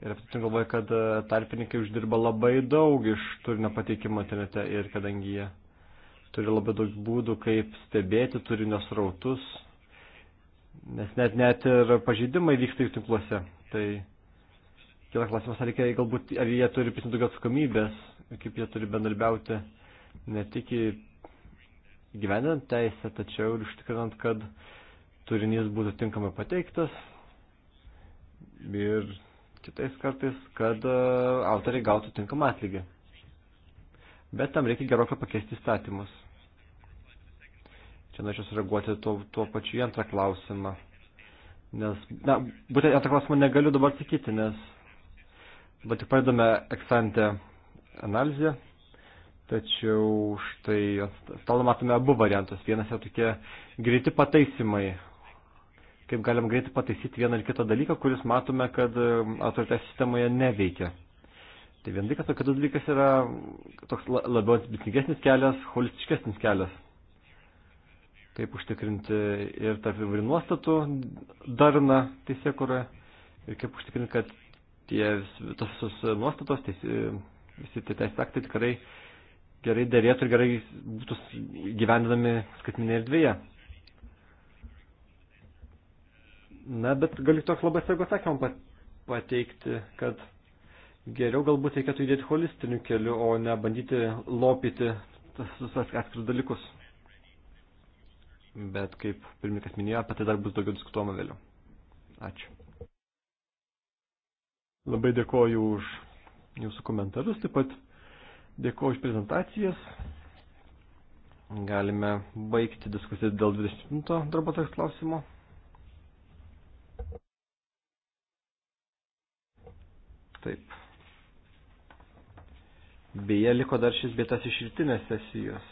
Ir aptikim galvoja, kad e, tarpininkai uždirba labai daug iš turinio pateikimo internete ir kadangi jie turi labai daug būdų, kaip stebėti turinio srautus, nes net, net ir pažeidimai vyksta jų tinkluose. Tai kila klausimas, ar, reikia, galbūt, ar jie turi prisimti daugiau atsakomybės, kaip jie turi bendarbiauti ne tik gyvendinant teisę, tačiau ir užtikrinant, kad turinys būtų tinkamai pateiktas ir kitais kartais, kad e, autoriai gautų tinkamą atlygį. Bet tam reikia gerokai pakeisti įstatymus. Čia norėčiau sureaguoti tuo, tuo pačiu į antrą klausimą. Nes, na, būtent antrą klausimą negaliu dabar atsakyti, nes, bet tik pradedame eksantę analizę Tačiau štai stalo matome abu variantus. Vienas yra tokie greiti pataisimai. Kaip galim greitai pataisyti vieną ar kitą dalyką, kuris matome, kad um, autoritės sistemoje neveikia. Tai vien dalykas, o kitas dalykas yra toks labiau atsibitningesnis kelias, holistiškesnis kelias. Kaip užtikrinti ir tarp įvairių nuostatų darną teisėkuroje ir kaip užtikrinti, kad tie, tos visos nuostatos, teisė, visi tie teisės aktai tikrai uh, gerai dėrėtų ir gerai būtų gyvendinami skaitminėje erdvėje. Na, bet galiu toks labai sargo atsakymą pateikti, kad geriau galbūt reikėtų judėti holistiniu keliu, o ne bandyti lopyti visus atskirus dalykus. Bet kaip pirmininkas minėjo, apie tai dar bus daugiau diskutuojama vėliau. Ačiū. Labai dėkoju už jūsų komentarus, taip pat Dėkuoju už prezentacijas. Galime baigti diskusiją dėl 20 darbo toks klausimo. Taip. Beje, liko dar šis bėtas iš rytinės sesijos.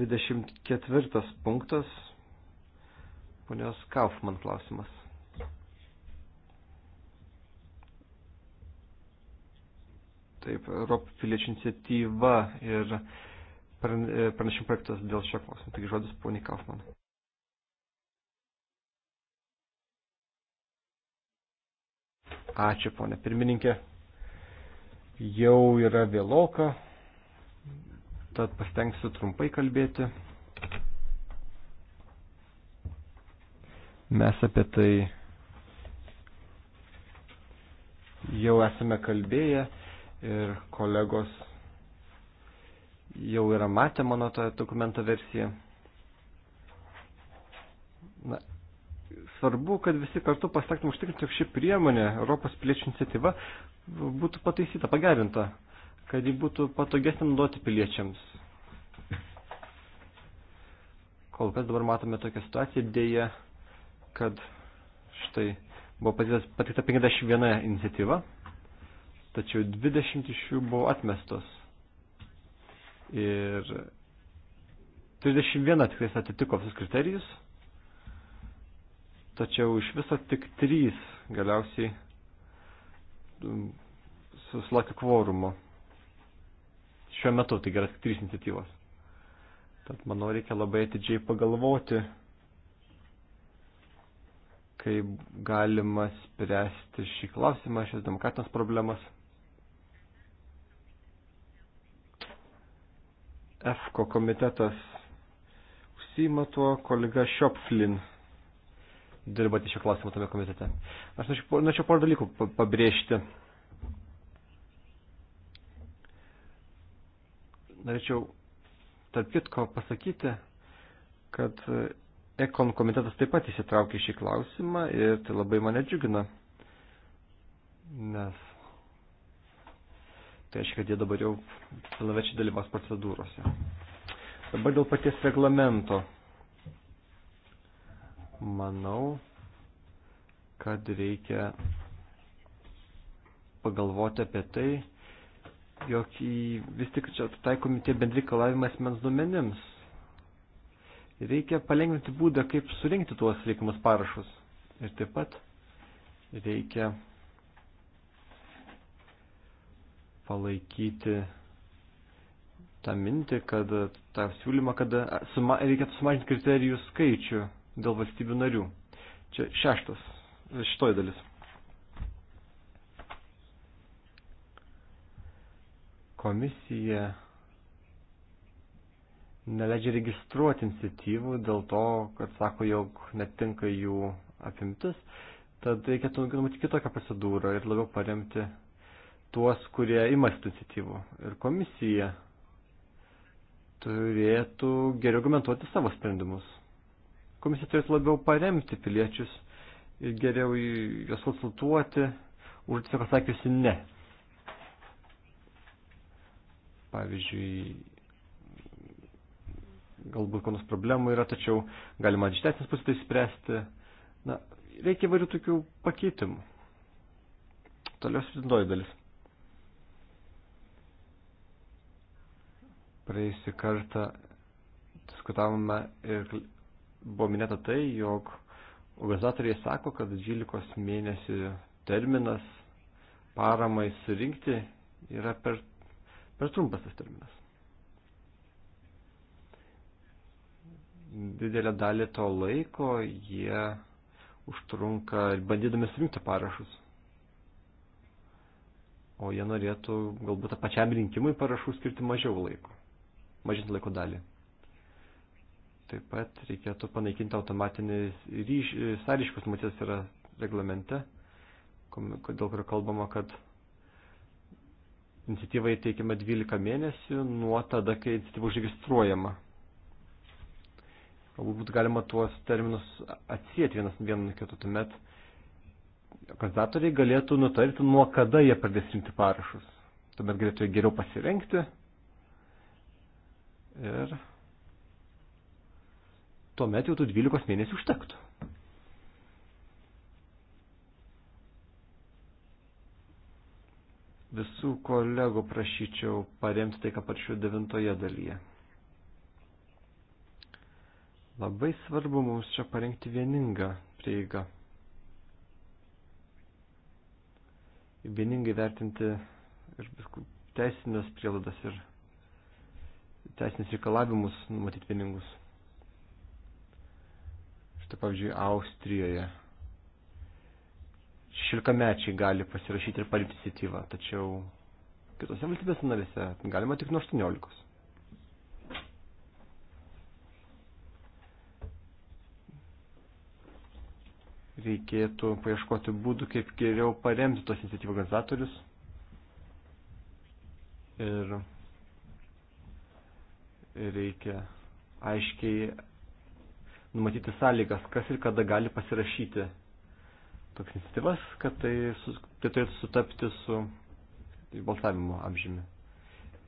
24 punktas. Ponios Kaufman klausimas. Taip, Europos piliečių iniciatyva ir pranešimų projektas dėl šio klausimo. Taigi žodis poniai Kaufman. Ačiū, ponė pirmininkė. Jau yra vėloka, tad pastengsiu trumpai kalbėti. Mes apie tai jau esame kalbėję ir kolegos jau yra matę mano tą dokumento versiją. Na, svarbu, kad visi kartu pasaktum užtikrinti, jog ši priemonė, Europos piliečių iniciatyva, būtų pataisyta, pagerinta, kad ji būtų patogesnė naudoti piliečiams. Kol kas dabar matome tokią situaciją, dėja, kad štai buvo patikta 51 iniciatyva, tačiau 20 iš jų buvo atmestos. Ir 31 tikrai atitiko visus kriterijus, tačiau iš viso tik 3 galiausiai mm, susilaukė kvorumo. Šiuo metu tai yra tik 3 iniciatyvos. Tad manau reikia labai atidžiai pagalvoti, kaip galima spręsti šį klausimą, šias demokratinės problemas. EFKO komitetas užsima tuo kolega Šiopflin dirbate šio klausimo tame komitete. Aš norėčiau porą dalykų pabrėžti. Norėčiau tarp kitko pasakyti, kad e, Ekon komitetas taip pat įsitraukė šį klausimą ir tai labai mane džiugina, nes Tai reiškia, kad jie dabar jau pilnavečiai dalyvas procedūrose. Dabar dėl paties reglamento. Manau, kad reikia pagalvoti apie tai, jog į, vis tik čia taikomi tie bendri kalavimai asmens duomenims. Reikia palengvinti būdą, kaip surinkti tuos reikiamus parašus. Ir taip pat reikia palaikyti tą mintį, kad tą siūlymą, kad suma, reikėtų sumažinti kriterijų skaičių dėl valstybių narių. Čia šeštas, šitoji dalis. Komisija neleidžia registruoti iniciatyvų dėl to, kad sako, jog netinka jų apimtis, tad reikėtų numatyti kitokią procedūrą ir labiau paremti tuos, kurie imasi iniciatyvų. Ir komisija turėtų geriau argumentuoti savo sprendimus. Komisija turėtų labiau paremti piliečius ir geriau juos konsultuoti, už tiesiog pasakiusi ne. Pavyzdžiui, galbūt konos problemų yra, tačiau galima iš teisinės pusės tai spręsti. Na, reikia įvairių tokių pakeitimų. Toliau sudintoji dalis. praėjusį kartą diskutavome ir buvo minėta tai, jog organizatoriai sako, kad 12 mėnesių terminas paramai surinkti yra per, per trumpas tas terminas. Didelę dalį to laiko jie užtrunka bandydami surinkti parašus. O jie norėtų galbūt pačiam rinkimui parašų skirti mažiau laiko mažinti laiko dalį. Taip pat reikėtų panaikinti automatinį ryš, sąryškus, matys yra reglamente, dėl kurio kalbama, kad iniciatyvai teikiama 12 mėnesių nuo tada, kai iniciatyva užregistruojama. Galbūt galima tuos terminus atsijėti vienas vienu nuo kito, tuomet organizatoriai galėtų nutarti, nuo kada jie pradės rinkti parašus. Tuomet galėtų geriau pasirengti Ir tuomet jau tų 12 mėnesių užtektų. Visų kolegų prašyčiau paremti tai, ką parašiau devintoje dalyje. Labai svarbu mums čia parengti vieningą prieigą. Vieningai vertinti ir teisinės prielaidas ir teisinius reikalavimus numatyti pinigus. Štai pavyzdžiui, Austrijoje šilkamečiai gali pasirašyti ir parimti iniciatyvą, tačiau kitose valstybės narėse galima tik nuo 18. Reikėtų paieškoti būdų, kaip geriau paremti tos iniciatyvų organizatorius. Ir reikia aiškiai numatyti sąlygas, kas ir kada gali pasirašyti toks iniciatyvas, kad tai, su, tai turėtų sutapti su tai balsavimo amžiumi.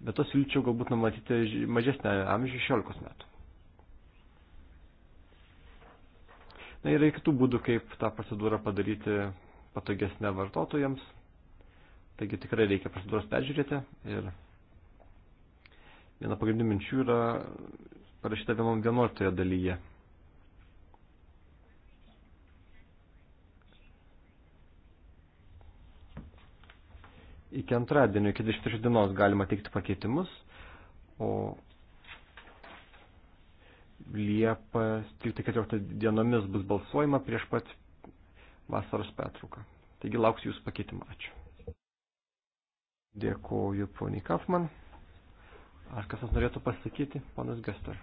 Bet to siūlyčiau galbūt numatyti mažesnę amžių 16 metų. Na ir kitų būdų, kaip tą procedūrą padaryti patogesnę vartotojams. Taigi tikrai reikia procedūros peržiūrėti ir Viena pagrindinių minčių yra parašyta 11 dalyje. Iki antradienio, iki 23 dienos galima teikti pakeitimus, o Liepa 13 dienomis bus balsuojama prieš pat vasaros petruką. Taigi lauksiu jūsų pakeitimą. Ačiū. Dėkuoju poniai Kaufman. Ar kas nors norėtų pasakyti, ponas Gestor?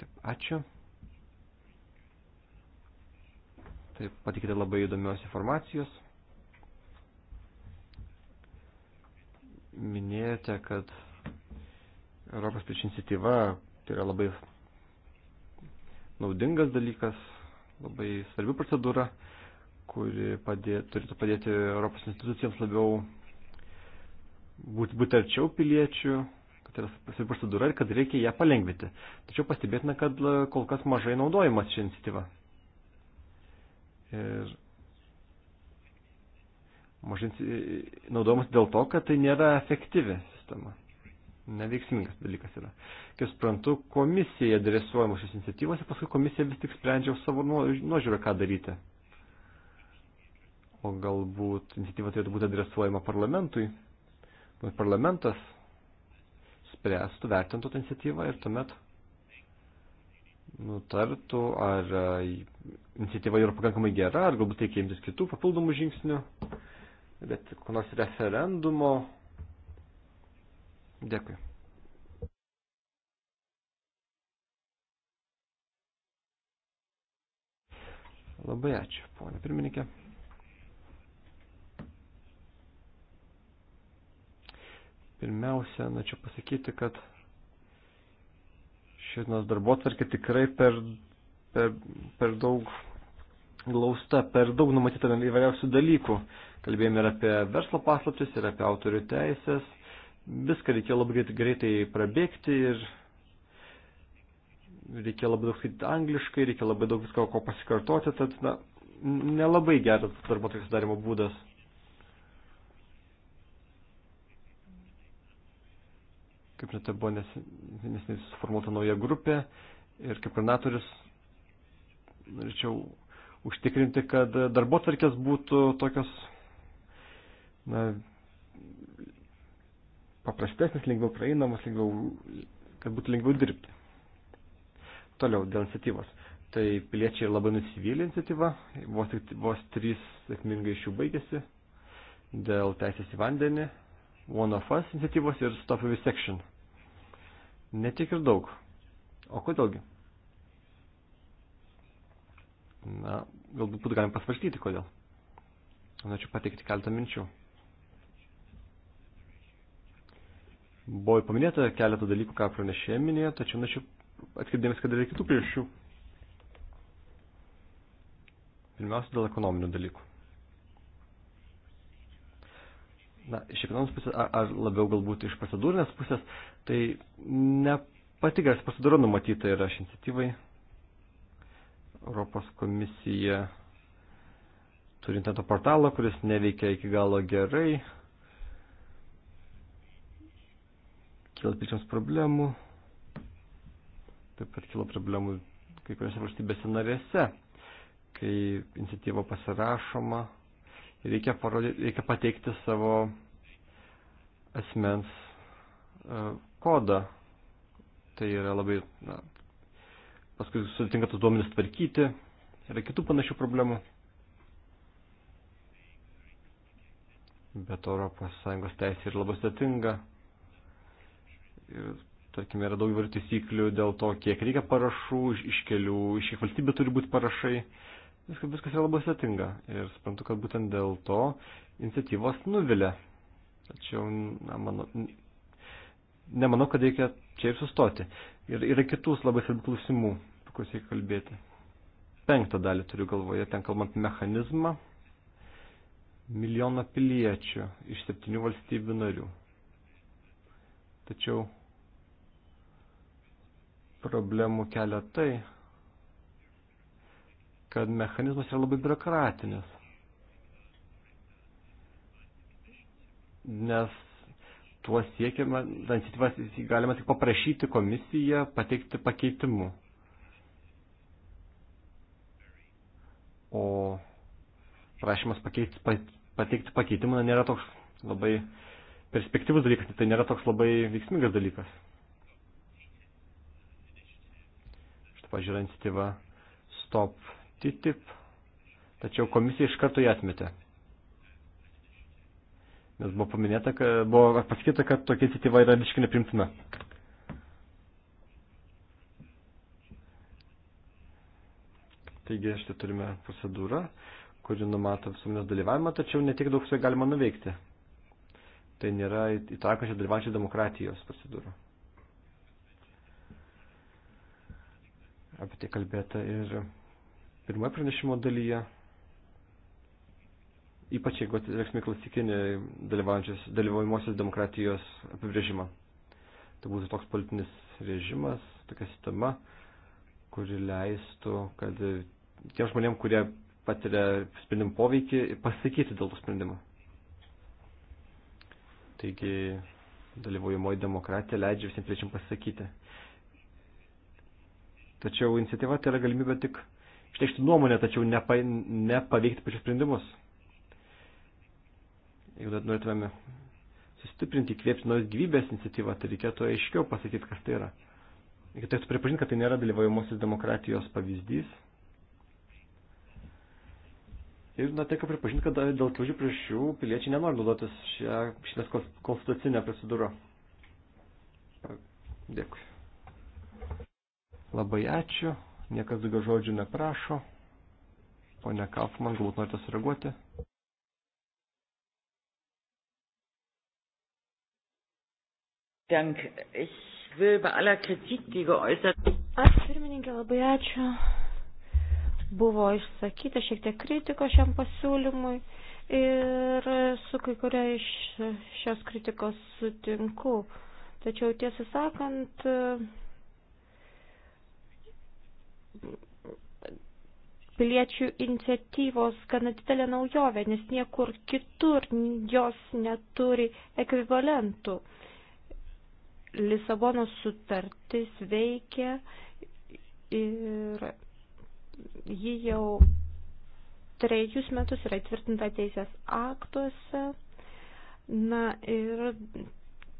Taip, ačiū. Taip, patikite labai įdomios informacijos. Minėjote, kad Europos prieš iniciatyva tai yra labai naudingas dalykas, labai svarbi procedūra, kuri padė, turėtų padėti Europos institucijoms labiau būti, būti arčiau piliečių, kad yra svarbi procedūra ir kad reikia ją palengvinti. Tačiau pastebėtina, kad kol kas mažai naudojimas ši iniciatyva. Ir mažai naudojimas dėl to, kad tai nėra efektyvi sistema. Neveiksmingas dalykas yra. Kaip suprantu, komisija adresuojama šios iniciatyvos ir paskui komisija vis tik sprendžia savo nuožiūrą, ką daryti. O galbūt iniciatyva turėtų būti adresuojama parlamentui. Tuomet parlamentas spręstų, vertintų tą iniciatyvą ir tuomet nutartų, ar e, iniciatyva yra pakankamai gera, ar galbūt reikia imtis kitų papildomų žingsnių, bet konos referendumo. Dėkui. Labai ačiū, ponė pirmininkė. Pirmiausia, norėčiau pasakyti, kad šiandienos darbo tvarkė tikrai per, per, per daug glausta, per daug numatyta įvairiausių dalykų. Kalbėjome ir apie verslo paslaptis, ir apie autorių teisės. Viską reikėjo labai greitai prabėgti ir reikėjo labai daug skaityti angliškai, reikėjo labai daug visko ko pasikartoti, tad na, nelabai geras darbo tvarkės darimo būdas. Kaip žinote, buvo neseniai nes, nes suformuota nauja grupė ir kaip koordinatorius norėčiau užtikrinti, kad darbo tvarkės būtų tokios na, paprastesnis, lengviau praeinamas, lengviau, kad būtų lengviau dirbti. Toliau, dėl iniciatyvos. Tai piliečiai labai nusivylė iniciatyva, vos, vos trys sėkmingai iš jų baigėsi dėl teisės į vandenį, One of Us iniciatyvos ir Stop Visection. Netiek ir daug. O kodėlgi? Na, galbūt būtų galim pasvarstyti, kodėl. Norėčiau pateikti keletą minčių. Buvo paminėta keletą dalykų, ką pranešėjai minėjo, tačiau norėčiau atkreipdėmės, kad yra kitų priešių. Pirmiausia, dėl ekonominių dalykų. na, iš ekonominės pusės, ar, ar labiau galbūt iš procedūrinės pusės, tai ne pati geras procedūra numatyta yra ši iniciatyvai. Europos komisija turi interneto portalą, kuris neveikia iki galo gerai. Kila pilčiams problemų. Taip pat kilo problemų kai kuriuose valstybėse narėse, kai iniciatyva pasirašoma reikia, parodyti, reikia pateikti savo asmens e, kodą. Tai yra labai, na, paskui sudėtinga tos duomenis tvarkyti, yra kitų panašių problemų. Bet Europos Sąjungos teisė yra labai sudėtinga. Ir, tarkime, yra daug įvairių taisyklių dėl to, kiek reikia parašų, iš kelių, iš kiek valstybė turi būti parašai viskas, viskas yra labai sėtinga ir suprantu, kad būtent dėl to iniciatyvos nuvilia. Tačiau, na, mano, nemanau, kad reikia čia ir sustoti. Ir yra kitus labai svarbių klausimų, apie kuriuos reikia kalbėti. Penktą dalį turiu galvoje, ten kalbant mechanizmą milijono piliečių iš septynių valstybių narių. Tačiau problemų kelia tai, kad mechanizmas yra labai biurokratinis. Nes tuo siekiama, tą iniciatyvą galima tik paprašyti komisiją pateikti pakeitimu. O prašymas pakeiti, pateikti pakeitimą nėra toks labai perspektyvus dalykas, tai nėra toks labai veiksmingas dalykas. Štai pažiūrė iniciatyva Stop TTIP, tačiau komisija iš karto ją atmetė. Nes buvo paminėta, kad buvo pasakyta, kad tokia iniciatyva yra visiškai neprimtina. Taigi štai turime procedūrą, kuri numato visuomenės dalyvavimą, tačiau netiek daug su ja galima nuveikti. Tai nėra įtraukiančio dalyvaujančio demokratijos procedūra. Apie tai kalbėta ir pirmoje pranešimo dalyje, ypač jeigu atsireksime klasikinį dalyvaujamosios demokratijos apibrėžimą. Tai būtų toks politinis režimas, tokia sistema, kuri leistų, kad tiem žmonėm, kurie patiria sprendimų poveikį, pasakyti dėl tų sprendimų. Taigi, dalyvaujamoji demokratija leidžia visiems piliečiams pasakyti. Tačiau iniciatyva tai yra galimybė tik išteikšti nuomonę, tačiau nepa, nepaveikti pačius sprendimus. Jeigu dar norėtumėme sustiprinti, įkvėpti naujos gyvybės iniciatyvą, tai reikėtų aiškiau pasakyti, kas tai yra. Reikėtų tai pripažinti, kad tai nėra dalyvajamosios demokratijos pavyzdys. Ir na, tai, kad pripažinti, kad dėl klaidžių priešių piliečiai nenori naudotis šią, šitą konstitucinę procedūrą. Dėkui. Labai ačiū. Niekas daugiau žodžių neprašo. Pone Kaufman, galbūt norite sureaguoti? Dank. Ich will bei aller Kritik, die geäußert Aš pirmininkė labai ačiū. Buvo išsakyta šiek tiek kritiko šiam pasiūlymui ir su kai kuria iš šios kritikos sutinku. Tačiau tiesą sakant, piliečių iniciatyvos gana didelė naujovė, nes niekur kitur jos neturi ekvivalentų. Lisabonos sutartis veikia ir ji jau trejus metus yra įtvirtinta teisės aktuose. Na ir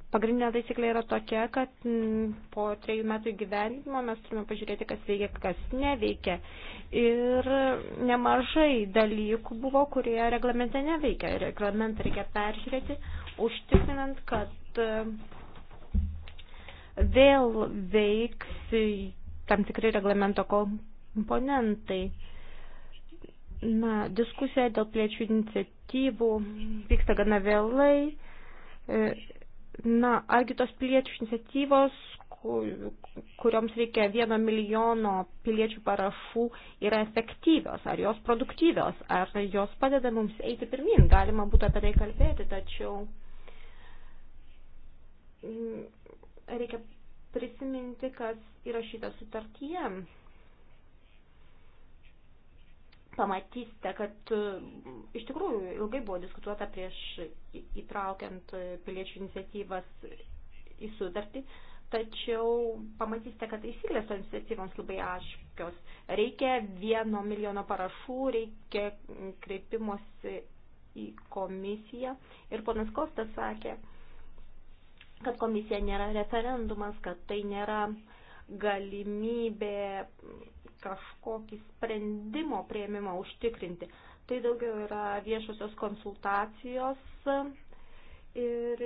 Pagrindinė taisyklė yra tokia, kad mm, po trejų metų gyvenimo mes turime pažiūrėti, kas veikia, kas neveikia. Ir nemažai dalykų buvo, kurie reglamente neveikia. Reglamentą reikia peržiūrėti, užtikrinant, kad e, vėl veiks tam tikri reglamento komponentai. Na, diskusija dėl plėčių iniciatyvų vyksta gana vėlai e, Na, argi tos piliečių iniciatyvos, kurioms reikia vieno milijono piliečių parašų, yra efektyvios, ar jos produktyvios, ar jos padeda mums eiti pirmin. Galima būtų apie tai kalbėti, tačiau mm, reikia prisiminti, kas įrašyta sutartyje pamatysite, kad mm, iš tikrųjų ilgai buvo diskutuota prieš įtraukiant piliečių iniciatyvas į sutartį, tačiau pamatysite, kad įsiklės to iniciatyvoms labai aiškios. Reikia vieno milijono parašų, reikia kreipimosi į komisiją. Ir ponas Kostas sakė, kad komisija nėra referendumas, kad tai nėra galimybė kažkokį sprendimo prieimimą užtikrinti. Tai daugiau yra viešosios konsultacijos ir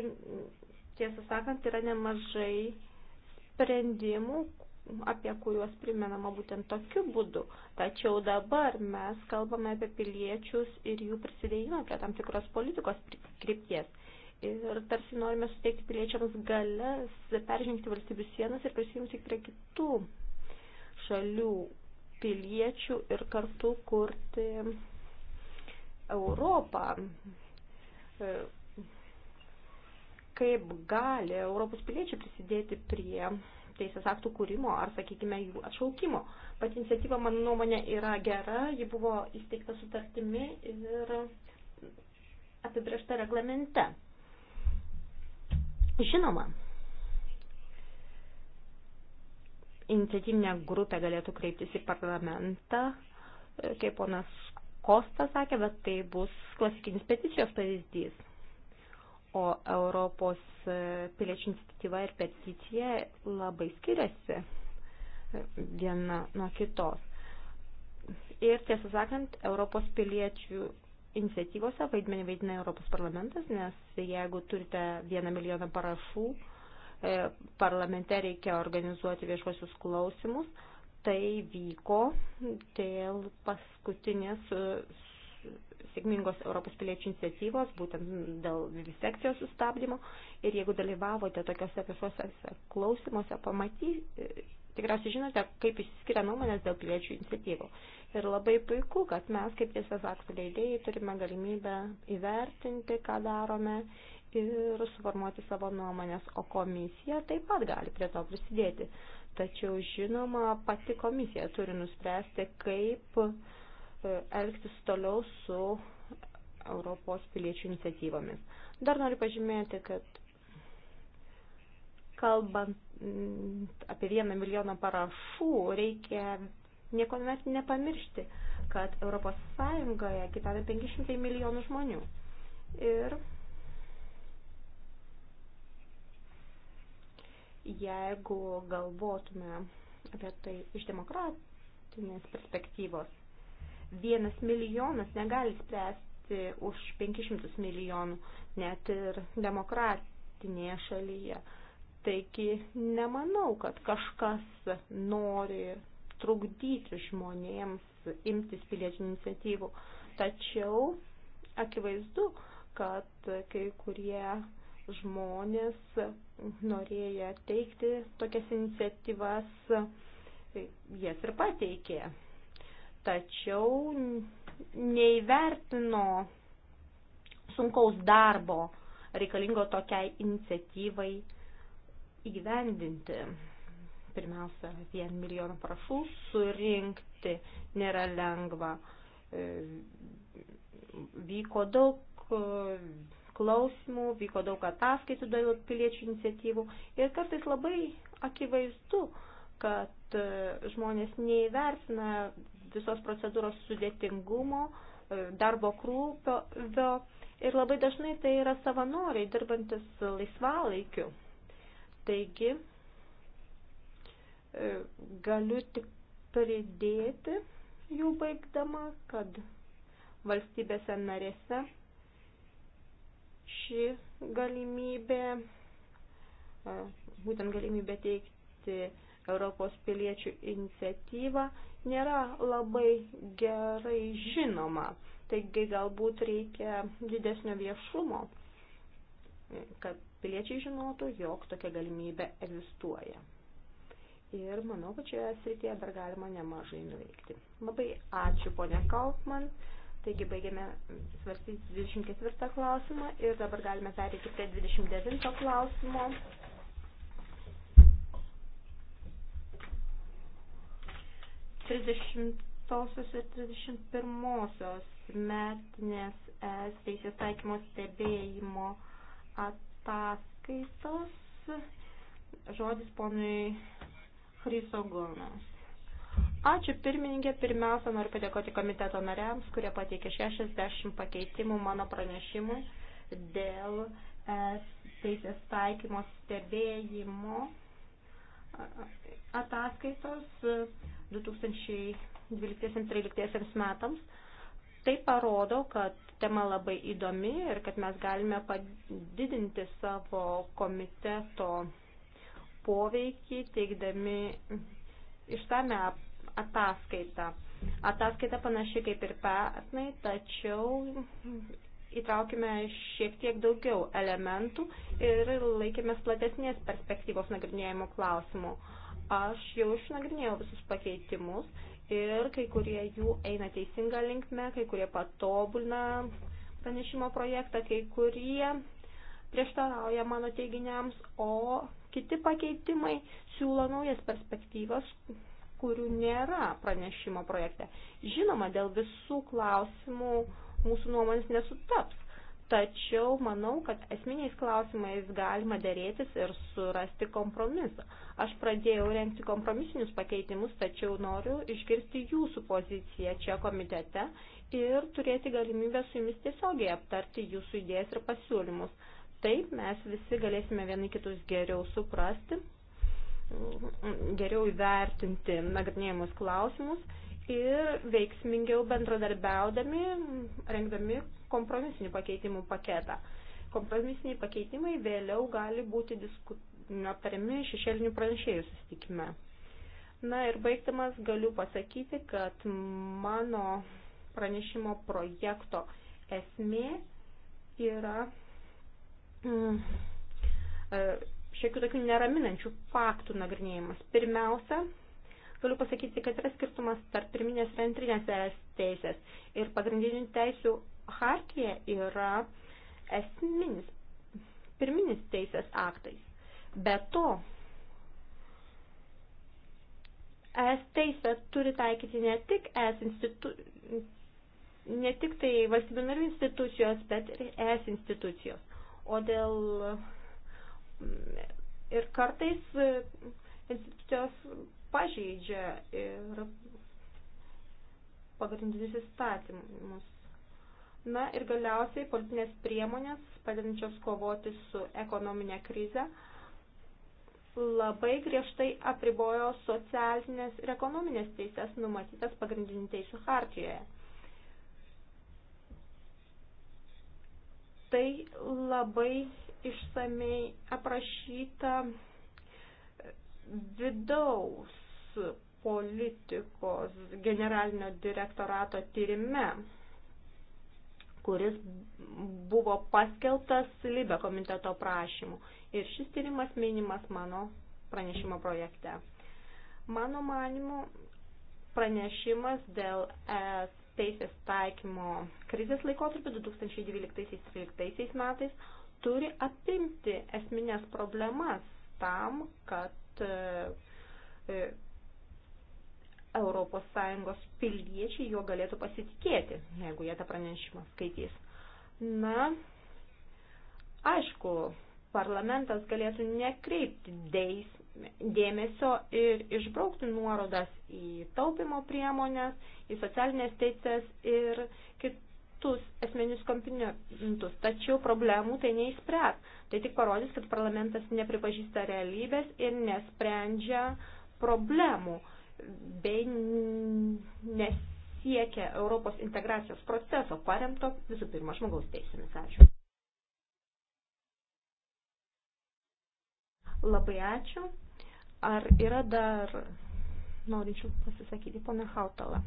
tiesą sakant yra nemažai sprendimų, apie kuriuos primenama būtent tokiu būdu. Tačiau dabar mes kalbame apie piliečius ir jų prisidėjimą prie tam tikros politikos krypties. Ir tarsi norime suteikti piliečiams galės peržengti valstybių sienas ir prisijungti prie kitų šalių piliečių ir kartu kurti Europą. E, kaip gali Europos piliečiai prisidėti prie teisės aktų kūrimo ar, sakykime, jų atšaukimo. Pati iniciatyva, mano nuomonė, yra gera, ji buvo įsteigta sutartimi ir apibriešta reglamente. Žinoma, iniciatyvinė grupė galėtų kreiptis į parlamentą, e, kaip ponas Kostas sakė, bet tai bus klasikinis peticijos pavyzdys. O Europos e, piliečių iniciatyva ir peticija labai skiriasi e, viena nuo kitos. Ir tiesą sakant, Europos piliečių iniciatyvose vaidmenį vaidina Europos parlamentas, nes jeigu turite vieną milijoną parašų, E, parlamente reikia organizuoti viešuosius klausimus. Tai vyko dėl paskutinės e, sėkmingos Europos piliečių iniciatyvos, būtent dėl vivisekcijos sustabdymo. Ir jeigu dalyvavote tokiuose viešuosiuose klausimuose, pamatysite, tikriausiai žinote, kaip išsiskiria nuomonės dėl piliečių iniciatyvų. Ir labai puiku, kad mes, kaip tiesiog aktų leidėjai, turime galimybę įvertinti, ką darome ir suformuoti savo nuomonės, o komisija taip pat gali prie to prisidėti. Tačiau, žinoma, pati komisija turi nuspręsti, kaip e, elgtis toliau su Europos piliečių iniciatyvomis. Dar noriu pažymėti, kad kalbant mm, apie vieną milijoną parašų, reikia nieko net nepamiršti, kad Europos Sąjungoje gyvena 500 milijonų žmonių. Ir jeigu galvotume apie tai iš demokratinės perspektyvos. Vienas milijonas negali spręsti už 500 milijonų, net ir demokratinėje šalyje. Taigi nemanau, kad kažkas nori trukdyti žmonėms imtis pilietinių iniciatyvų. Tačiau akivaizdu, kad kai kurie žmonės norėję teikti tokias iniciatyvas, jas ir pateikė. Tačiau neįvertino sunkaus darbo reikalingo tokiai iniciatyvai įgyvendinti. Pirmiausia, vien milijonų prašų surinkti nėra lengva. Vyko daug klausimų, vyko daug ataskaitų dėl piliečių iniciatyvų ir kartais labai akivaizdu, kad e, žmonės neįversina visos procedūros sudėtingumo, e, darbo krūpio ir labai dažnai tai yra savanoriai dirbantis laisvalaikiu. Taigi, e, galiu tik pridėti jų baigdama, kad valstybėse narėse ši galimybė, būtent galimybė teikti Europos piliečių iniciatyvą, nėra labai gerai žinoma. Taigi galbūt reikia didesnio viešumo, kad piliečiai žinotų, jog tokia galimybė egzistuoja. Ir manau, kad šioje srityje dar galima nemažai nuveikti. Labai ačiū, ponia Kaufman. Taigi baigėme svarstyti 24 klausimą ir dabar galime perėti prie 29 klausimo. Trisdešimtosios ir trisdešimt pirmosios metinės ES teisės taikymo stebėjimo ataskaitos žodis ponui Chrysogonos. Ačiū pirmininkė, pirmiausia noriu padėkoti komiteto nariams, kurie pateikė 60 pakeitimų mano pranešimui dėl e, teisės taikymo stebėjimo ataskaitos 2012-2013 e, metams. Tai parodo, kad tema labai įdomi ir kad mes galime padidinti savo komiteto poveikį, teikdami išsame ataskaitą. Ataskaita panaši kaip ir pernai, tačiau įtraukime šiek tiek daugiau elementų ir laikėmės platesnės perspektyvos nagrinėjimo klausimų. Aš jau išnagrinėjau visus pakeitimus ir kai kurie jų eina teisinga linkme, kai kurie patobulina pranešimo projektą, kai kurie prieštarauja mano teiginiams, o kiti pakeitimai siūlo naujas perspektyvas, kurių nėra pranešimo projekte. Žinoma, dėl visų klausimų mūsų nuomonės nesutaps, tačiau manau, kad esminiais klausimais galima dėrėtis ir surasti kompromisą. Aš pradėjau renkti kompromisinius pakeitimus, tačiau noriu išgirsti jūsų poziciją čia komitete ir turėti galimybę su jumis tiesiogiai aptarti jūsų idėjas ir pasiūlymus. Taip mes visi galėsime vieni kitus geriau suprasti geriau įvertinti nagrinėjimus klausimus ir veiksmingiau bendradarbiaudami, rengdami kompromisinių pakeitimų paketą. Kompromisiniai pakeitimai vėliau gali būti disku... aptariami šešėlinių pranešėjų susitikime. Na ir baigtamas galiu pasakyti, kad mano pranešimo projekto esmė yra mm, e, šiokių tokių neraminančių faktų nagrinėjimas. Pirmiausia, galiu pasakyti, kad yra skirtumas tarp pirminės ir antrinės es teisės. Ir pagrindinių teisių hartija yra esminis, pirminis teisės aktais. Be to, es teisė turi taikyti ne tik es institu... Ne tik tai valstybių narių institucijos, bet ir ES institucijos. O dėl ir kartais e, institucijos pažeidžia ir pagrindinius įstatymus. Na ir galiausiai politinės priemonės, padedančios kovoti su ekonominė krize, labai griežtai apribojo socialinės ir ekonominės teises numatytas pagrindinių teisų hartijoje. Tai labai išsamei aprašyta vidaus politikos generalinio direktorato tyrime, kuris buvo paskeltas Libe komiteto prašymu. Ir šis tyrimas minimas mano pranešimo projekte. Mano manimu, pranešimas dėl ES teisės taikymo krizės laikotarpį 2012-2013 metais turi apimti esminės problemas tam, kad ES e, piliečiai juo galėtų pasitikėti, jeigu jie tą pranešimą skaitys. Na, aišku, parlamentas galėtų nekreipti deis, dėmesio ir išbraukti nuorodas į taupimo priemonės, į socialinės teises ir kitus kitus esmenius komponentus, tačiau problemų tai neįspręs. Tai tik parodys, kad parlamentas nepripažįsta realybės ir nesprendžia problemų bei nesiekia Europos integracijos proceso paremto visų pirma žmogaus teisėmis. Ačiū. Labai ačiū. Ar yra dar norinčių pasisakyti, pone Hautala?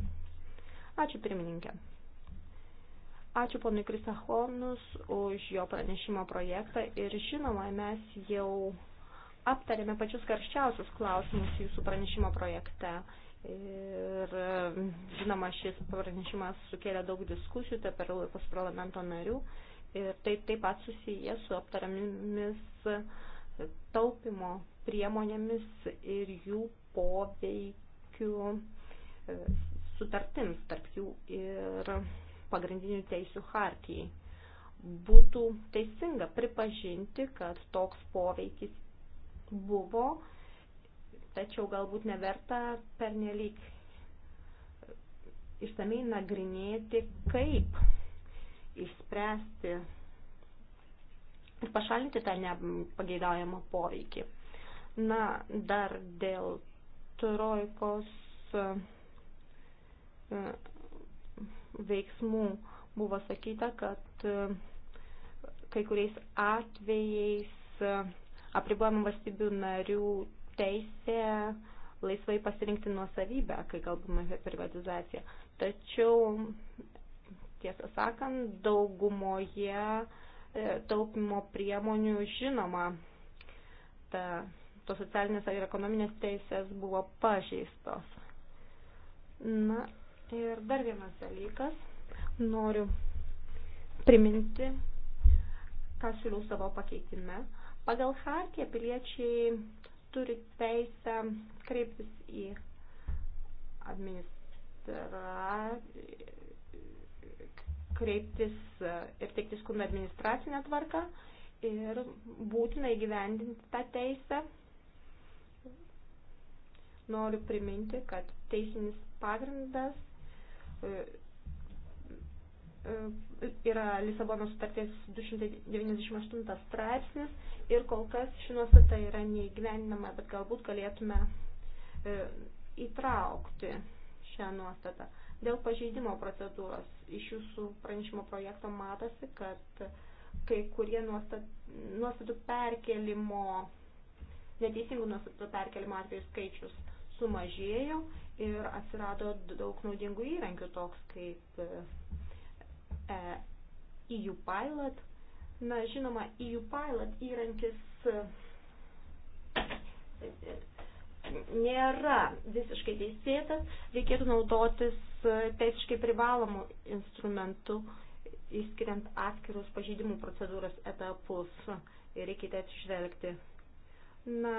Ačiū pirmininkė. Ačiū ponui Kristachonus už jo pranešimo projektą ir žinoma, mes jau aptarėme pačius karščiausius klausimus jūsų pranešimo projekte. Ir žinoma, šis pranešimas sukėlė daug diskusijų tarp Europos parlamento narių ir tai taip pat susiję su aptariamis taupimo priemonėmis ir jų poveikiu e, sutartims tarp jų ir pagrindinių teisių hartijai. Būtų teisinga pripažinti, kad toks poveikis buvo, tačiau galbūt neverta pernelyg išsamei nagrinėti, kaip išspręsti ir pašalinti tą nepageidaujamą poveikį. Na, dar dėl trojkos veiksmų. Buvo sakyta, kad e, kai kuriais atvejais e, apribojama valstybių narių teisė laisvai pasirinkti nuosavybę, kai kalbame apie privatizaciją. Tačiau, tiesą sakant, daugumoje e, taupimo priemonių žinoma, ta, tos socialinės ir ekonominės teisės buvo pažeistos. Na, Ir dar vienas dalykas, noriu priminti, ką siūliau savo pakeitime. Pagal Hartiją piliečiai turi teisę kreiptis į administra... kreiptis ir teikti skundą administracinę tvarką ir būtina įgyvendinti tą teisę. Noriu priminti, kad teisinis pagrindas E, e, yra Lisabono sutarties 298 straipsnis ir kol kas ši nuostata yra neįgyveninama, bet galbūt galėtume e, įtraukti šią nuostatą. Dėl pažeidimo procedūros iš jūsų pranešimo projekto matosi, kad kai kurie nuostatų perkelimo, neteisingų nuostatų perkelimo atvejų skaičius sumažėjo ir atsirado daug naudingų įrankių, toks kaip EU e Pilot. Na, žinoma, EU Pilot įrankis nėra visiškai teisėtas, reikėtų naudotis teisiškai privalomų instrumentų, įskiriant atskirus pažydimų procedūros etapus ir reikėtų tai atsižvelgti. Na,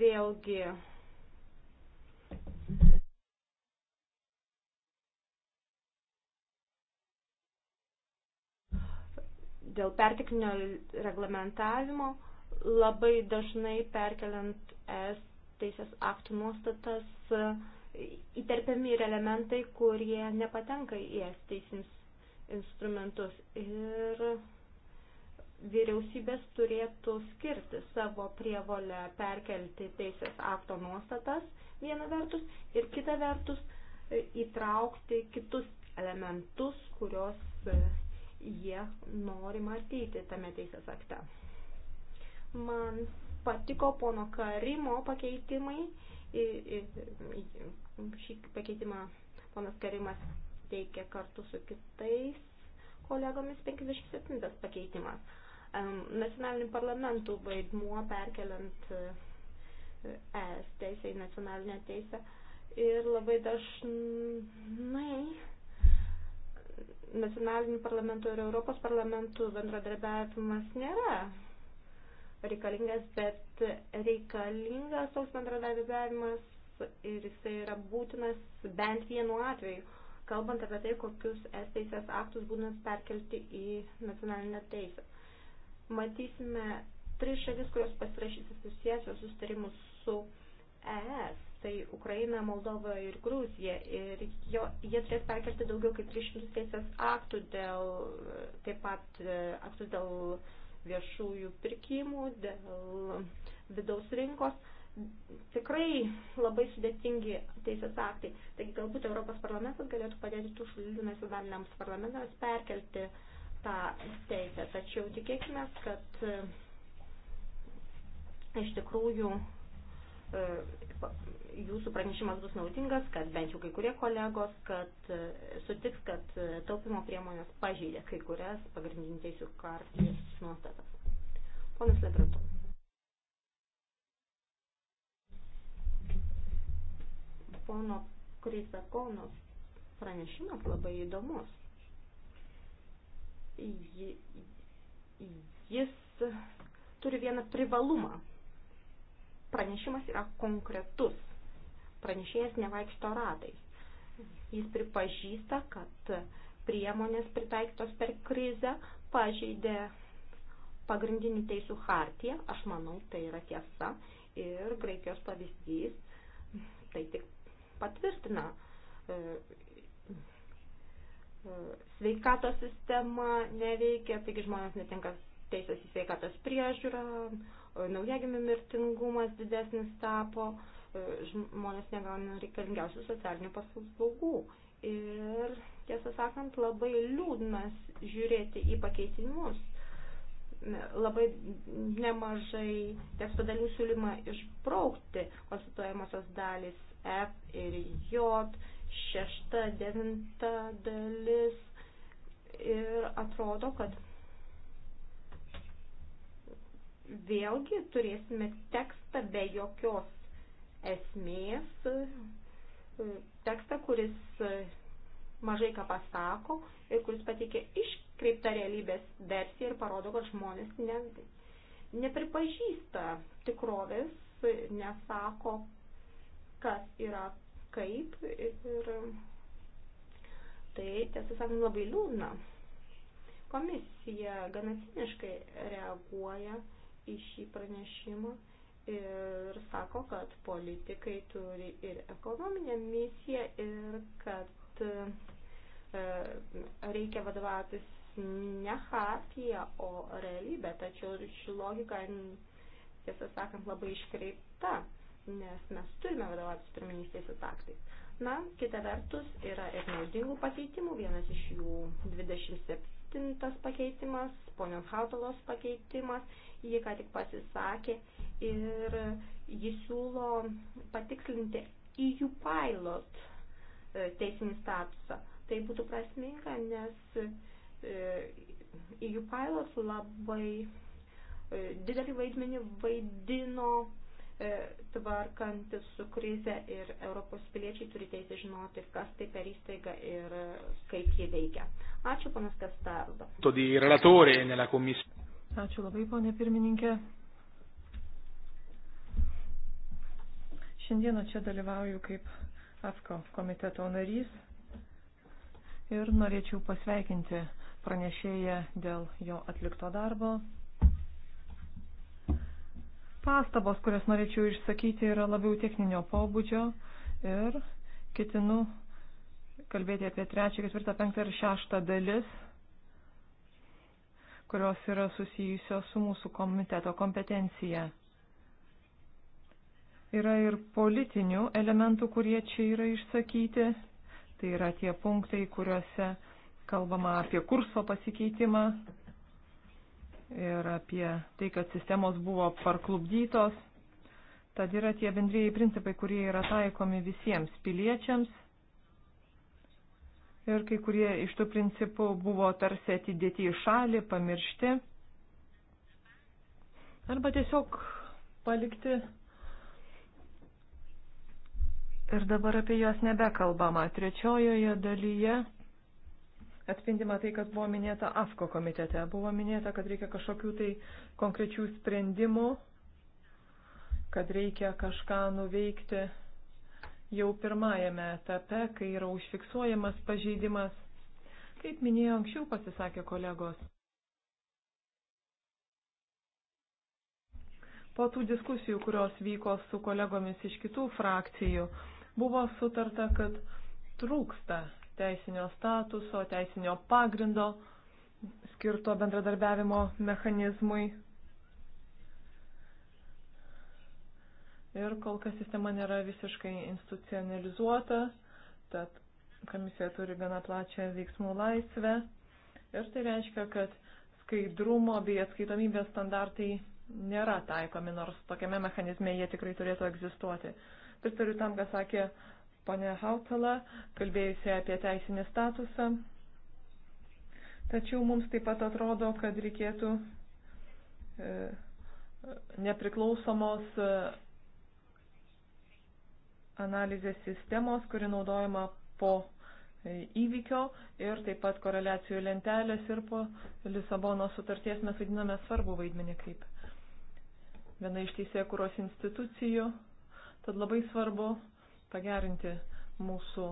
vėlgi dėl pertiklinio reglamentavimo labai dažnai perkeliant es teisės aktų nuostatas e, įterpiami ir elementai, kurie nepatenka į es teisins instrumentus. Ir vyriausybės turėtų skirti savo prievolę perkelti teisės akto nuostatas viena vertus ir kita vertus e, įtraukti kitus elementus, kurios e, jie nori matyti tame teisės akte. Man patiko pono Karimo pakeitimai. Šį pakeitimą ponas Karimas teikia kartu su kitais kolegomis 57 pakeitimas. Nacionalinių parlamentų vaidmuo perkeliant e, ES teisę į nacionalinę teisę ir labai dažnai nacionalinių parlamentų ir Europos parlamentų bendradarbiavimas nėra reikalingas, bet reikalingas toks bendradarbiavimas ir jisai yra būtinas bent vienu atveju, kalbant apie tai, kokius es teisės aktus būtinas perkelti į nacionalinę teisę. Matysime tris šalis, kurios pasirašys asociacijos sustarimus su ES tai Ukraina, Moldova ir Gruzija. Ir jo, jie turės perkelti daugiau kaip 300 teisės aktų dėl, taip pat e, aktų dėl viešųjų pirkimų, dėl vidaus rinkos tikrai labai sudėtingi teisės aktai. Taigi galbūt Europos parlamentas galėtų padėti tų šalių nacionaliniams parlamentams perkelti tą teisę. Tačiau tikėkime, kad e, iš tikrųjų E, jūsų pranešimas bus naudingas, kad bent jau kai kurie kolegos, kad e, sutiks, kad e, taupimo priemonės pažeidė kai kurias pagrindinių teisų kartijos nuostatas. Ponas Lebreton. Pono Krisakonos pranešimas labai įdomus. Jis turi vieną privalumą pranešimas yra konkretus. Pranešėjas nevaikšto ratais. Jis pripažįsta, kad priemonės pritaiktos per krizę pažeidė pagrindinių teisų hartiją. Aš manau, tai yra tiesa. Ir Graikijos pavyzdys tai tik patvirtina e, e, sveikatos sistema neveikia, taigi žmonės netinka teisės į sveikatos priežiūrą, E, naujagimių mirtingumas didesnis tapo, e, žmonės negauna reikalingiausių socialinių paslaugų. Ir tiesą sakant, labai liūdnas žiūrėti į pakeitimus. Labai nemažai teksto dalių siūlymą išbraukti konstatuojamosios dalys F ir J, šešta, devinta dalis. Ir atrodo, kad vėlgi turėsime tekstą be jokios esmės, tekstą, kuris mažai ką pasako ir kuris pateikia iškreiptą realybės versiją ir parodo, kad žmonės ne, nepripažįsta tikrovės, nesako, kas yra kaip ir tai, tiesą sakant, labai liūdna. Komisija gana ciniškai reaguoja į šį pranešimą ir sako, kad politikai turi ir ekonominę misiją ir kad e, reikia vadovautis ne chartija, o realybė. Tačiau ši logika, tiesą sakant, labai iškreipta, nes mes turime vadovautis pirminiais teisės aktais. Na, kita vertus yra ir naudingų pakeitimų, vienas iš jų 27 pakeitimas ponios Hautalos pakeitimas, jie ką tik pasisakė ir jis siūlo patikslinti EU pilot e, teisinį statusą. Tai būtų prasminga, nes EU e pilot labai e, didelį vaidmenį vaidino tvarkantis su krize ir Europos piliečiai turi teisę žinoti, kas tai per įstaiga ir kaip jie veikia. Ačiū, panas Kastardo. Ačiū labai, ponė pirmininkė. Šiandieną čia dalyvauju kaip AFKO komiteto narys ir norėčiau pasveikinti pranešėją dėl jo atlikto darbo. Pastabos, kurias norėčiau išsakyti, yra labiau techninio pobūdžio ir ketinu kalbėti apie trečią, ketvirtą, penktą ir šeštą dalis, kurios yra susijusios su mūsų komiteto kompetencija. Yra ir politinių elementų, kurie čia yra išsakyti. Tai yra tie punktai, kuriuose kalbama apie kurso pasikeitimą ir apie tai, kad sistemos buvo parklubdytos. Tad yra tie bendrėjai principai, kurie yra taikomi visiems piliečiams ir kai kurie iš tų principų buvo tarsi atidėti į šalį, pamiršti arba tiesiog palikti ir dabar apie juos nebekalbama. Trečiojoje dalyje atspindima tai, kas buvo minėta AFKO komitete. Buvo minėta, kad reikia kažkokių tai konkrečių sprendimų, kad reikia kažką nuveikti jau pirmajame etape, kai yra užfiksuojamas pažeidimas, kaip minėjo anksčiau pasisakė kolegos. Po tų diskusijų, kurios vyko su kolegomis iš kitų frakcijų, buvo sutarta, kad trūksta teisinio statuso, teisinio pagrindo skirto bendradarbiavimo mechanizmui ir kol kas sistema nėra visiškai institucionalizuota, tad komisija turi gana plačią veiksmų laisvę ir tai reiškia, kad skaidrumo bei atskaitomybės standartai nėra taikomi, nors tokiame mechanizme jie tikrai turėtų egzistuoti. Pritariu tam, ką sakė ponė Hautala, kalbėjusi apie teisinį statusą. Tačiau mums taip pat atrodo, kad reikėtų e, nepriklausomos e, analizės sistemos, kuri naudojama po e, įvykio ir taip pat koreliacijų lentelės ir po Lisabono sutarties mes vaidiname svarbu vaidmenį kaip viena iš teisėjų kuros institucijų. Tad labai svarbu pagerinti mūsų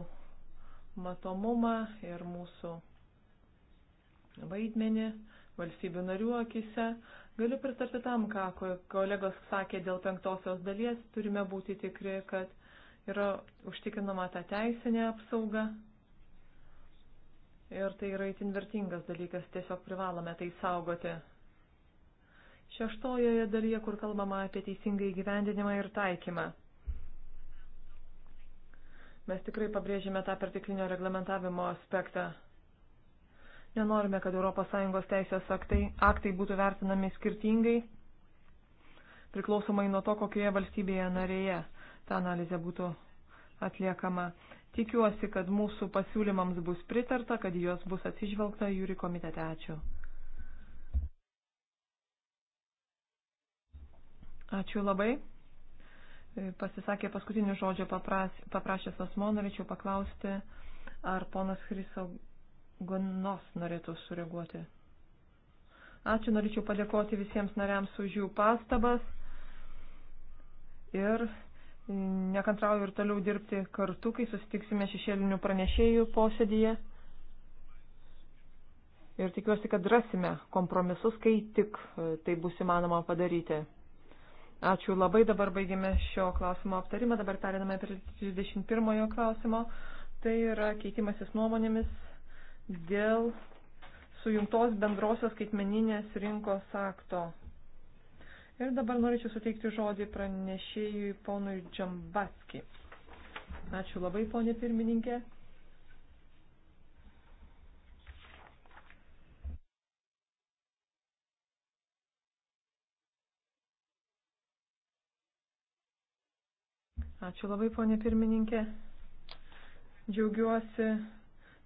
matomumą ir mūsų vaidmenį valstybių narių akise. Galiu pritarti tam, ką kolegos sakė dėl penktosios dalies. Turime būti tikri, kad yra užtikrinama ta teisinė apsauga. Ir tai yra itin vertingas dalykas, tiesiog privalome tai saugoti. Šeštojoje dalyje, kur kalbama apie teisingą įgyvendinimą ir taikymą. Mes tikrai pabrėžėme tą pertiklinio reglamentavimo aspektą. Nenorime, kad ES teisės aktai, aktai būtų vertinami skirtingai, priklausomai nuo to, kokioje valstybėje narėje ta analizė būtų atliekama. Tikiuosi, kad mūsų pasiūlymams bus pritarta, kad juos bus atsižvelgta jūri komitete. Ačiū. Ačiū labai. Pasisakė paskutinių žodžio paprašęs asmo, norėčiau paklausti, ar ponas Chrysogonos norėtų sureaguoti. Ačiū, norėčiau padėkoti visiems nariams už jų pastabas ir Nekantrauju ir toliau dirbti kartu, kai susitiksime šešėlinių pranešėjų posėdėje. Ir tikiuosi, kad rasime kompromisus, kai tik e, tai bus įmanoma padaryti. Ačiū labai, dabar baigėme šio klausimo aptarimą, dabar periname prie 31 klausimo. Tai yra keitimasis nuomonėmis dėl sujungtos bendrosios skaitmeninės rinkos akto. Ir dabar norėčiau suteikti žodį pranešėjui ponui Džambatski. Ačiū labai, ponė pirmininkė. Ačiū labai, ponė pirmininkė. Džiaugiuosi,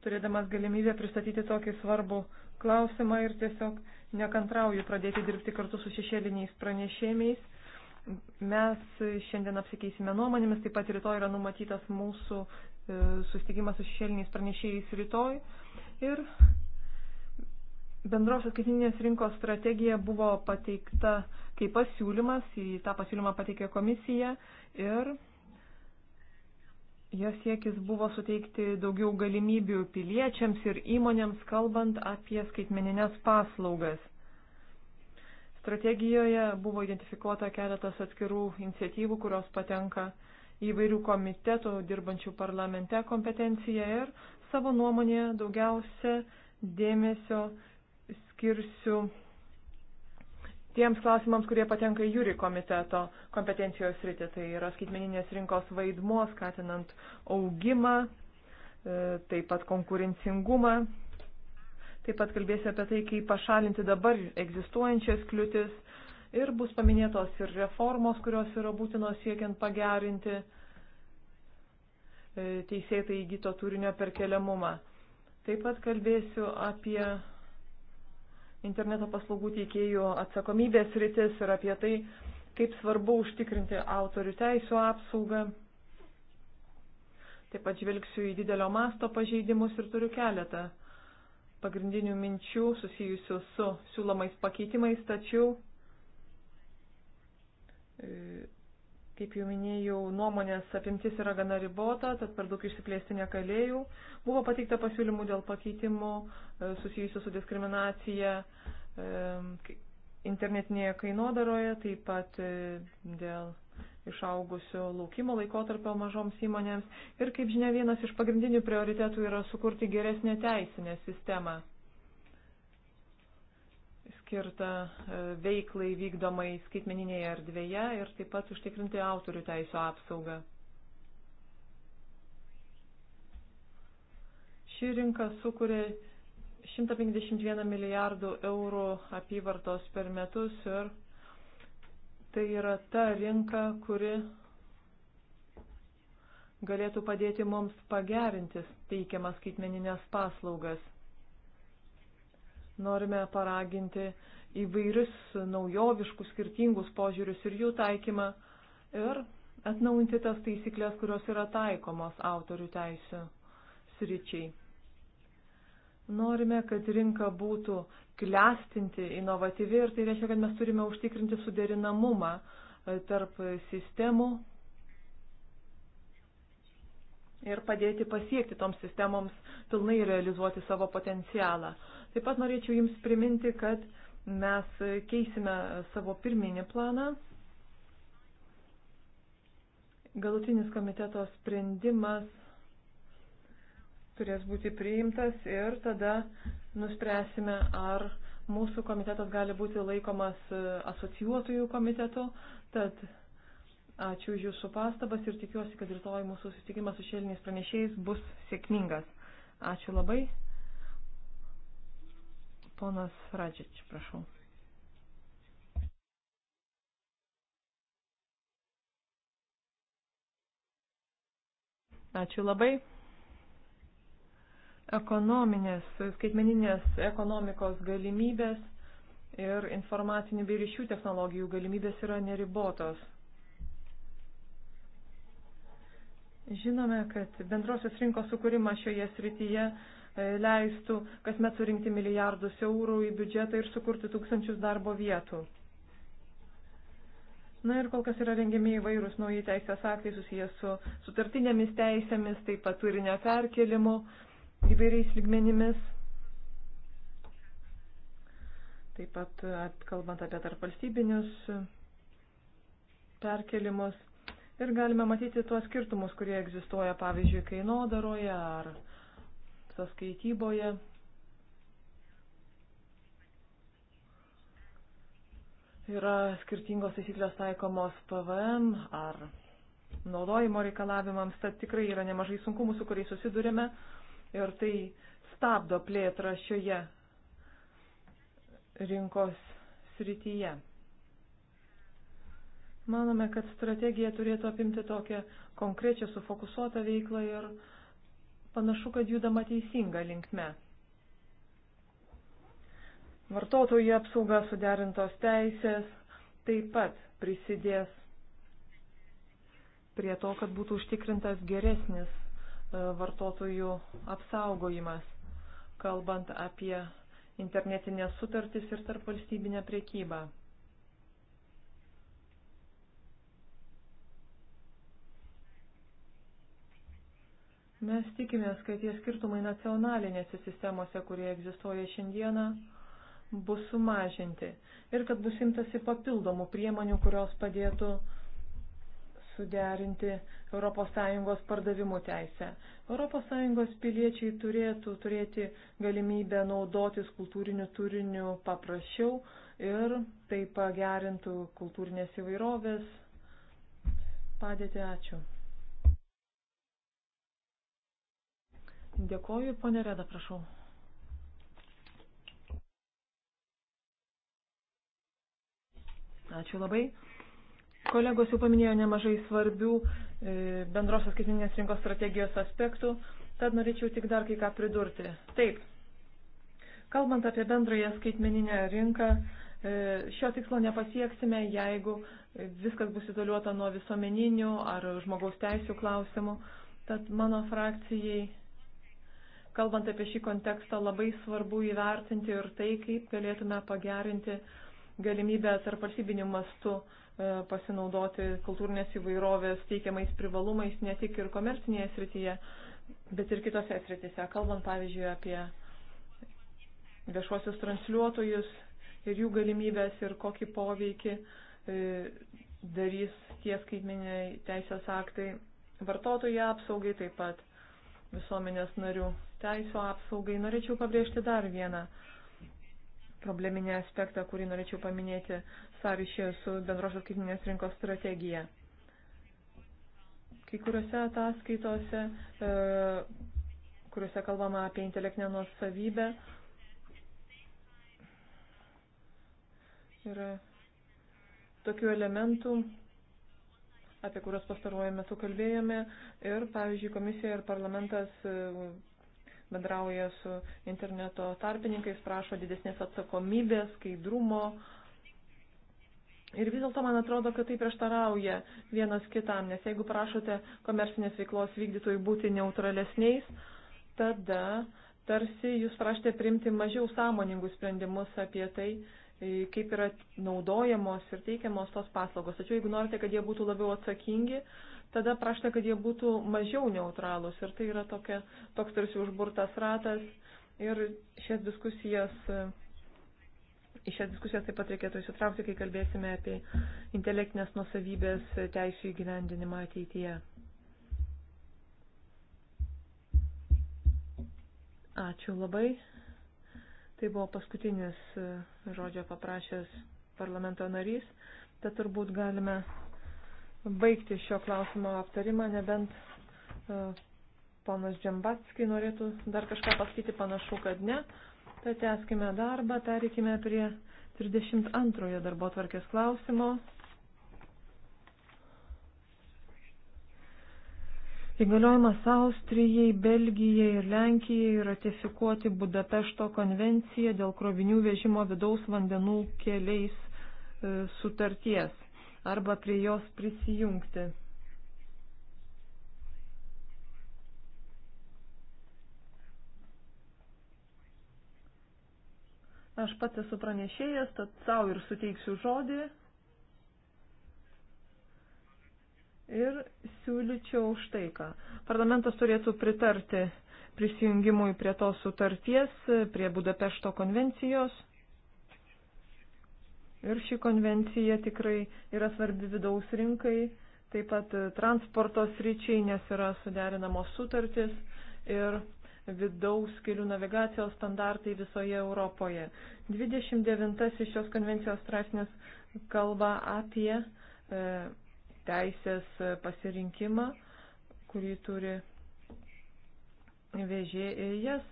turėdamas galimybę pristatyti tokį svarbų klausimą ir tiesiog nekantrauju pradėti dirbti kartu su šešėliniais pranešėmiais. Mes šiandien apsikeisime nuomonėmis, taip pat rytoj yra numatytas mūsų e, susitikimas su šešėliniais pranešėjais rytoj. Ir bendros atskaitinės rinkos strategija buvo pateikta kaip pasiūlymas, į tą pasiūlymą pateikė komisija ir Jos siekis buvo suteikti daugiau galimybių piliečiams ir įmonėms, kalbant apie skaitmeninės paslaugas. Strategijoje buvo identifikuota keletas atskirų iniciatyvų, kurios patenka įvairių komitetų dirbančių parlamente kompetenciją ir savo nuomonėje daugiausia dėmesio skirsiu tiems klausimams, kurie patenka į jūri komiteto kompetencijos rytį. Tai yra skaitmeninės rinkos vaidmuo, skatinant augimą, e, taip pat konkurencingumą. Taip pat kalbėsiu apie tai, kaip pašalinti dabar egzistuojančias kliūtis ir bus paminėtos ir reformos, kurios yra būtinos siekiant pagerinti e, teisėtai įgyto turinio perkeliamumą. Taip pat kalbėsiu apie interneto paslaugų teikėjų atsakomybės rytis ir apie tai, kaip svarbu užtikrinti autorių teisų apsaugą. Taip pat žvelgsiu į didelio masto pažeidimus ir turiu keletą pagrindinių minčių susijusių su siūlomais pakeitimais, tačiau e, Kaip jau minėjau, nuomonės apimtis yra gana ribota, tad per daug išsiplėsti negalėjau. Buvo pateikta pasiūlymų dėl pakeitimų e, susijusių su diskriminacija e, internetinėje kainodaroje, taip pat e, dėl išaugusio laukimo laikotarpio mažoms įmonėms. Ir kaip žinia, vienas iš pagrindinių prioritetų yra sukurti geresnę teisinę sistemą skirtą e, veiklai vykdomai skaitmeninėje erdvėje ir taip pat užtikrinti autorių teisų apsaugą. Ši rinka sukuria 151 milijardų eurų apyvartos per metus ir tai yra ta rinka, kuri galėtų padėti mums pagerinti teikiamas skaitmeninės paslaugas. Norime paraginti įvairius naujoviškus, skirtingus požiūrius ir jų taikymą ir atnaujinti tas taisyklės, kurios yra taikomos autorių teisų sričiai. Norime, kad rinka būtų klestinti, inovatyvi ir tai reiškia, kad mes turime užtikrinti suderinamumą e, tarp sistemų ir padėti pasiekti toms sistemoms pilnai realizuoti savo potencialą. Taip pat norėčiau Jums priminti, kad mes keisime savo pirminį planą. Galutinis komiteto sprendimas turės būti priimtas ir tada nuspręsime, ar mūsų komitetas gali būti laikomas asocijuotojų komitetu. Tad ačiū už Jūsų pastabas ir tikiuosi, kad rytoj mūsų susitikimas su šėliniais pranešėjais bus sėkmingas. Ačiū labai. Ponas Radžič, prašau. Ačiū labai. Ekonominės, skaitmeninės ekonomikos galimybės ir informacinių bei ryšių technologijų galimybės yra neribotos. Žinome, kad bendrosios rinkos sukūrimas šioje srityje E, leistų kasmet surinkti milijardus eurų į biudžetą ir sukurti tūkstančius darbo vietų. Na ir kol kas yra rengiami įvairūs nauji teisės aktai susijęs su sutartinėmis teisėmis, taip pat turinio perkelimu įvairiais lygmenimis. Taip pat kalbant apie tarpvalstybinius perkelimus ir galime matyti tuos skirtumus, kurie egzistuoja, pavyzdžiui, kainodaroje ar sąskaityboje. Yra skirtingos taisyklės taikomos PVM ar naudojimo reikalavimams, tad tikrai yra nemažai sunkumų, su kuriais susidurėme ir tai stabdo plėtrą šioje rinkos srityje. Manome, kad strategija turėtų apimti tokią konkrečią sufokusuotą veiklą ir uh, panašu, kad judama teisinga linkme. Vartotojų apsauga suderintos teisės taip pat prisidės prie to, kad būtų užtikrintas geresnis e, vartotojų apsaugojimas, kalbant apie internetinės sutartys ir tarp valstybinę priekybą. Mes tikimės, kad tie skirtumai nacionalinėse sistemose, kurie egzistuoja šiandieną, bus sumažinti ir kad bus imtasi papildomų priemonių, kurios padėtų suderinti ES pardavimų teisę. ES piliečiai turėtų turėti galimybę naudotis kultūriniu turiniu paprasčiau ir tai pagerintų kultūrinės įvairovės padėtį. Ačiū. Dėkoju, ponė Reda, prašau. Ačiū labai. Kolegos jau paminėjo nemažai svarbių e, bendrosios skaitminės rinkos strategijos aspektų, tad norėčiau tik dar kai ką pridurti. Taip, kalbant apie bendrąją skaitmeninę rinką, e, šio tikslo nepasieksime, jeigu viskas bus izoliuota nuo visuomeninių ar žmogaus teisų klausimų. Tad mano frakcijai Kalbant apie šį kontekstą, labai svarbu įvertinti ir tai, kaip galėtume pagerinti galimybę tarp valstybinių mastų e, pasinaudoti kultūrinės įvairovės teikiamais privalumais ne tik ir komercinėje srityje, bet ir kitose srityse. Kalbant pavyzdžiui apie viešuosius transliuotojus ir jų galimybės ir kokį poveikį e, darys tie skaitminiai teisės aktai vartotojų apsaugai, taip pat visuomenės narių teisų apsaugai, norėčiau pabrėžti dar vieną probleminį aspektą, kurį norėčiau paminėti sąryšyje su bendrosios skaitinės rinkos strategija. Kai kuriuose ataskaitose, e, kuriuose kalbama apie intelektinę nuosavybę, yra tokių elementų, apie kuriuos pastaruoju metu kalbėjome ir, pavyzdžiui, komisija ir parlamentas e, bendrauja su interneto tarpininkais, prašo didesnės atsakomybės, skaidrumo. Ir vis dėlto man atrodo, kad tai prieštarauja vienas kitam, nes jeigu prašote komersinės veiklos vykdytojų būti neutralesniais, tada tarsi jūs prašote priimti mažiau sąmoningus sprendimus apie tai, kaip yra naudojamos ir teikiamos tos paslaugos. Tačiau jeigu norite, kad jie būtų labiau atsakingi, tada prašote, kad jie būtų mažiau neutralūs. Ir tai yra tokia, toks tarsi užburtas ratas. Ir šias diskusijas. Į šią diskusiją taip pat reikėtų įsitraukti, kai kalbėsime apie intelektinės nusavybės teisų įgyvendinimą ateityje. Ačiū labai. Tai buvo paskutinis e, žodžio paprašęs parlamento narys, tad turbūt galime baigti šio klausimo aptarimą, nebent e, panas Džambatski norėtų dar kažką pasakyti, panašu, kad ne. Tad tęskime darbą, perikime prie 32 darbo tvarkės klausimo. Įgaliojimas Austrijai, Belgijai ir Lenkijai ratifikuoti Budapešto konvenciją dėl krovinių vežimo vidaus vandenų keliais e, sutarties arba prie jos prisijungti. Aš pats esu pranešėjas, tad savo ir suteiksiu žodį. Ir siūlyčiau štai ką. Parlamentas turėtų pritarti prisijungimui prie tos sutarties, prie Budapešto konvencijos. Ir ši konvencija tikrai yra svarbi vidaus rinkai, taip pat transporto sryčiai, nes yra suderinamos sutartis ir vidaus kelių navigacijos standartai visoje Europoje. 29 šios konvencijos straipsnis kalba apie e, teisės pasirinkimą, kurį turi vežėjas.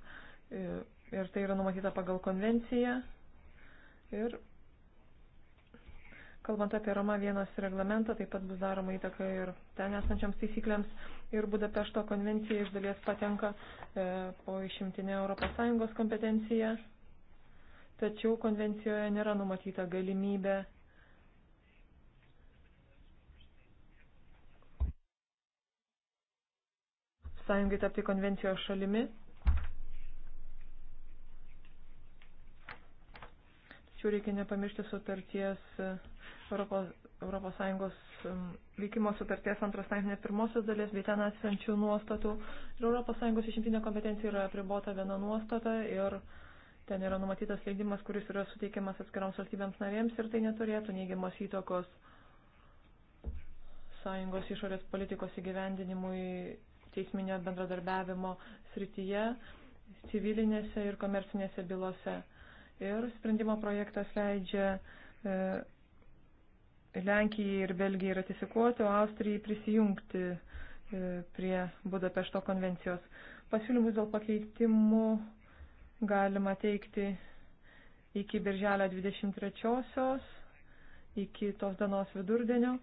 Ir tai yra numatyta pagal konvenciją. Ir kalbant apie Roma vienos reglamentą, taip pat bus daroma įtaka ir ten esančiams taisyklėms. Ir Budapešto konvencija iš dalies patenka e, po išimtinę ES kompetenciją. Tačiau konvencijoje nėra numatyta galimybė Sąjungai tapti konvencijos šalimi. Tačiau reikia nepamiršti sutarties e, Europos, Europos Sąjungos veikimo sutarties antros straipsnės pirmosios dalies bei ten atsančių nuostatų. Ir Europos Sąjungos išimtinė kompetencija yra apribota viena nuostata ir ten yra numatytas leidimas, kuris yra suteikiamas atskiroms valstybėms narėms ir tai neturėtų neigiamos įtakos sąjungos išorės politikos įgyvendinimui teisminio bendradarbiavimo srityje, civilinėse ir komercinėse bylose. Ir sprendimo projektas leidžia e, Lenkijai ir Belgijai ratifikuoti, o Austrijai prisijungti e, prie Budapešto konvencijos. Pasiūlymus dėl pakeitimų galima teikti iki birželio 23-osios, iki tos dienos vidurdienio.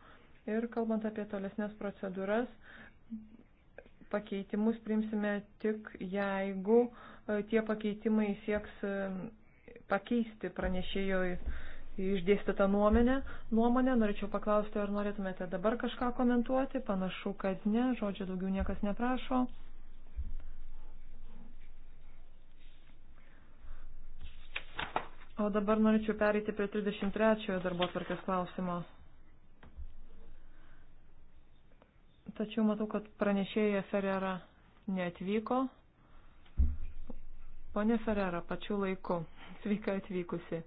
Ir kalbant apie tolesnės procedūras, pakeitimus primsime tik jeigu e, tie pakeitimai sieks e, pakeisti pranešėjo išdėstytą nuomonę. Nuomonę norėčiau paklausti, ar norėtumėte dabar kažką komentuoti. Panašu, kad ne, žodžio daugiau niekas neprašo. O dabar norėčiau pereiti prie 33 darbo tvarkės klausimo. tačiau matau, kad pranešėja Ferrera neatvyko. Pone Ferrera, pačiu laiku. [laughs] Sveika atvykusi.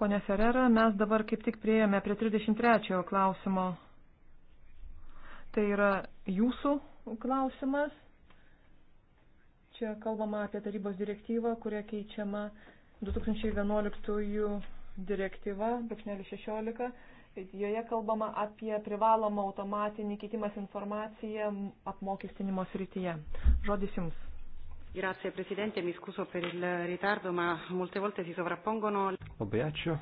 Pone Ferrera, mes dabar kaip tik prieėjome prie 33 klausimo. Tai yra jūsų klausimas. Čia kalbama apie tarybos direktyvą, kuria keičiama 2011 direktyva 2016. Joje kalbama apie privalomą automatinį keitimas informaciją apmokestinimo srityje. Žodis Jums. Grazie Presidente, mi scuso per il ritardo, ma molte volte si sovrappongono. Labai ačiū.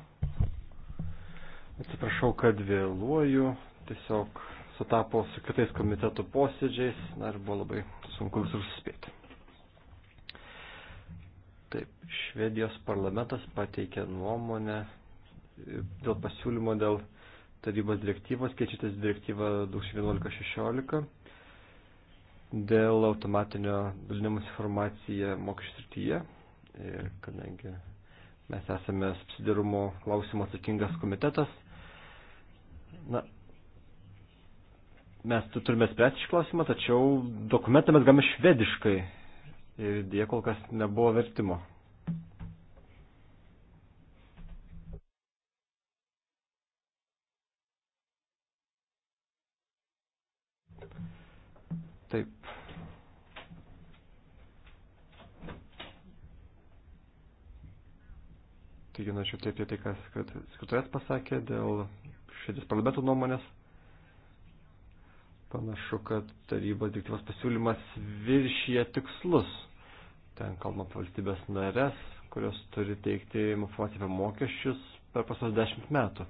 Atsiprašau, kad vėluoju. Tiesiog sutapo su kitais komitetų posėdžiais na, ir buvo labai sunku visur suspėti. Taip, Švedijos parlamentas pateikė nuomonę dėl pasiūlymo dėl tarybos direktyvos, keičiatės direktyva 2011-16 dėl automatinio dalinimus informaciją mokesčių srityje ir kadangi mes esame subsidirumo klausimo atsakingas komitetas, na, mes turime spręsti šį klausimą, tačiau dokumentą mes gavome švediškai ir dėja kol kas nebuvo vertimo. Taip. Taigi, norėčiau taip tai, kas, kad skutuojas pasakė dėl švedės parlamento nuomonės. Panašu, kad tarybos direktyvos pasiūlymas viršyje tikslus. Ten kalbam apie valstybės narės, kurios turi teikti informaciją apie mokesčius per pasos dešimt metų.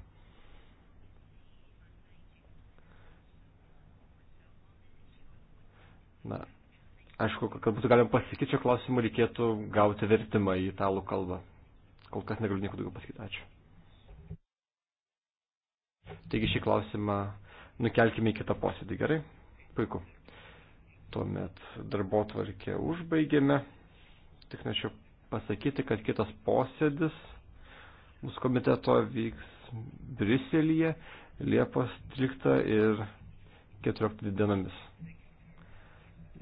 Na, aišku, kad būtų galima pasakyti, čia klausimų reikėtų gauti vertimą į italų kalbą. Kol kas negaliu nieko daugiau pasakyti. Ačiū. Taigi šį klausimą nukelkime į kitą posėdį, gerai? Puiku. Tuomet darbo tvarkę užbaigėme. Tik norėčiau pasakyti, kad kitas posėdis mūsų komiteto vyks Briselėje Liepos 13 ir 14 dienomis.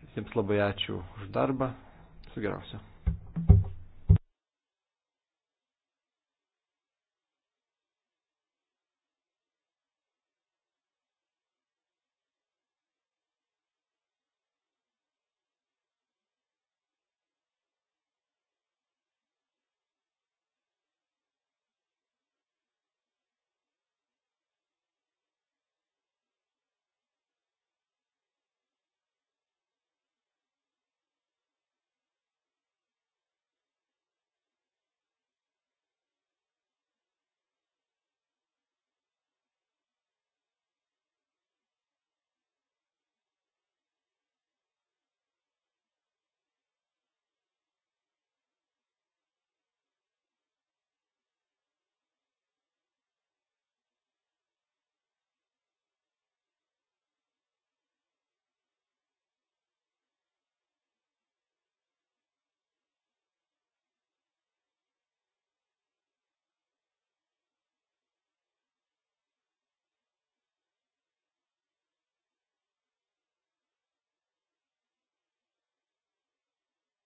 Visiems labai ačiū už darbą. Su geriausiu.